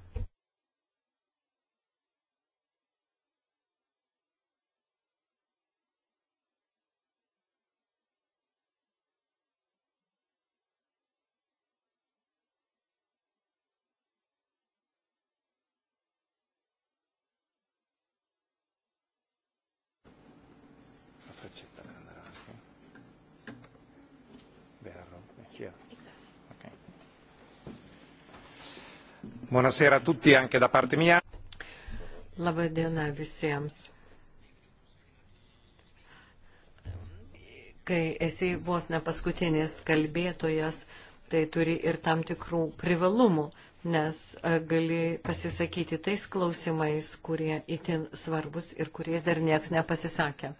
Buonasera a tutti anche da parte mia. Labai diena visiems. Kai esi vos ne paskutinis kalbėtojas, tai turi ir tam tikrų privalumų, nes e, gali pasisakyti tais klausimais, kurie itin svarbus ir kuriais dar nieks nepasisakė.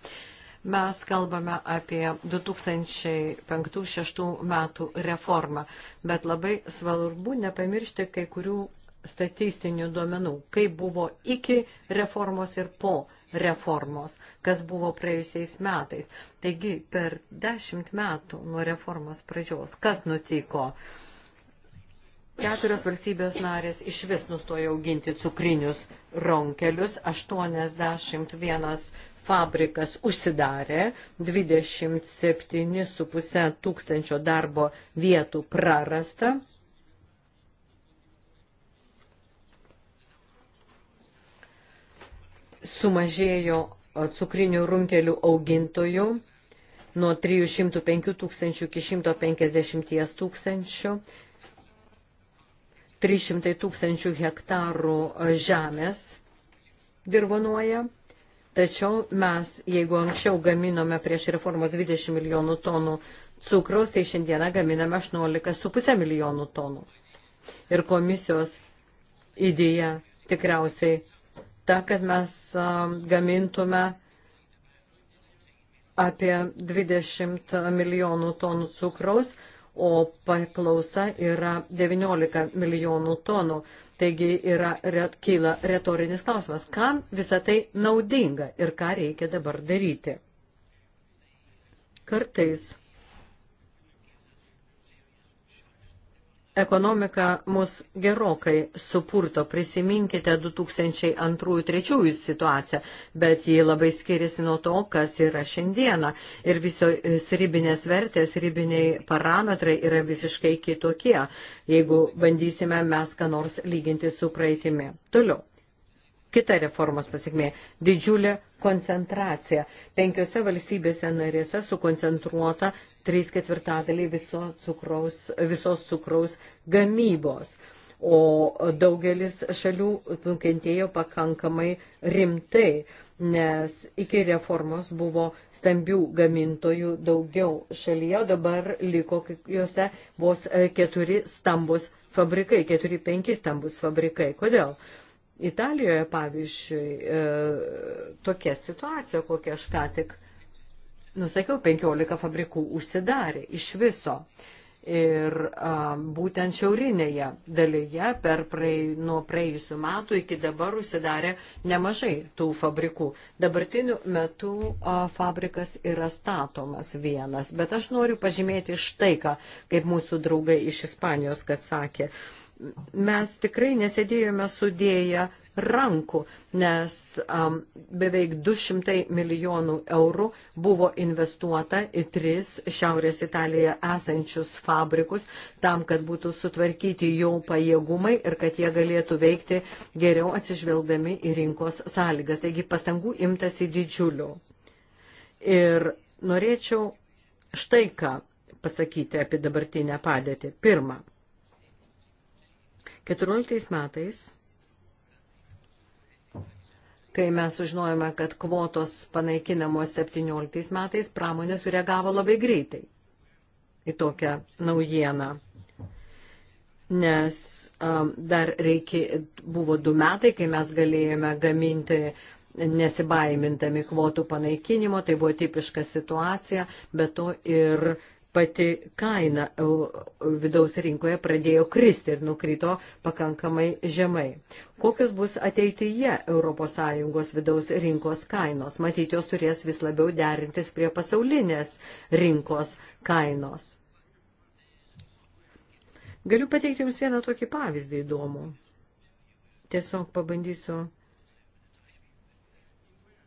Mes kalbame apie 2005-2006 metų reformą, bet labai svarbu nepamiršti kai kurių statistinių duomenų, kaip buvo iki reformos ir po reformos, kas buvo praėjusiais metais. Taigi per dešimt metų nuo reformos pradžios, kas nutiko? Keturios valstybės narės iš vis nustojo auginti cukrinius ronkelius, 81 fabrikas užsidarė, 27,5 tūkstančio darbo vietų prarasta, sumažėjo cukrinių runkelių augintojų nuo 305 tūkstančių iki 150 tūkstančių. 300 tūkstančių hektarų žemės dirbonuoja, tačiau mes, jeigu anksčiau gaminome prieš reformos 20 milijonų tonų cukraus, tai šiandieną gaminame 18,5 milijonų tonų. Ir komisijos idėja tikriausiai ta, kad mes um, gamintume apie 20 milijonų tonų cukraus, o paklausa yra 19 milijonų tonų. Taigi yra, ret, kyla retorinis klausimas, kam visa tai naudinga ir ką reikia dabar daryti. Kartais Ekonomika mus gerokai supurto, prisiminkite 2002-2003 situaciją, bet ji labai skiriasi nuo to, kas yra šiandieną. Ir visos ribinės vertės, ribiniai parametrai yra visiškai kitokie, jeigu bandysime mes ką nors lyginti su praeitimi. Toliau. Kita reformos pasiekmė - didžiulė koncentracija. Penkiose valstybėse narėse sukoncentruota 3 ketvirtadaliai viso cukraus, visos cukraus gamybos. O daugelis šalių nukentėjo pakankamai rimtai nes iki reformos buvo stambių gamintojų daugiau šalyje, dabar liko juose vos e, keturi stambus fabrikai, keturi penki stambus fabrikai. Kodėl? Italijoje, pavyzdžiui, e, tokia situacija, kokią aš ką tik nusakiau, 15 fabrikų užsidarė iš viso. Ir a, būtent šiaurinėje dalyje per praei, nuo praėjusių metų iki dabar užsidarė nemažai tų fabrikų. Dabartiniu metu a, fabrikas yra statomas vienas, bet aš noriu pažymėti štai ką, kaip mūsų draugai iš Ispanijos, kad sakė, mes tikrai nesėdėjome sudėję rankų, nes um, beveik 200 milijonų eurų buvo investuota į tris Šiaurės Italijoje esančius fabrikus, tam, kad būtų sutvarkyti jau pajėgumai ir kad jie galėtų veikti geriau atsižvelgdami į rinkos sąlygas. Taigi pastangų imtasi didžiulių. Ir norėčiau štai ką pasakyti apie dabartinę padėtį. Pirma, 14 metais Kai mes sužinojome, kad kvotos panaikinamos 17 metais, pramonė sureagavo labai greitai į tokią naujieną. Nes um, dar reikia, buvo du metai, kai mes galėjome gaminti nesibaimintami kvotų panaikinimo, tai buvo tipiška situacija, bet to ir pati kaina vidaus rinkoje pradėjo kristi ir nukrito pakankamai žemai. Kokios bus ateityje ES vidaus rinkos kainos? Matyt, jos turės vis labiau derintis prie pasaulinės rinkos kainos. Galiu pateikti Jums vieną tokį pavyzdį įdomų. Tiesiog pabandysiu.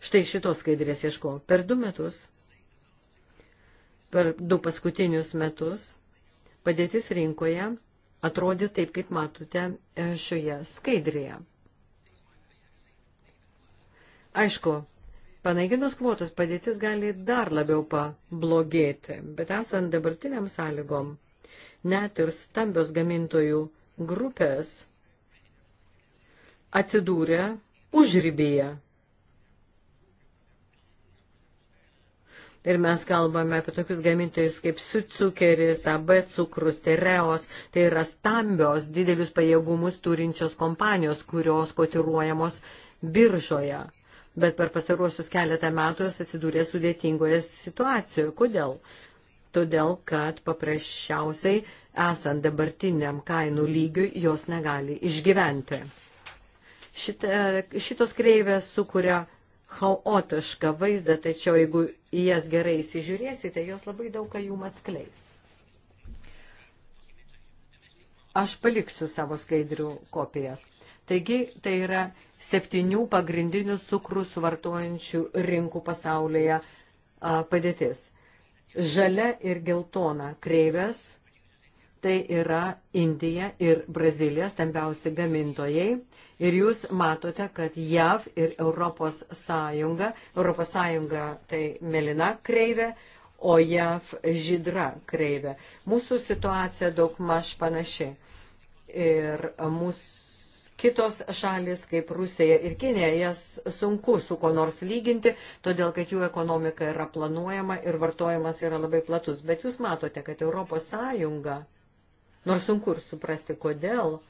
Štai šitos skaidrės ieško. Per du metus per du paskutinius metus padėtis rinkoje atrodė taip, kaip matote e, šioje skaidrėje. Aišku, panaikinus kvotas padėtis gali dar labiau pablogėti, bet esant dabartiniam sąlygom, net ir stambios gamintojų grupės atsidūrė užrybyje Ir mes kalbame apie tokius gamintojus kaip Sucukeris, AB cukrus, Tereos, tai yra stambios, didelius pajėgumus turinčios kompanijos, kurios kotiruojamos biržoje. Bet per pastaruosius keletą metų jos atsidūrė sudėtingoje situacijoje. Kodėl? Todėl, kad paprasčiausiai esant dabartiniam kainų lygiui jos negali išgyventi. Šita, šitos kreivės sukuria chaotišką vaizdą, tačiau jeigu į jas gerai įsižiūrėsite, jos labai daug ką jum atskleis. Aš paliksiu savo skaidrių kopijas. Taigi, tai yra septynių pagrindinių cukrų suvartojančių rinkų pasaulyje a, padėtis. Žalia ir geltona kreivės, tai yra Indija ir Brazilija, stambiausi gamintojai Ir jūs matote, kad JAV ir Europos Sąjunga, Europos Sąjunga tai melina kreivė, o JAV žydra kreivė. Mūsų situacija daug maž panaši. Ir mūsų kitos šalis, kaip Rusija ir Kinė, jas sunku su ko nors lyginti, todėl kad jų ekonomika yra planuojama ir vartojimas yra labai platus. Bet jūs matote, kad Europos Sąjunga, nors sunku ir suprasti kodėl,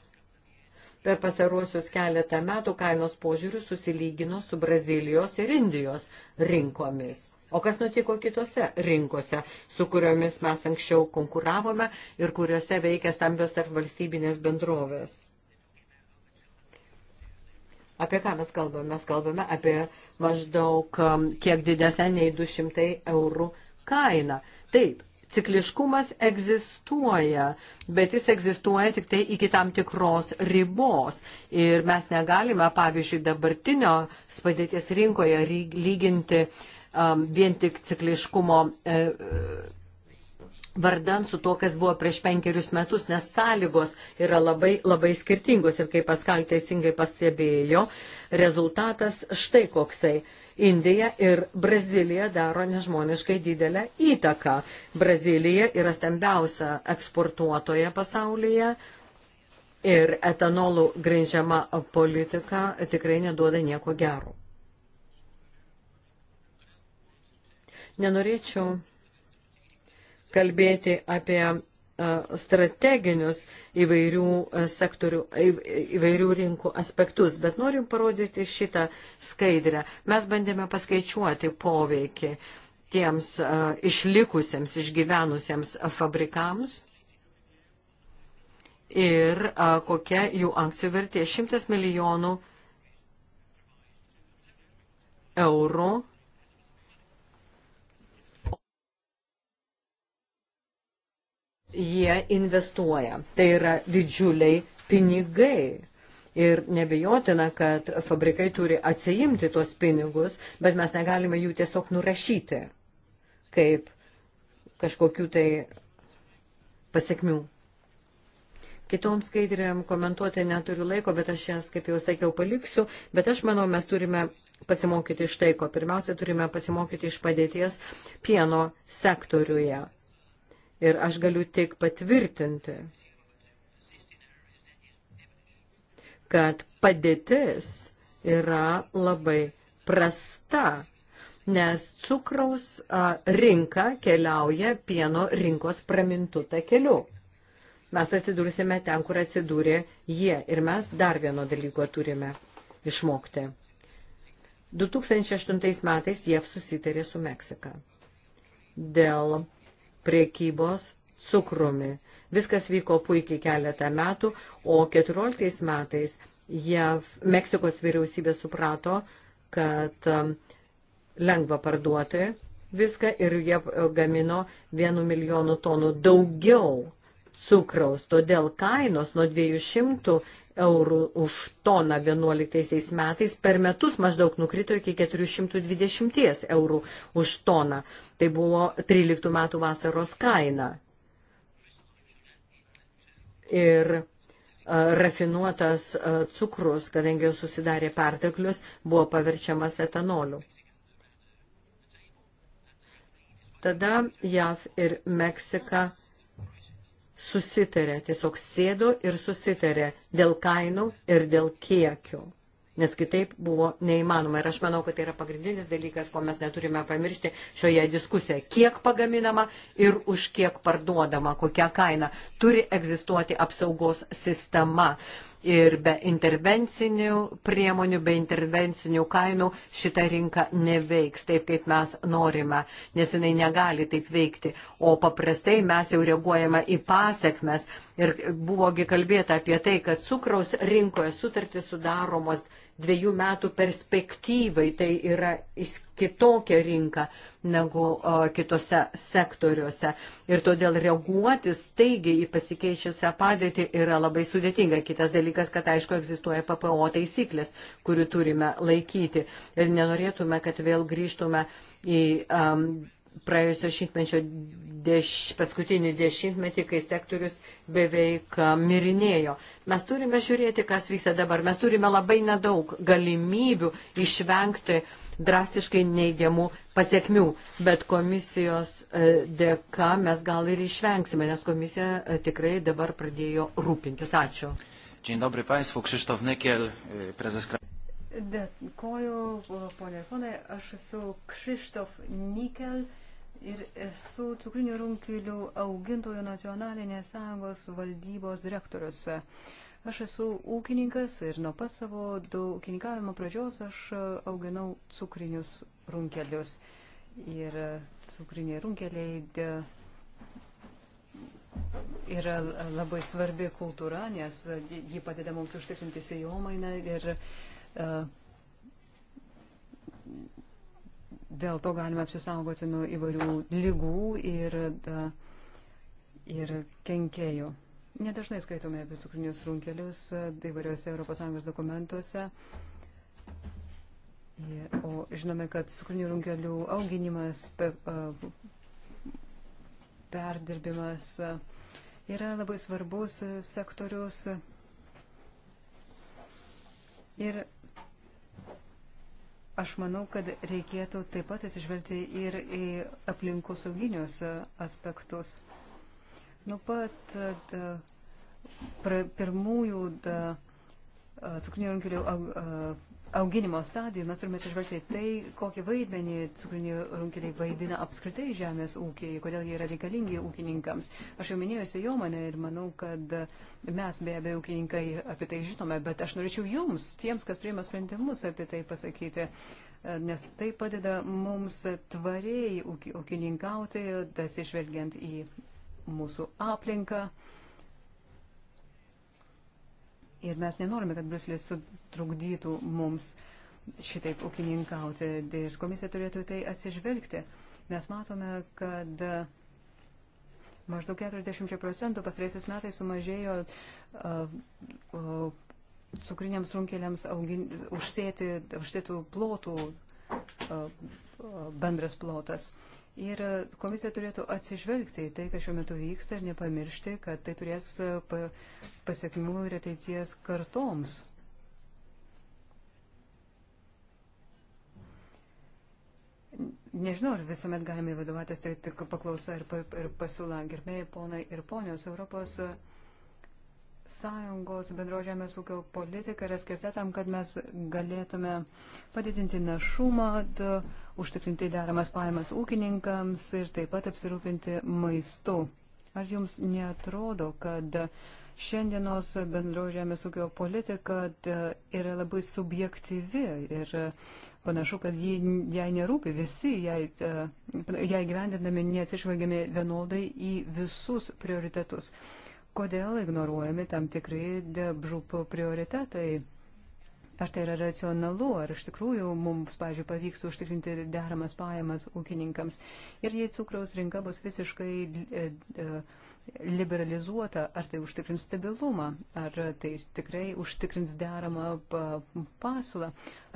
per pasaruosius keletą metų kainos požiūrių susilygino su Brazilijos ir Indijos rinkomis. O kas nutiko kitose rinkose, su kuriomis mes anksčiau konkuravome ir kuriuose veikia stambios tarp valstybinės bendrovės? Apie ką mes kalbame? Mes kalbame apie maždaug um, kiek didesnę nei 200 eurų kainą. Taip, Cikliškumas egzistuoja, bet jis egzistuoja tik tai iki tam tikros ribos. Ir mes negalime, pavyzdžiui, dabartinio spadėties rinkoje lyginti um, vien tik cikliškumo. Uh, vardan su to, kas buvo prieš penkerius metus, nes sąlygos yra labai, labai skirtingos ir kaip Paskal teisingai pastebėjo, rezultatas štai koksai. Indija ir Brazilija daro nežmoniškai didelę įtaką. Brazilija yra stambiausia eksportuotoja pasaulyje ir etanolų grindžiama politika tikrai neduoda nieko gero. Nenorėčiau kalbėti apie E, strateginius įvairių e, sektorių, įvairių rinkų aspektus, bet norim parodyti šitą skaidrę. Mes bandėme paskaičiuoti poveikį tiems e, išlikusiems, išgyvenusiems fabrikams ir kokia jų akcijų vertė. 100 milijonų eurų jie investuoja. Tai yra didžiuliai pinigai. Ir nebejotina, kad fabrikai turi atsijimti tuos pinigus, bet mes negalime jų tiesiog nurašyti kaip kažkokių tai pasiekmių. Kitoms skaidrėm komentuoti neturiu laiko, bet aš jas, kaip jau sakiau, paliksiu. Bet aš manau, mes turime pasimokyti iš tai, ko pirmiausia turime pasimokyti iš padėties pieno sektoriuje. Ir aš galiu tik patvirtinti, kad padėtis yra labai prasta, nes cukraus rinka keliauja pieno rinkos pramintų tą keliu. Mes atsidursime ten, kur atsidūrė jie. Ir mes dar vieno dalyko turime išmokti. 2008 metais jie susitarė su Meksika dėl priekybos cukrumi. Viskas vyko puikiai keletą metų, o 14 metais jav, Meksikos vyriausybė suprato, kad um, lengva parduoti viską ir jie uh, gamino vienu milijonu tonų daugiau cukraus, todėl kainos nuo 200 eurų už toną 11 metais per metus maždaug nukrito iki 420 eurų už toną. Tai buvo 13 metų vasaros kaina. Ir rafinuotas cukrus, kadangi jau susidarė perteklius, buvo paverčiamas etanoliu. Tada JAV ir Meksika susitarė, tiesiog sėdo ir susitarė dėl kainų ir dėl kiekių. Nes kitaip buvo neįmanoma. Ir aš manau, kad tai yra pagrindinis dalykas, ko mes neturime pamiršti šioje diskusijoje. Kiek pagaminama ir už kiek parduodama, kokia kaina. Turi egzistuoti apsaugos sistema. Uh, ir be intervencinių priemonių, be intervencinių kainų šita rinka neveiks taip, kaip mes norime, nes jinai negali taip veikti. O paprastai mes jau reaguojame į pasiekmes ir buvogi kalbėta apie tai, kad cukraus rinkoje sutartys sudaromos dviejų metų perspektyvai, tai yra kitokia rinka negu o, kitose sektoriuose. Ir todėl reaguoti staigiai į pasikeičiusią padėtį yra labai sudėtinga. Kitas dalykas, kad aišku egzistuoja PPO taisyklės, kurių turime laikyti. Ir nenorėtume, kad vėl grįžtume į. Um, praėjusio šimtmečio deš, paskutinį dešimtmetį, kai sektorius beveik mirinėjo. Mes turime žiūrėti, kas vyksta dabar. Mes turime labai nedaug galimybių išvengti drastiškai neigiamų pasiekmių, bet komisijos e, dėka mes gal ir išvengsime, nes komisija e, tikrai dabar pradėjo rūpintis. Ačiū. Dzień dobry Państwu, Krzysztof Nykiel, e, prezes Dėkoju, ponė ir ponai, aš esu Krzysztof Nikel ir esu cukrinių runkelių augintojų nacionalinės sąjungos valdybos direktorius. Aš esu ūkininkas ir nuo pat savo ūkininkavimo pradžios aš auginau cukrinius runkelius. Ir cukriniai runkeliai yra labai svarbi kultūra, nes ji padeda mums užtikrinti sėjomainą ir uh, dėl to galime apsisaugoti nuo įvairių lygų ir, da, ir kenkėjų. Nedažnai skaitome apie cukrinius runkelius e, įvairiuose ES dokumentuose. Ir, o žinome, kad cukrinių runkelių auginimas, pe, a, e, perdirbimas a, e, yra labai svarbus sektorius. Ir Aš manau, kad reikėtų taip pat atsižvelgti ir į aplinkosauginius aspektus. Nuo pat da, pra, pirmųjų cukrinių runkelių auginimo stadijoje mes turime atsižvelgti tai, kokį vaidmenį cukriniai runkeliai vaidina apskritai žemės ūkiai, kodėl jie yra reikalingi ūkininkams. Aš jau minėjau sėjomanę ir manau, kad mes be abejo ūkininkai apie tai žinome, bet aš norėčiau jums, tiems, kas priima sprendimus, apie tai pasakyti. Nes tai padeda mums tvariai ūkininkauti, atsižvelgiant į mūsų aplinką. Uh, Ir mes nenorime, kad Bruselis sutrukdytų mums šitaip ūkininkauti. Ir komisija turėtų tai atsižvelgti. Mes matome, kad maždaug 40 procentų pasraisiais metais sumažėjo uh, uh, cukriniams runkeliams augin, užsėti, užsėtų plotų uh, uh bendras plotas. Ir komisija turėtų atsižvelgti į tai, kas šiuo metu vyksta ir nepamiršti, kad tai turės e, pasiekmių ir ateities kartoms. Nežinau, ar visuomet galime vadovautis tai tik paklausa ir, ir pasiūla. Gerbėjai, ponai ir ponios, Europos. Uh, Sąjungos bendro žemės ūkio politika yra skirta tam, kad mes galėtume padidinti našumą, užtikrinti deramas pajamas ūkininkams ir taip pat apsirūpinti maistu. Ar jums netrodo, kad šiandienos bendro žemės ūkio politika yra labai subjektyvi ir panašu, kad jai, jai nerūpi visi, jai, jai gyvendinami neatsižvelgiami vienodai į visus prioritetus kodėl ignoruojami tam tikrai žūp prioritetai. Ar tai yra racionalu, ar iš tikrųjų mums, pažiūrėjau, pavyks užtikrinti deramas pajamas ūkininkams. Ir jei cukraus rinka bus visiškai e, e, liberalizuota, ar tai užtikrins stabilumą, ar tai tikrai užtikrins deramą pasiūlą.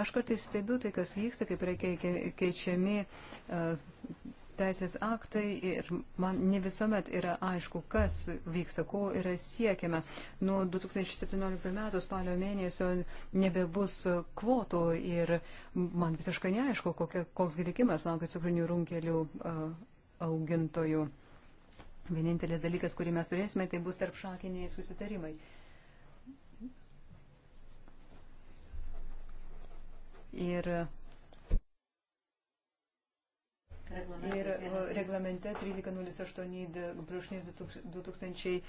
Aš kartais stebiu tai, kas vyksta, kaip reikia keičiami e, teisės aktai ir man ne visuomet yra aišku, kas vyksta, ko yra siekiama. Nuo 2017 metų spalio mėnesio nebebus kvotų ir man visiškai neaišku, kokia, koks likimas laukia cukrinių runkelių augintojų. Vienintelis dalykas, kurį mes turėsime, tai bus tarp šakiniai susitarimai. Ir Ir reglamente 1308-2013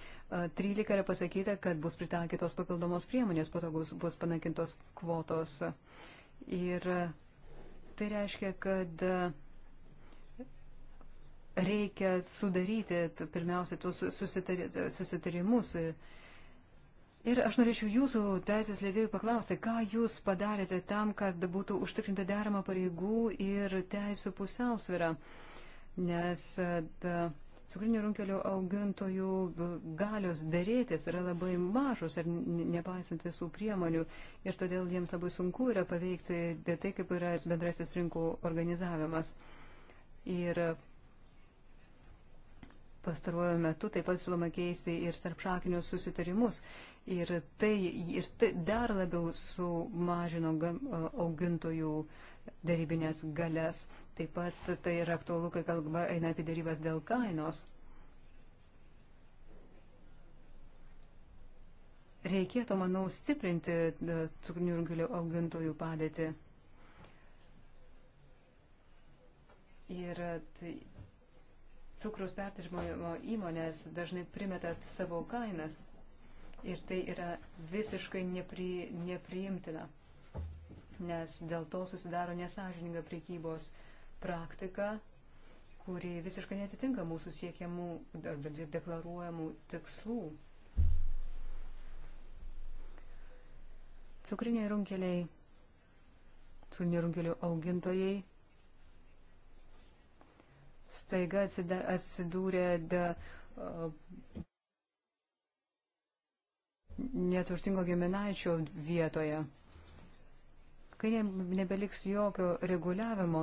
yra pasakyta, kad bus pritaikytos papildomos priemonės, po to bus, bus panaikintos kvotos. Ir tai reiškia, kad reikia sudaryti pirmiausia tuos susitarimus Ir aš norėčiau jūsų teisės leidėjų paklausti, ką jūs padarėte tam, kad būtų užtikrinta derama pareigų ir teisų pusiausvyrą. Nes e, cukrinio runkelio augintojų galios dėrėtis yra labai mažos ir nepaisant visų priemonių. Ir todėl jiems labai sunku yra paveikti tai, kaip yra bendrasis rinkų organizavimas. Ir Pastaruoju metu taip pat siūloma keisti ir tarpšakinius susitarimus. Ir tai, ir tai dar labiau sumažino augintojų darybinės galės. Taip pat tai yra aktualu, kai kalba eina apie darybas dėl kainos. Reikėtų, manau, stiprinti cukrinių augintojų padėtį. Ir tai cukrus pertiržimo įmonės dažnai primetat savo kainas ir tai yra visiškai nepri, nepriimtina, nes dėl to susidaro nesažininga prekybos praktika, kuri visiškai netitinka mūsų siekiamų arba deklaruojamų tikslų. Cukriniai runkeliai, cukriniai runkelių augintojai staiga atsidūrė de, neturtingo giminaičio vietoje. Kai nebeliks jokio reguliavimo,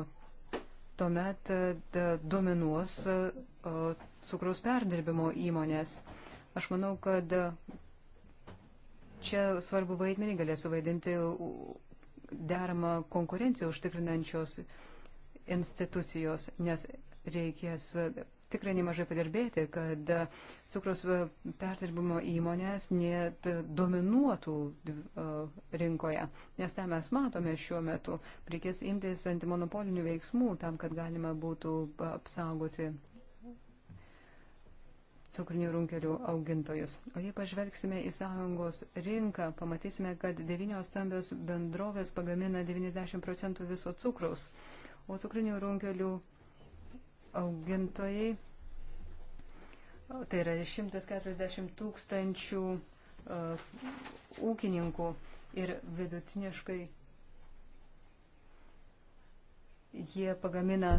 tuomet dominuos cukraus perdirbimo įmonės. Aš manau, kad čia svarbu vaidmenį galės suvaidinti deramą konkurenciją užtikrinančios institucijos, nes reikės e, tikrai nemažai padirbėti, kad e, cukraus e, perdirbimo įmonės net dominuotų rinkoje. Nes tą mes matome šiuo metu. Reikės imtis antimonopolinių veiksmų tam, kad galima būtų apsaugoti cukrinių runkelių augintojus. O jei pažvelgsime į sąjungos rinką, pamatysime, kad devynios stambios bendrovės pagamina 90 procentų viso cukraus, o cukrinių runkelių augintojai. Tai yra 140 tūkstančių uh, ūkininkų ir vidutiniškai jie pagamina,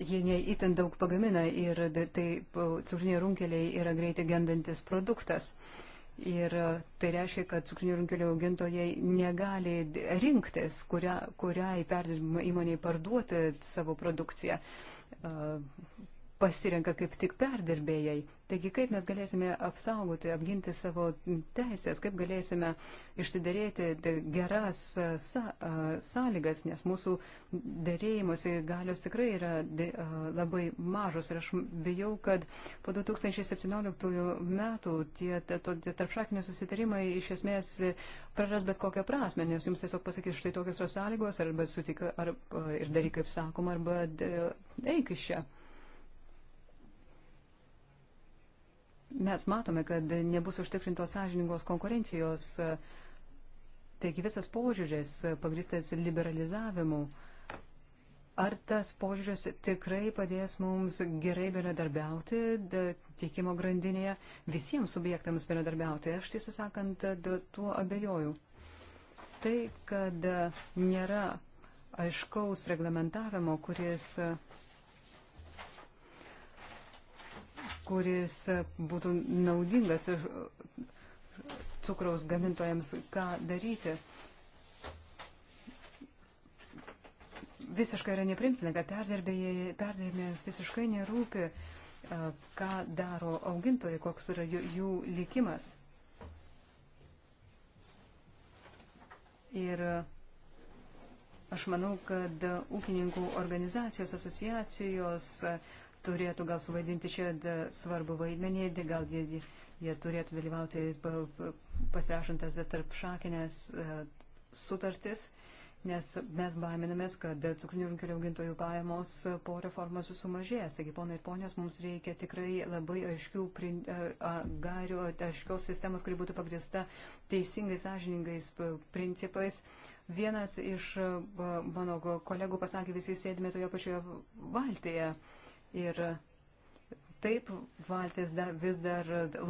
jie neįtin daug pagamina ir tai cukriniai runkeliai yra greitai gendantis produktas. Uh, Ir tai reiškia, kad cukrinių runkelių augintojai negali rinktis, kurią, kuriai perdirbimo įmoniai parduoti savo produkciją pasirenka kaip tik perdirbėjai. Taigi kaip mes galėsime apsaugoti, apginti savo teisės, kaip galėsime išsiderėti geras sąlygas, nes mūsų dėrėjimuose galios tikrai yra labai mažos ir aš bijau, kad po 2017 metų tie, tie, tie tarpšakiniai susitarimai iš esmės praras bet kokią prasme, nes jums tiesiog pasakys štai tokios yra sąlygos, arba sutika, ar, ir daryk kaip sakoma, arba eik iš čia. mes matome, kad nebus užtikrintos sąžiningos konkurencijos. Taigi visas požiūris pagristas liberalizavimu. Ar tas požiūris tikrai padės mums gerai bendradarbiauti tiekimo grandinėje, visiems subjektams bendradarbiauti? Aš tiesą sakant, tuo abejoju. Tai, kad nėra aiškaus reglamentavimo, kuris uh, kuris būtų naudingas cukraus gamintojams, ką daryti. Visiškai yra neprimtina, kad perdirbėjams visiškai nerūpi, ką daro augintojai, koks yra jų likimas. Ir aš manau, kad ūkininkų organizacijos, asociacijos uh, turėtų gal suvaidinti čia svarbu vaidmenį, gal jie, jie turėtų dalyvauti pasirašantas tarp šakinės e, sutartis, nes mes baiminamės, kad cukrinių runkelių augintojų pajamos po reformos sumažės. Taigi, ponai ir ponios, mums reikia tikrai labai aiškių e, gairių, aiškios sistemos, kuri būtų pagrista teisingais, sąžiningais principais. Vienas iš e, mano kolegų pasakė, visi sėdime toje pačioje valtyje. Ir taip valtis da, vis dar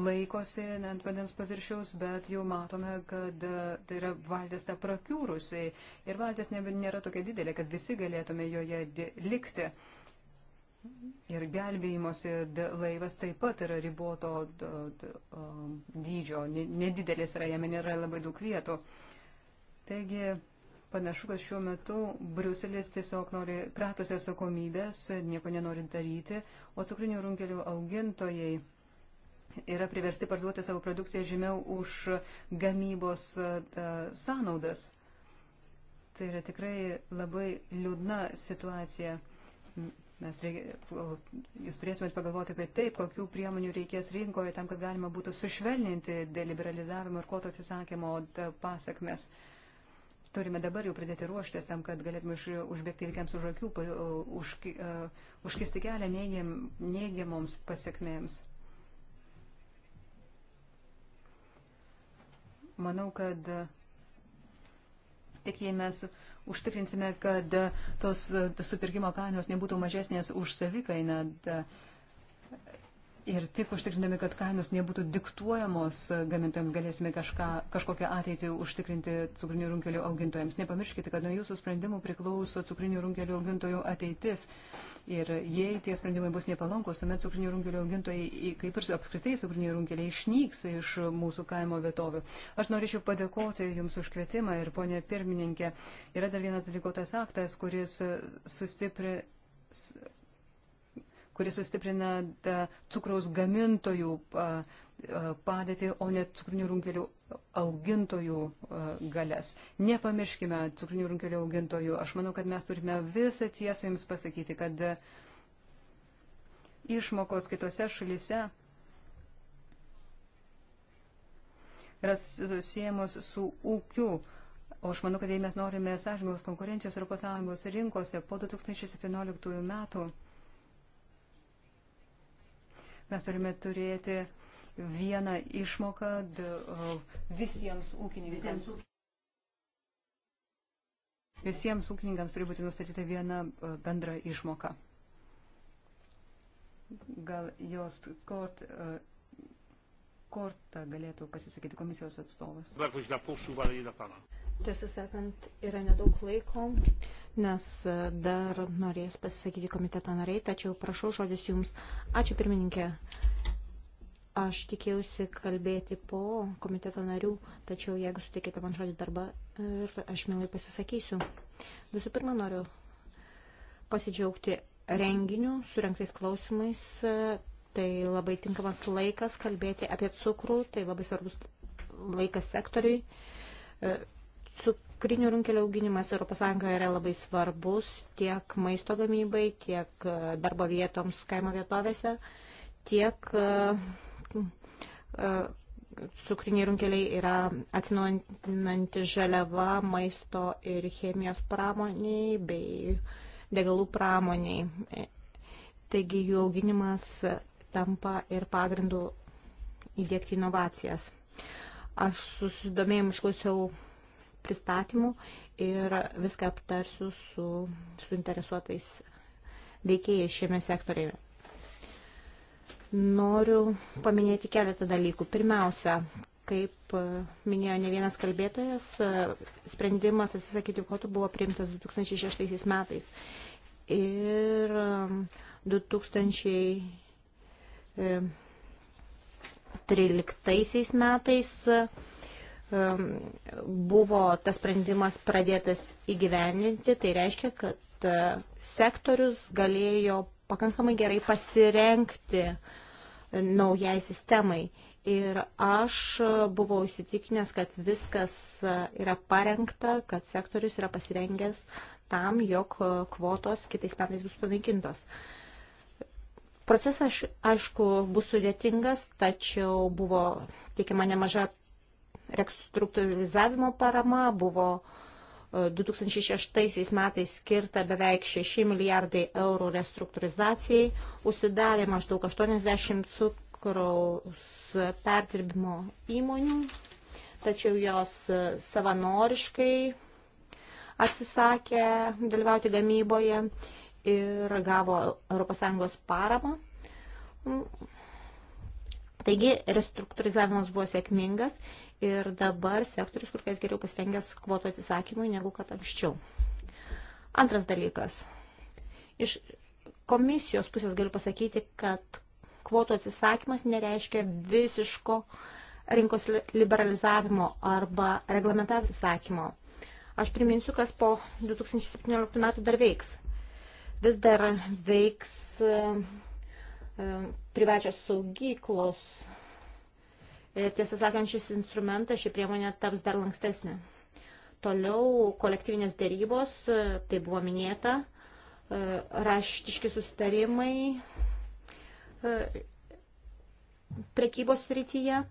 laikosi ant vandens paviršiaus, bet jau matome, kad e, tai yra valtis ta prakiūrusi ir valtis nėra tokia didelė, kad visi galėtume joje likti. Ir gelbėjimosi laivas taip pat yra riboto dydžio, nedidelis yra, jame nėra labai daug vietų. Taigi Panašu, kad šiuo metu Bruselis tiesiog nori kratosi atsakomybės, nieko nenorint daryti, o cukrinių runkelių augintojai yra priversti parduoti savo produkciją žemiau už gamybos e, sąnaudas. Tai yra tikrai labai liūdna situacija. Mes reikia, jūs turėtumėte pagalvoti apie taip, kokių priemonių reikės rinkoje tam, kad galima būtų sušvelninti deliberalizavimo ir koto atsisakymo e, pasakmes. Uh, turime dabar jau pradėti ruoštis tam, kad galėtume už, užbėgti įvykiams už akių, už, uh, užkisti kelią neigiam, neigiamoms pasiekmėms. Manau, kad tik jei mes užtikrinsime, kad tos supirkimo kainos nebūtų mažesnės už savikainą. Uh, Ir tik užtikrinami, kad kainos nebūtų diktuojamos e, gamintojams, galėsime kažką, kažkokią ateitį užtikrinti cukrinių runkelių augintojams. Nepamirškite, kad nuo jūsų sprendimų priklauso cukrinių runkelių augintojų ateitis. Ir jei tie sprendimai bus nepalankos, tuomet cukrinių runkelių augintojai, kaip ir apskritai cukriniai runkeliai, išnyks iš mūsų kaimo vietovių. Aš norėčiau padėkoti Jums už kvietimą ir, ponė pirmininkė, yra dar vienas dalykotas aktas, kuris e, sustipri kuris sustiprina e, cukraus gamintojų e, e, padėtį, o ne cukrinių runkelių augintojų galės. Nepamirškime cukrinių runkelių augintojų. Aš manau, kad mes turime visą tiesą jums pasakyti, kad išmokos kitose šalyse yra susijęs su ūkiu. O aš manau, kad jei mes norime sąžingos konkurencijos Europos Sąjungos rinkose po 2017 metų, Mes turime turėti vieną išmoką visiems ūkininkams. Visiems ūkininkams turi būti nustatyta viena bendra išmoka. Gal jos kort, kortą galėtų pasisakyti komisijos atstovas. Tiesą sakant, yra nedaug laiko, nes e, dar norės pasisakyti komiteto nariai, tačiau prašau žodis jums. Ačiū pirmininkė. Aš tikėjausi kalbėti po komiteto narių, tačiau jeigu sutikite man žodį darbą, ir aš mielai pasisakysiu. Visų pirma, noriu pasidžiaugti renginiu, surinktais klausimais. Tai labai tinkamas laikas kalbėti apie cukrų, tai labai svarbus laikas sektoriui e, cukrinių runkelio auginimas ES yra labai svarbus tiek maisto gamybai, tiek e, darbo vietoms kaimo vietovėse, tiek e, e, cukriniai runkeliai yra atsinaujinanti žaliava maisto ir chemijos pramoniai bei degalų pramoniai. Taigi jų auginimas tampa ir pagrindų įdėkti inovacijas. Aš susidomėjom išklausiau pristatymų ir viską aptarsiu su suinteresuotais veikėjais šiame sektorėje. Noriu paminėti keletą dalykų. Pirmiausia, kaip minėjo ne vienas kalbėtojas, sprendimas atsisakyti kvotų buvo priimtas 2006 metais. Ir 2013 um, e, metais buvo tas sprendimas pradėtas įgyvendinti, tai reiškia, kad e, sektorius galėjo pakankamai gerai pasirenkti e, naujai sistemai. Ir aš e, buvau įsitikinęs, kad viskas yra parengta, kad sektorius yra pasirengęs tam, jog kvotos kitais metais bus panaikintos. Procesas, aišku, bus sudėtingas, tačiau buvo teikiama nemaža restruktūrizavimo parama buvo 2006 e, metais skirta beveik 6 milijardai eurų restruktūrizacijai, užsidarė maždaug 80 cukraus perdirbimo įmonių, tačiau jos e, savanoriškai atsisakė dalyvauti gamyboje ir gavo ES paramą. Taigi restruktūrizavimas buvo sėkmingas ir dabar sektorius kur kas geriau pasirengęs kvotų atsisakymui negu kad anksčiau. Antras dalykas. Iš komisijos pusės galiu pasakyti, kad kvotų atsisakymas nereiškia visiško rinkos liberalizavimo arba reglamentavimo atsisakymo. Aš priminsiu, kas po 2017 metų dar veiks. Vis dar veiks e, e, privačios saugyklos, Ir tiesą sakant, šis instrumentas, ši priemonė taps dar lankstesnė. Toliau kolektyvinės dėrybos, tai buvo minėta, e, raštiški susitarimai e, prekybos srityje,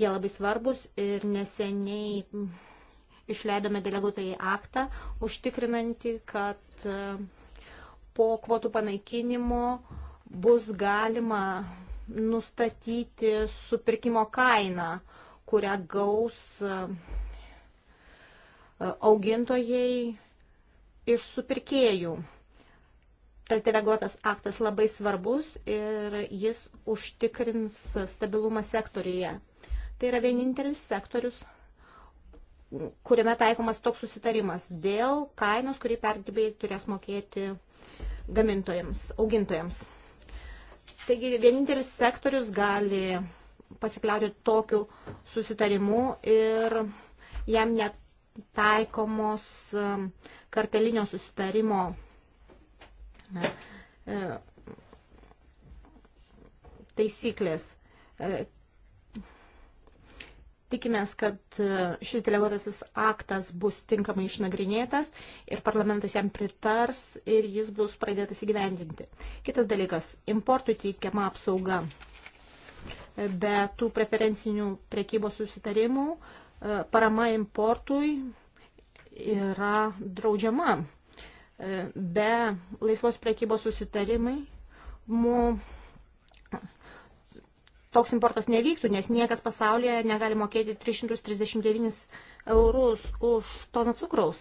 jie labai svarbus ir neseniai išleidome deleguotąjį aktą, užtikrinantį, kad e, po kvotų panaikinimo bus galima nustatyti supirkimo kainą, kurią gaus e, augintojai iš supirkėjų. Tas deleguotas aktas labai svarbus ir jis užtikrins stabilumą sektoriuje. Tai yra vienintelis sektorius, kuriame taikomas toks susitarimas dėl kainos, kurį perdirbėjai turės mokėti gamintojams, augintojams. Taigi vienintelis sektorius gali pasikliauti tokiu susitarimu ir jam netaikomos um, kartelinio susitarimo e, taisyklės. E, Tikimės, kad e, šis deleguotasis aktas bus tinkamai išnagrinėtas ir parlamentas jam pritars ir jis bus pradėtas įgyvendinti. Kitas dalykas - importui teikiama apsauga. E, be tų preferencinių prekybos susitarimų e, parama importui yra draudžiama. Be laisvos prekybos susitarimai mūsų toks importas nevyktų, nes niekas pasaulyje negali mokėti 339 eurus už toną cukraus.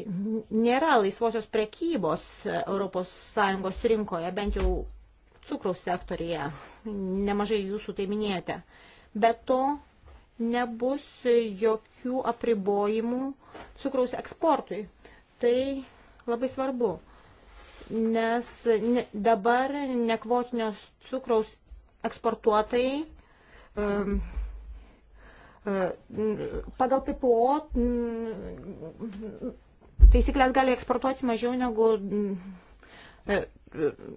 Nėra laisvosios prekybos ES rinkoje, bent jau cukraus sektorija. Nemažai jūsų tai minėjote. Be to nebus jokių apribojimų cukraus eksportui. Tai labai svarbu nes dabar nekvotinio cukraus eksportuotojai um, uh, pagal PPO mm, taisyklės gali eksportuoti mažiau negu 2,3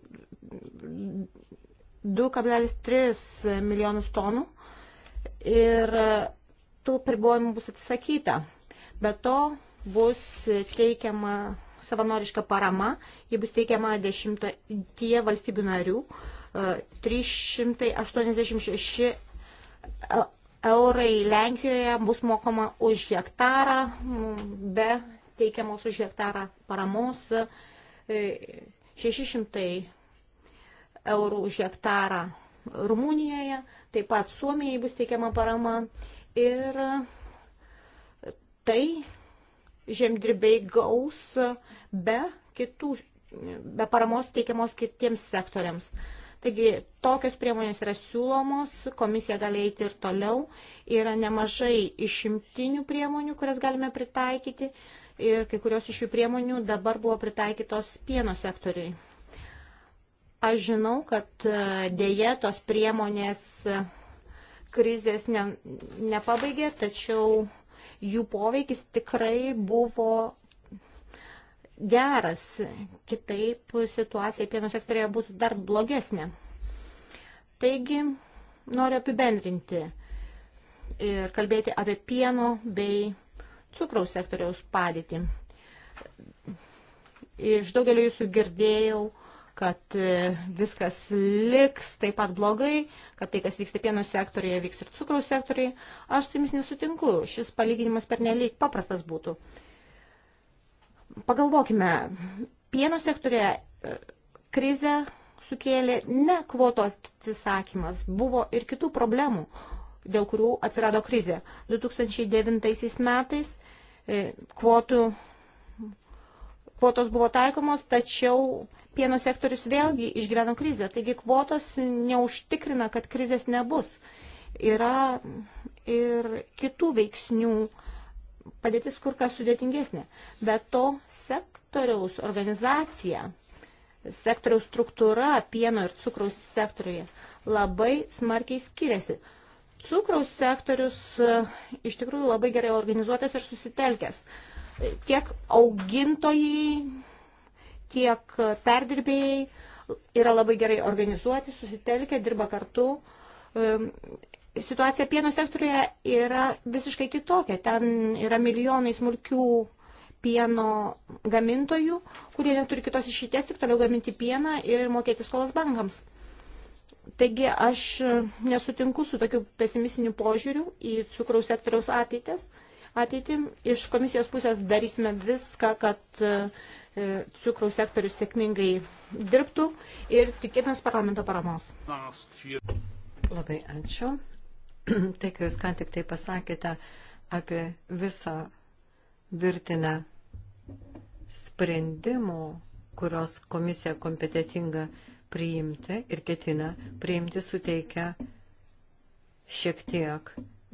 mm, uh, milijonus tonų ir uh, tų pribojimų bus atsisakyta. Be to bus teikiama savanoriška parama, ji bus teikiama dešimtie valstybių narių. Uh, 386 eurai Lenkijoje bus mokama už hektarą be teikiamos už hektarą paramos 600 e, eurų už hektarą Rumunijoje, taip pat Suomijai bus teikiama parama ir tai žemdirbiai gaus be kitų, be paramos teikiamos kitiems sektoriams. Taigi tokios priemonės yra siūlomos, komisija gali eiti ir toliau. Yra nemažai išimtinių priemonių, kurias galime pritaikyti ir kai kurios iš šių priemonių dabar buvo pritaikytos pieno sektoriui. Aš žinau, kad e, dėje tos priemonės e, krizės ne, nepabaigė, tačiau jų poveikis tikrai buvo geras, kitaip situacija pieno sektorėje būtų dar blogesnė. Taigi, noriu apibendrinti ir kalbėti apie pieno bei cukraus sektoriaus padėtį. Iš daugelio jūsų girdėjau, kad e, viskas liks taip pat blogai, kad tai, kas vyksta pieno sektorėje, vyks ir cukraus sektorėje. Aš su jumis nesutinku, šis palyginimas per nelik paprastas būtų. Uh, Pagalvokime, pieno sektorėje krizę sukėlė ne kvoto atsisakymas, buvo ir kitų problemų, dėl kurių atsirado krizė. 2009 metais e, kvotų, kvotos buvo taikomos, tačiau pieno sektorius vėlgi išgyveno krizę, taigi kvotos neužtikrina, kad krizės nebus. Yra ir kitų veiksnių, padėtis kur kas sudėtingesnė. Bet to sektoriaus organizacija, sektoriaus struktūra pieno ir cukraus sektoriuje labai smarkiai skiriasi. Cukraus sektorius e, iš tikrųjų labai gerai organizuotas ir susitelkęs. Tiek augintojai, tiek perdirbėjai yra labai gerai organizuoti, susitelkę, dirba kartu e, situacija pieno sektoriuje yra visiškai kitokia. Ten yra milijonai smulkių pieno gamintojų, kurie neturi kitos išeities, tik toliau gaminti pieną ir mokėti skolas bankams. Taigi aš nesutinku su tokiu pesimistiniu požiūriu į cukraus sektoriaus ateitės. Ateitį iš komisijos pusės darysime viską, kad e, cukraus sektorius sėkmingai dirbtų ir tikėmės parlamento paramos. Labai ačiū. (clears throat) tai, ką jūs ką tik tai pasakėte apie visą virtinę sprendimų, kurios komisija kompetitinga priimti ir ketina priimti suteikia šiek tiek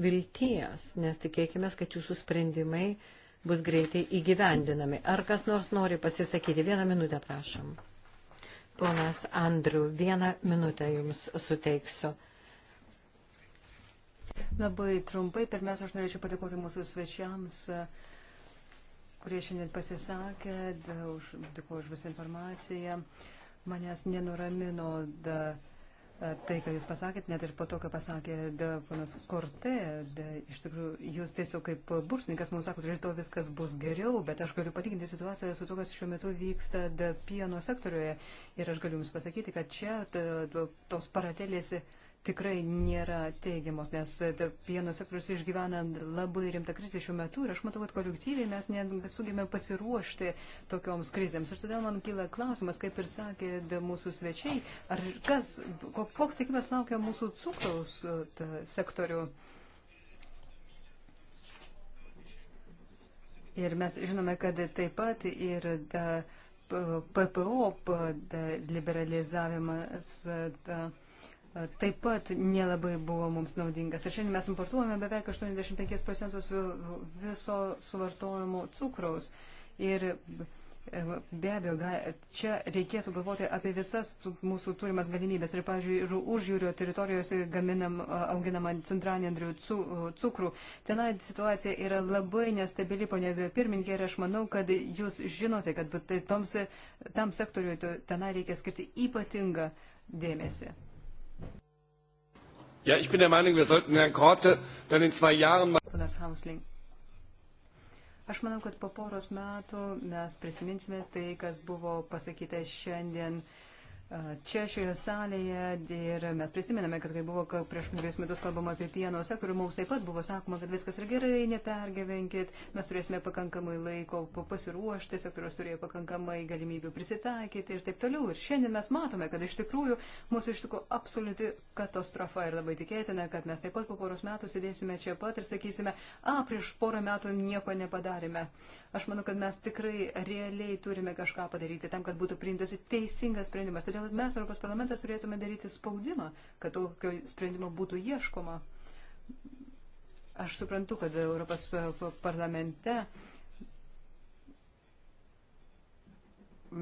vilties, nes tikėkime, kad jūsų sprendimai bus greitai įgyvendinami. Ar kas nors nori pasisakyti? Vieną minutę prašom. Ponas Andriu, vieną minutę jums suteiksiu. Labai trumpai, pirmiausia, aš norėčiau padėkoti mūsų svečiams, kurie šiandien pasisakė, už, dėkuoju už visą informaciją. Manęs nenuramino da, tai, ką jūs pasakėt, net ir po to, ką pasakė da, panas Korte. Da, iš tikrųjų, jūs tiesiog kaip burtininkas mums sakote, rytoj viskas bus geriau, bet aš galiu palyginti situaciją su to, kas šiuo metu vyksta da, pieno sektoriuje. Ir aš galiu jums pasakyti, kad čia da, tos paralelės. Da, tikrai nėra teigiamos, nes pieno sektorius išgyvena labai rimtą krizę šiuo metu ir aš matau, kad kolektyviai mes nesugėme pasiruošti tokioms krizėms. Ir todėl man kyla klausimas, kaip ir sakė mūsų svečiai, ar kas, koks tikimas laukia mūsų cukraus e, sektorių. Ir mes žinome, kad taip pat ir da, e, PPO da, liberalizavimas. E, da, taip pat nelabai buvo mums naudingas. Ir šiandien mes importuojame beveik 85 procentus viso suvartojimo cukraus. Ir e, be abejo, čia reikėtų galvoti apie visas mūsų turimas galimybės. Ir, pavyzdžiui, užjūrio teritorijose gaminam, auginamą centralinį andrių cukrų. Tenai situacija yra labai nestabili, ponia pirmininkė, ir aš manau, kad jūs žinote, kad tai toms, tam sektoriui tenai reikia skirti ypatingą dėmesį. Mm. Ja, ich bin der Meinung, wir sollten Herrn Korte dann in zwei Jahren mal. Ponas Hausling. Aš manau, kad po poros metų mes prisiminsime tai, kas buvo pasakyta šiandien uh, Čia šioje salėje ir mes prisiminame, kad kai buvo kad prieš dviejus metus kalbama apie pieno sektorių, mums taip pat buvo sakoma, kad viskas yra gerai, nepergyvenkit, mes turėsime pakankamai laiko pasiruošti, sektorius turėjo pakankamai galimybių prisitaikyti ir taip toliau. Ir šiandien mes matome, kad iš tikrųjų mūsų ištiko absoliuti katastrofa ir labai tikėtina, kad mes taip pat po poros metų sėdėsime čia pat ir sakysime, a, prieš porą metų nieko nepadarėme. Aš manau, kad mes tikrai realiai turime kažką padaryti tam, kad būtų priimtas teisingas sprendimas. Todėl mes, Europos parlamentas, turėtume daryti spaudimą, kad tokio sprendimo būtų ieškoma. Aš suprantu, kad Europos parlamente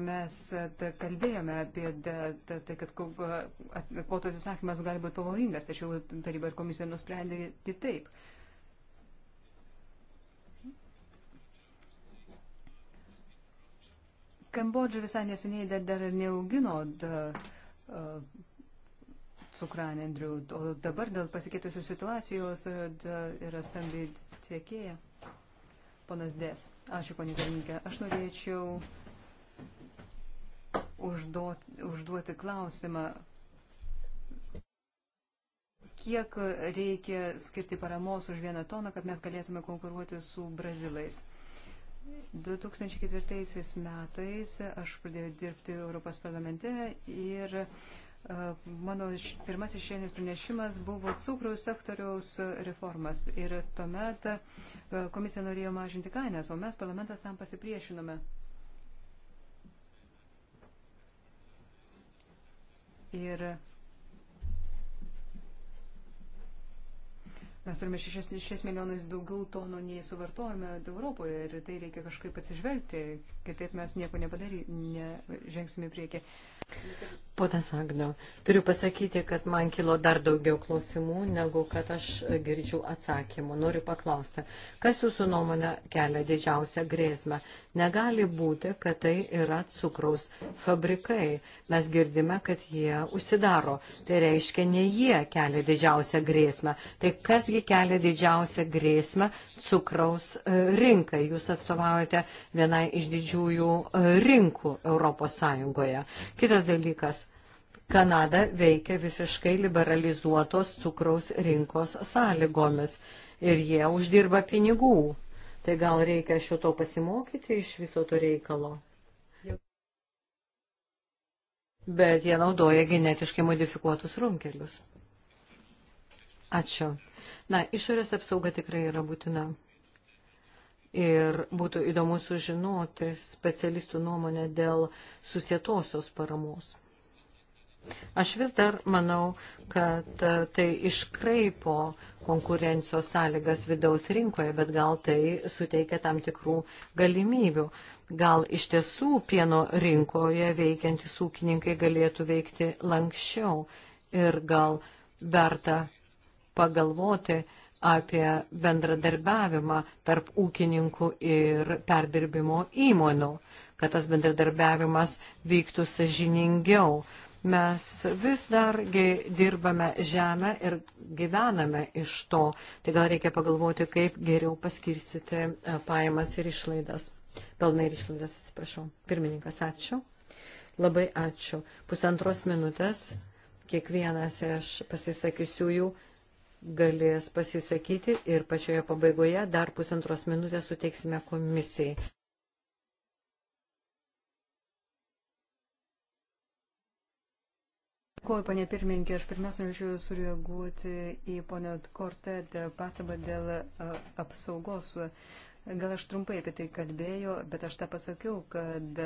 mes kalbėjome apie tai, kad kvotos įsakymas gali būti pavojingas, tačiau taryba ir komisija nusprendė kitaip. Tai Kambodža visai neseniai dar, dar neaugino da, uh, cukranendrių, o dabar dėl pasikeitusios situacijos da, yra stambi tiekėja. Ponas Dės, ačiū, ponė Pirmininkė. Aš norėčiau užduot, užduoti klausimą, kiek reikia skirti paramos už vieną toną, kad mes galėtume konkuruoti su brazilais. 2004 metais aš pradėjau dirbti Europos parlamente ir e, mano pirmasis šiandienis pranešimas buvo cukraus sektoriaus reformas. Ir tuomet e, komisija norėjo mažinti kainas, o mes parlamentas tam pasipriešinome. Ir Mes turime 6, 6 milijonais daugiau tonų nei suvartojame Europoje ir tai reikia kažkaip atsižvelgti, kitaip mes nieko nepadaryme, nežengsime į priekį. Ponas Agno, turiu pasakyti, kad man kilo dar daugiau klausimų, negu kad aš girdžiu atsakymų. Noriu paklausti, kas jūsų nuomonė kelia didžiausią grėsmę? Negali būti, kad tai yra cukraus fabrikai. Mes girdime, kad jie užsidaro. Tai reiškia, ne jie kelia didžiausią grėsmę. Tai kasgi kelia didžiausią grėsmę cukraus e, rinkai? Jūs atstovaujate vienai iš didžiųjų e, rinkų Europos Sąjungoje. Kitas dalykas Kanada veikia visiškai liberalizuotos cukraus rinkos sąlygomis ir jie uždirba pinigų. Tai gal reikia šito pasimokyti iš viso to reikalo. Bet jie naudoja genetiškai modifikuotus runkelius. Ačiū. Na, išorės apsauga tikrai yra būtina. Ir būtų įdomu sužinoti specialistų nuomonę dėl susietosios paramos. Aš vis dar manau, kad e, tai iškraipo konkurencijos sąlygas vidaus rinkoje, bet gal tai suteikia tam tikrų galimybių. Gal iš tiesų pieno rinkoje veikiantys ūkininkai galėtų veikti lankščiau ir gal verta pagalvoti apie bendradarbiavimą tarp ūkininkų ir perdirbimo įmonių, kad tas bendradarbiavimas vyktų sažiningiau Mes vis dar dirbame žemę ir gyvename iš to. Tai gal reikia pagalvoti, kaip geriau paskirstyti e, pajamas ir išlaidas. Pelnai ir išlaidas, atsiprašau. Pirmininkas, ačiū. Labai ačiū. Pusantros minutės kiekvienas iš pasisakysiųjų galės pasisakyti ir pačioje pabaigoje dar pusantros minutės suteiksime komisijai. Dėkuoju, panė pirmininkė. Aš pirmiausia norėčiau sureaguoti į ponio Kortet pastabą dėl apsaugos. Gal aš trumpai apie tai kalbėjau, bet aš tą pasakiau, kad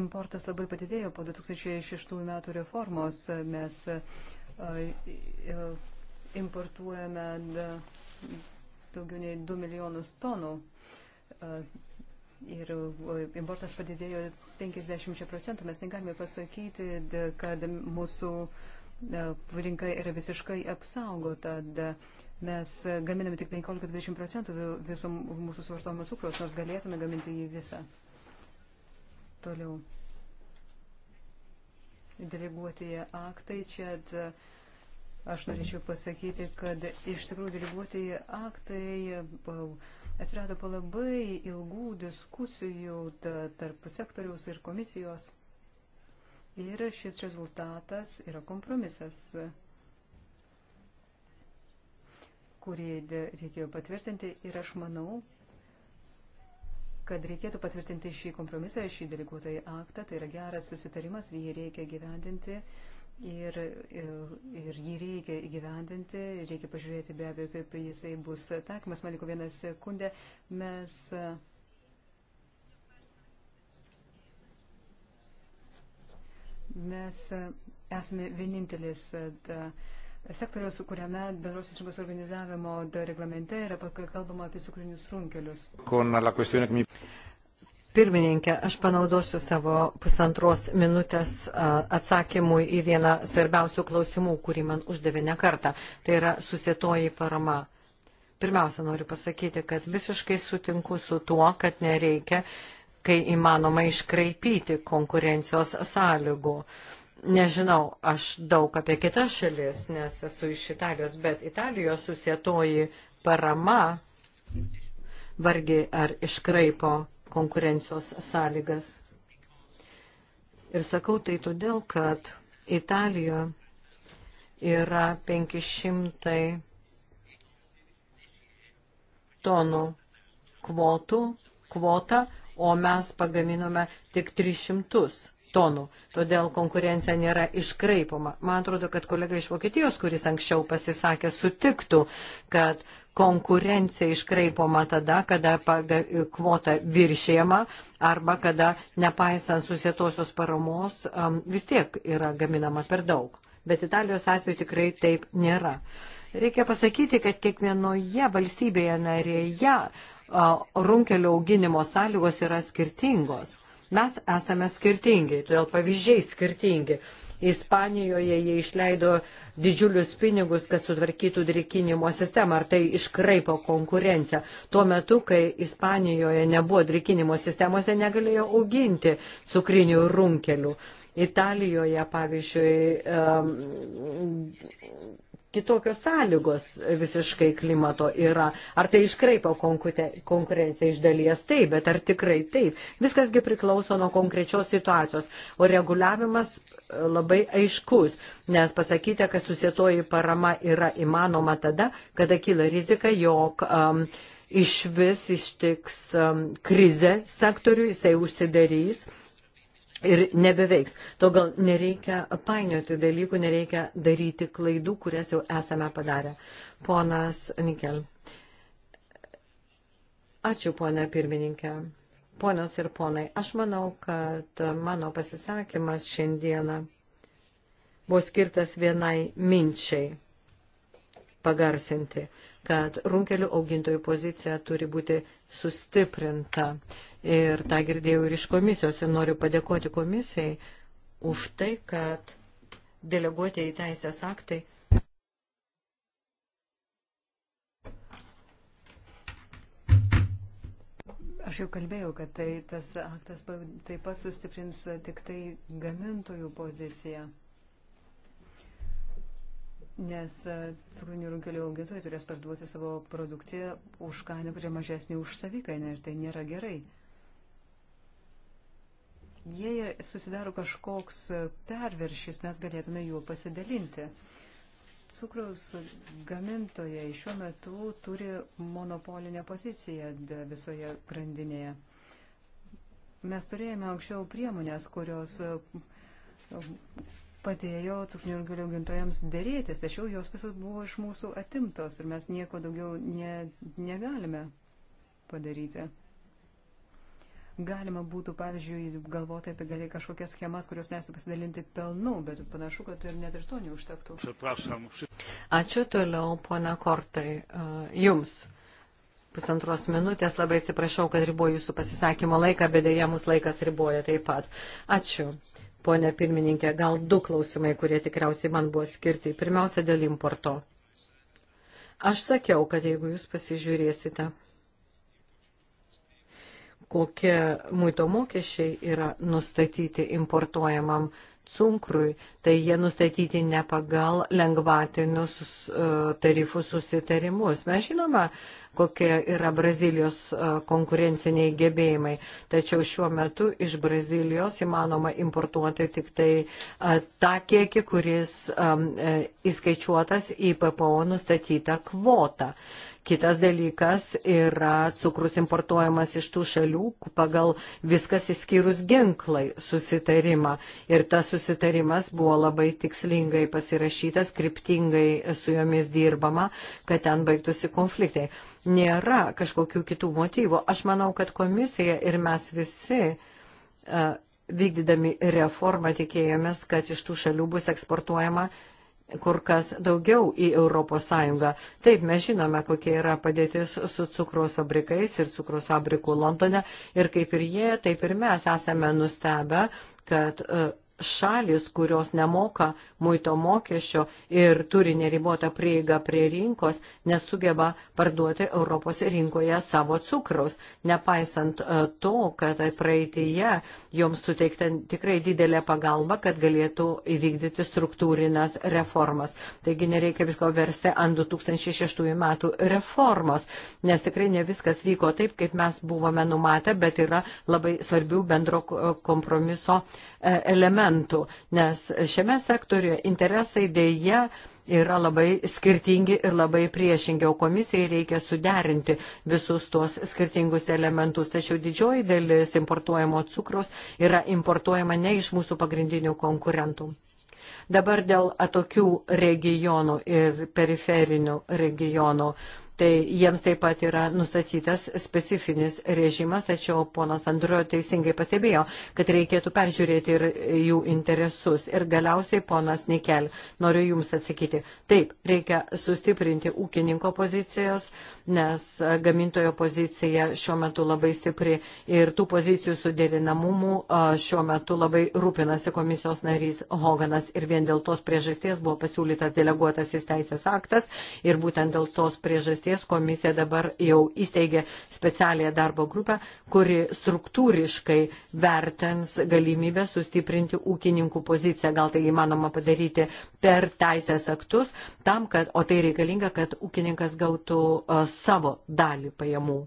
importas labai padidėjo po 2006 metų reformos. Mes importuojame daugiau nei 2 milijonus tonų ir importas padidėjo 50 procentų. Mes negalime pasakyti, kad mūsų e, rinka yra visiškai apsaugota. Mes gaminame tik 15-20 procentų viso mūsų suvartojimo cukraus, nors galėtume gaminti jį visą. Toliau. Deleguotieji aktai čia. Da, Aš norėčiau pasakyti, kad iš tikrųjų deleguotieji aktai atsirado po labai ilgų diskusijų tarp sektoriaus ir komisijos. Ir šis rezultatas yra kompromisas, kurį reikėjo patvirtinti. Ir aš manau, kad reikėtų patvirtinti šį kompromisą, šį deleguotąjį aktą. Tai yra geras susitarimas, jį reikia gyvendinti. Uh, ir, ir, ir jį reikia įgyvendinti, reikia pažiūrėti be abejo, kaip jisai bus taikomas. Man liko vieną sekundę. Mes. Mes esame vienintelis sektorius, kuriame bendrosios rinkos organizavimo reglamente yra kalbama apie cukrinius runkelius. Pirmininkė, aš panaudosiu savo pusantros minutės atsakymui į vieną svarbiausių klausimų, kurį man uždavė ne kartą. Tai yra susietoji parama. Pirmiausia, noriu pasakyti, kad visiškai sutinku su tuo, kad nereikia, kai įmanoma, iškraipyti konkurencijos sąlygų. Nežinau, aš daug apie kitas šalis, nes esu iš Italijos, bet Italijos susietoji parama vargiai ar iškraipo konkurencijos sąlygas. Ir sakau tai todėl, kad Italijoje yra 500 tonų kvotų, kvota, o mes pagaminome tik 300 tonų. Todėl konkurencija nėra iškraipoma. Man atrodo, kad kolega iš Vokietijos, kuris anksčiau pasisakė, sutiktų, kad konkurencija iškraipoma tada, kada kvota viršėjama arba kada, nepaisant susietosios paramos, vis tiek yra gaminama per daug. Bet Italijos atveju tikrai taip nėra. Reikia pasakyti, kad kiekvienoje valstybėje narėje runkelio auginimo sąlygos yra skirtingos. Mes esame skirtingi, todėl pavyzdžiai skirtingi. Ispanijoje jie išleido didžiulius pinigus, kad sutvarkytų drikinimo sistemą, ar tai iškraipo konkurenciją. Tuo metu, kai Ispanijoje nebuvo drikinimo sistemose, negalėjo auginti cukrinių runkelių. Italijoje, pavyzdžiui, um, kitokios sąlygos visiškai klimato yra. Ar tai iškraipo konkurenciją iš dalies? Taip, bet ar tikrai taip? Viskasgi priklauso nuo konkrečios situacijos. O reguliavimas labai aiškus, nes pasakyta, kad susietoji parama yra įmanoma tada, kada kyla rizika, jog um, iš vis ištiks um, krize sektoriui, jisai užsidarys ir nebeveiks. To gal nereikia painioti dalykų, nereikia daryti klaidų, kurias jau esame padarę. Ponas Nikel. Ačiū, ponia pirmininkė. Ponios ir ponai, aš manau, kad mano pasisakymas šiandieną buvo skirtas vienai minčiai pagarsinti, kad runkelių augintojų pozicija turi būti sustiprinta. Ir tą girdėjau ir iš komisijos ir noriu padėkoti komisijai už tai, kad deleguotieji teisės aktai Aš jau kalbėjau, kad tai, tas aktas taip pat sustiprins tik tai gamintojų poziciją. Nes e, cukrinių runkelių augintojai turės parduoti savo produkciją už kainą, kuri mažesnė už savikainą ir tai nėra gerai. Jei susidaro kažkoks perviršis, mes galėtume juo pasidalinti cukraus gamintojai šiuo metu turi monopolinę poziciją visoje grandinėje. Mes turėjome anksčiau priemonės, kurios e, padėjo cukrinių galių gintojams dėrėtis, tačiau jos visos buvo iš mūsų atimtos ir mes nieko daugiau ne, negalime padaryti galima būtų, pavyzdžiui, galvoti apie gali kažkokias schemas, kurios leistų pasidalinti pelnu, bet panašu, kad ir net ir to neužtektų. Ačiū toliau, pona Kortai, e, jums. Pusantros minutės, labai atsiprašau, kad riboju jūsų pasisakymo laiką, bet dėja mūsų laikas riboja taip pat. Ačiū, ponė pirmininkė, gal du klausimai, kurie tikriausiai man buvo skirti. Pirmiausia, dėl importo. Aš sakiau, kad jeigu jūs pasižiūrėsite kokie muito mokesčiai yra nustatyti importuojamam cunkrui, tai jie nustatyti ne pagal lengvatinius e, tarifų susitarimus. Mes žinome, kokie yra Brazilijos e, konkurenciniai gebėjimai, tačiau šiuo metu iš Brazilijos įmanoma importuoti tik tai e, tą kiekį, kuris įskaičiuotas į PPO nustatytą kvotą. Kitas dalykas yra cukrus importuojamas iš tų šalių pagal viskas išskyrus ginklai susitarimą. Ir tas susitarimas buvo labai tikslingai pasirašytas, kryptingai su jomis dirbama, kad ten baigtųsi konfliktai. Nėra kažkokių kitų motyvų. Aš manau, kad komisija ir mes visi vykdydami reformą tikėjomės, kad iš tų šalių bus eksportuojama uh, kur kas daugiau į ES. Taip, mes žinome, kokia yra padėtis su cukros fabrikais ir cukros fabriku Londone ir kaip ir jie, taip ir mes esame nustebę, kad uh, šalis, kurios nemoka muito mokesčio ir turi neribotą prieigą prie rinkos, nesugeba parduoti Europos rinkoje savo cukraus. Nepaisant e, to, kad praeitėje joms suteikta tikrai didelė pagalba, kad galėtų įvykdyti struktūrinas reformas. Taigi nereikia visko versti ant 2006 metų reformos, nes tikrai ne viskas vyko taip, kaip mes buvome numatę, bet yra labai svarbių bendro kompromiso e, elementų segmentų, nes šiame sektoriuje interesai dėja yra labai skirtingi ir labai priešingi, o komisijai reikia suderinti visus tuos skirtingus elementus. Tačiau didžioji dalis importuojamo cukraus yra importuojama ne iš mūsų pagrindinių konkurentų. Dabar dėl atokių regionų ir periferinių regionų tai jiems taip pat yra nustatytas specifinis režimas, tačiau ponas Andriu teisingai pastebėjo, kad reikėtų peržiūrėti ir jų interesus. Ir galiausiai ponas Nikel, noriu jums atsakyti, taip, reikia sustiprinti ūkininko pozicijos, nes gamintojo pozicija šiuo metu labai stipri ir tų pozicijų suderinamumų šiuo metu labai rūpinasi komisijos narys Hoganas ir vien dėl tos priežasties buvo pasiūlytas deleguotasis teisės aktas ir būtent dėl tos priežasties sutarties komisija dabar jau įsteigė specialią darbo grupę, kuri struktūriškai vertins galimybę sustiprinti ūkininkų poziciją. Gal tai įmanoma padaryti per teisės aktus, tam, kad, o tai reikalinga, kad ūkininkas gautų uh, savo dalį pajamų.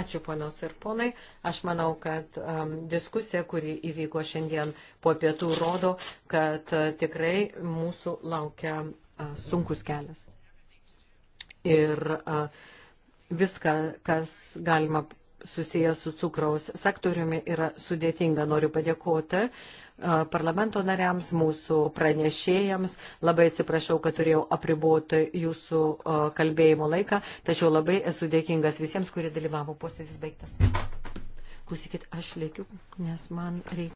Ačiū ponios ir ponai. Aš manau, kad um, diskusija, kuri įvyko šiandien po pietų, rodo, kad uh, tikrai mūsų laukia uh, sunkus kelias ir viską, kas galima susijęs su cukraus sektoriumi yra sudėtinga. Noriu padėkoti parlamento nariams, mūsų pranešėjams. Labai atsiprašau, kad turėjau apriboti jūsų kalbėjimo laiką, tačiau labai esu dėkingas visiems, kurie dalyvavo. Posėdis baigtas. Klausykit, aš lėkiu, nes man reikia.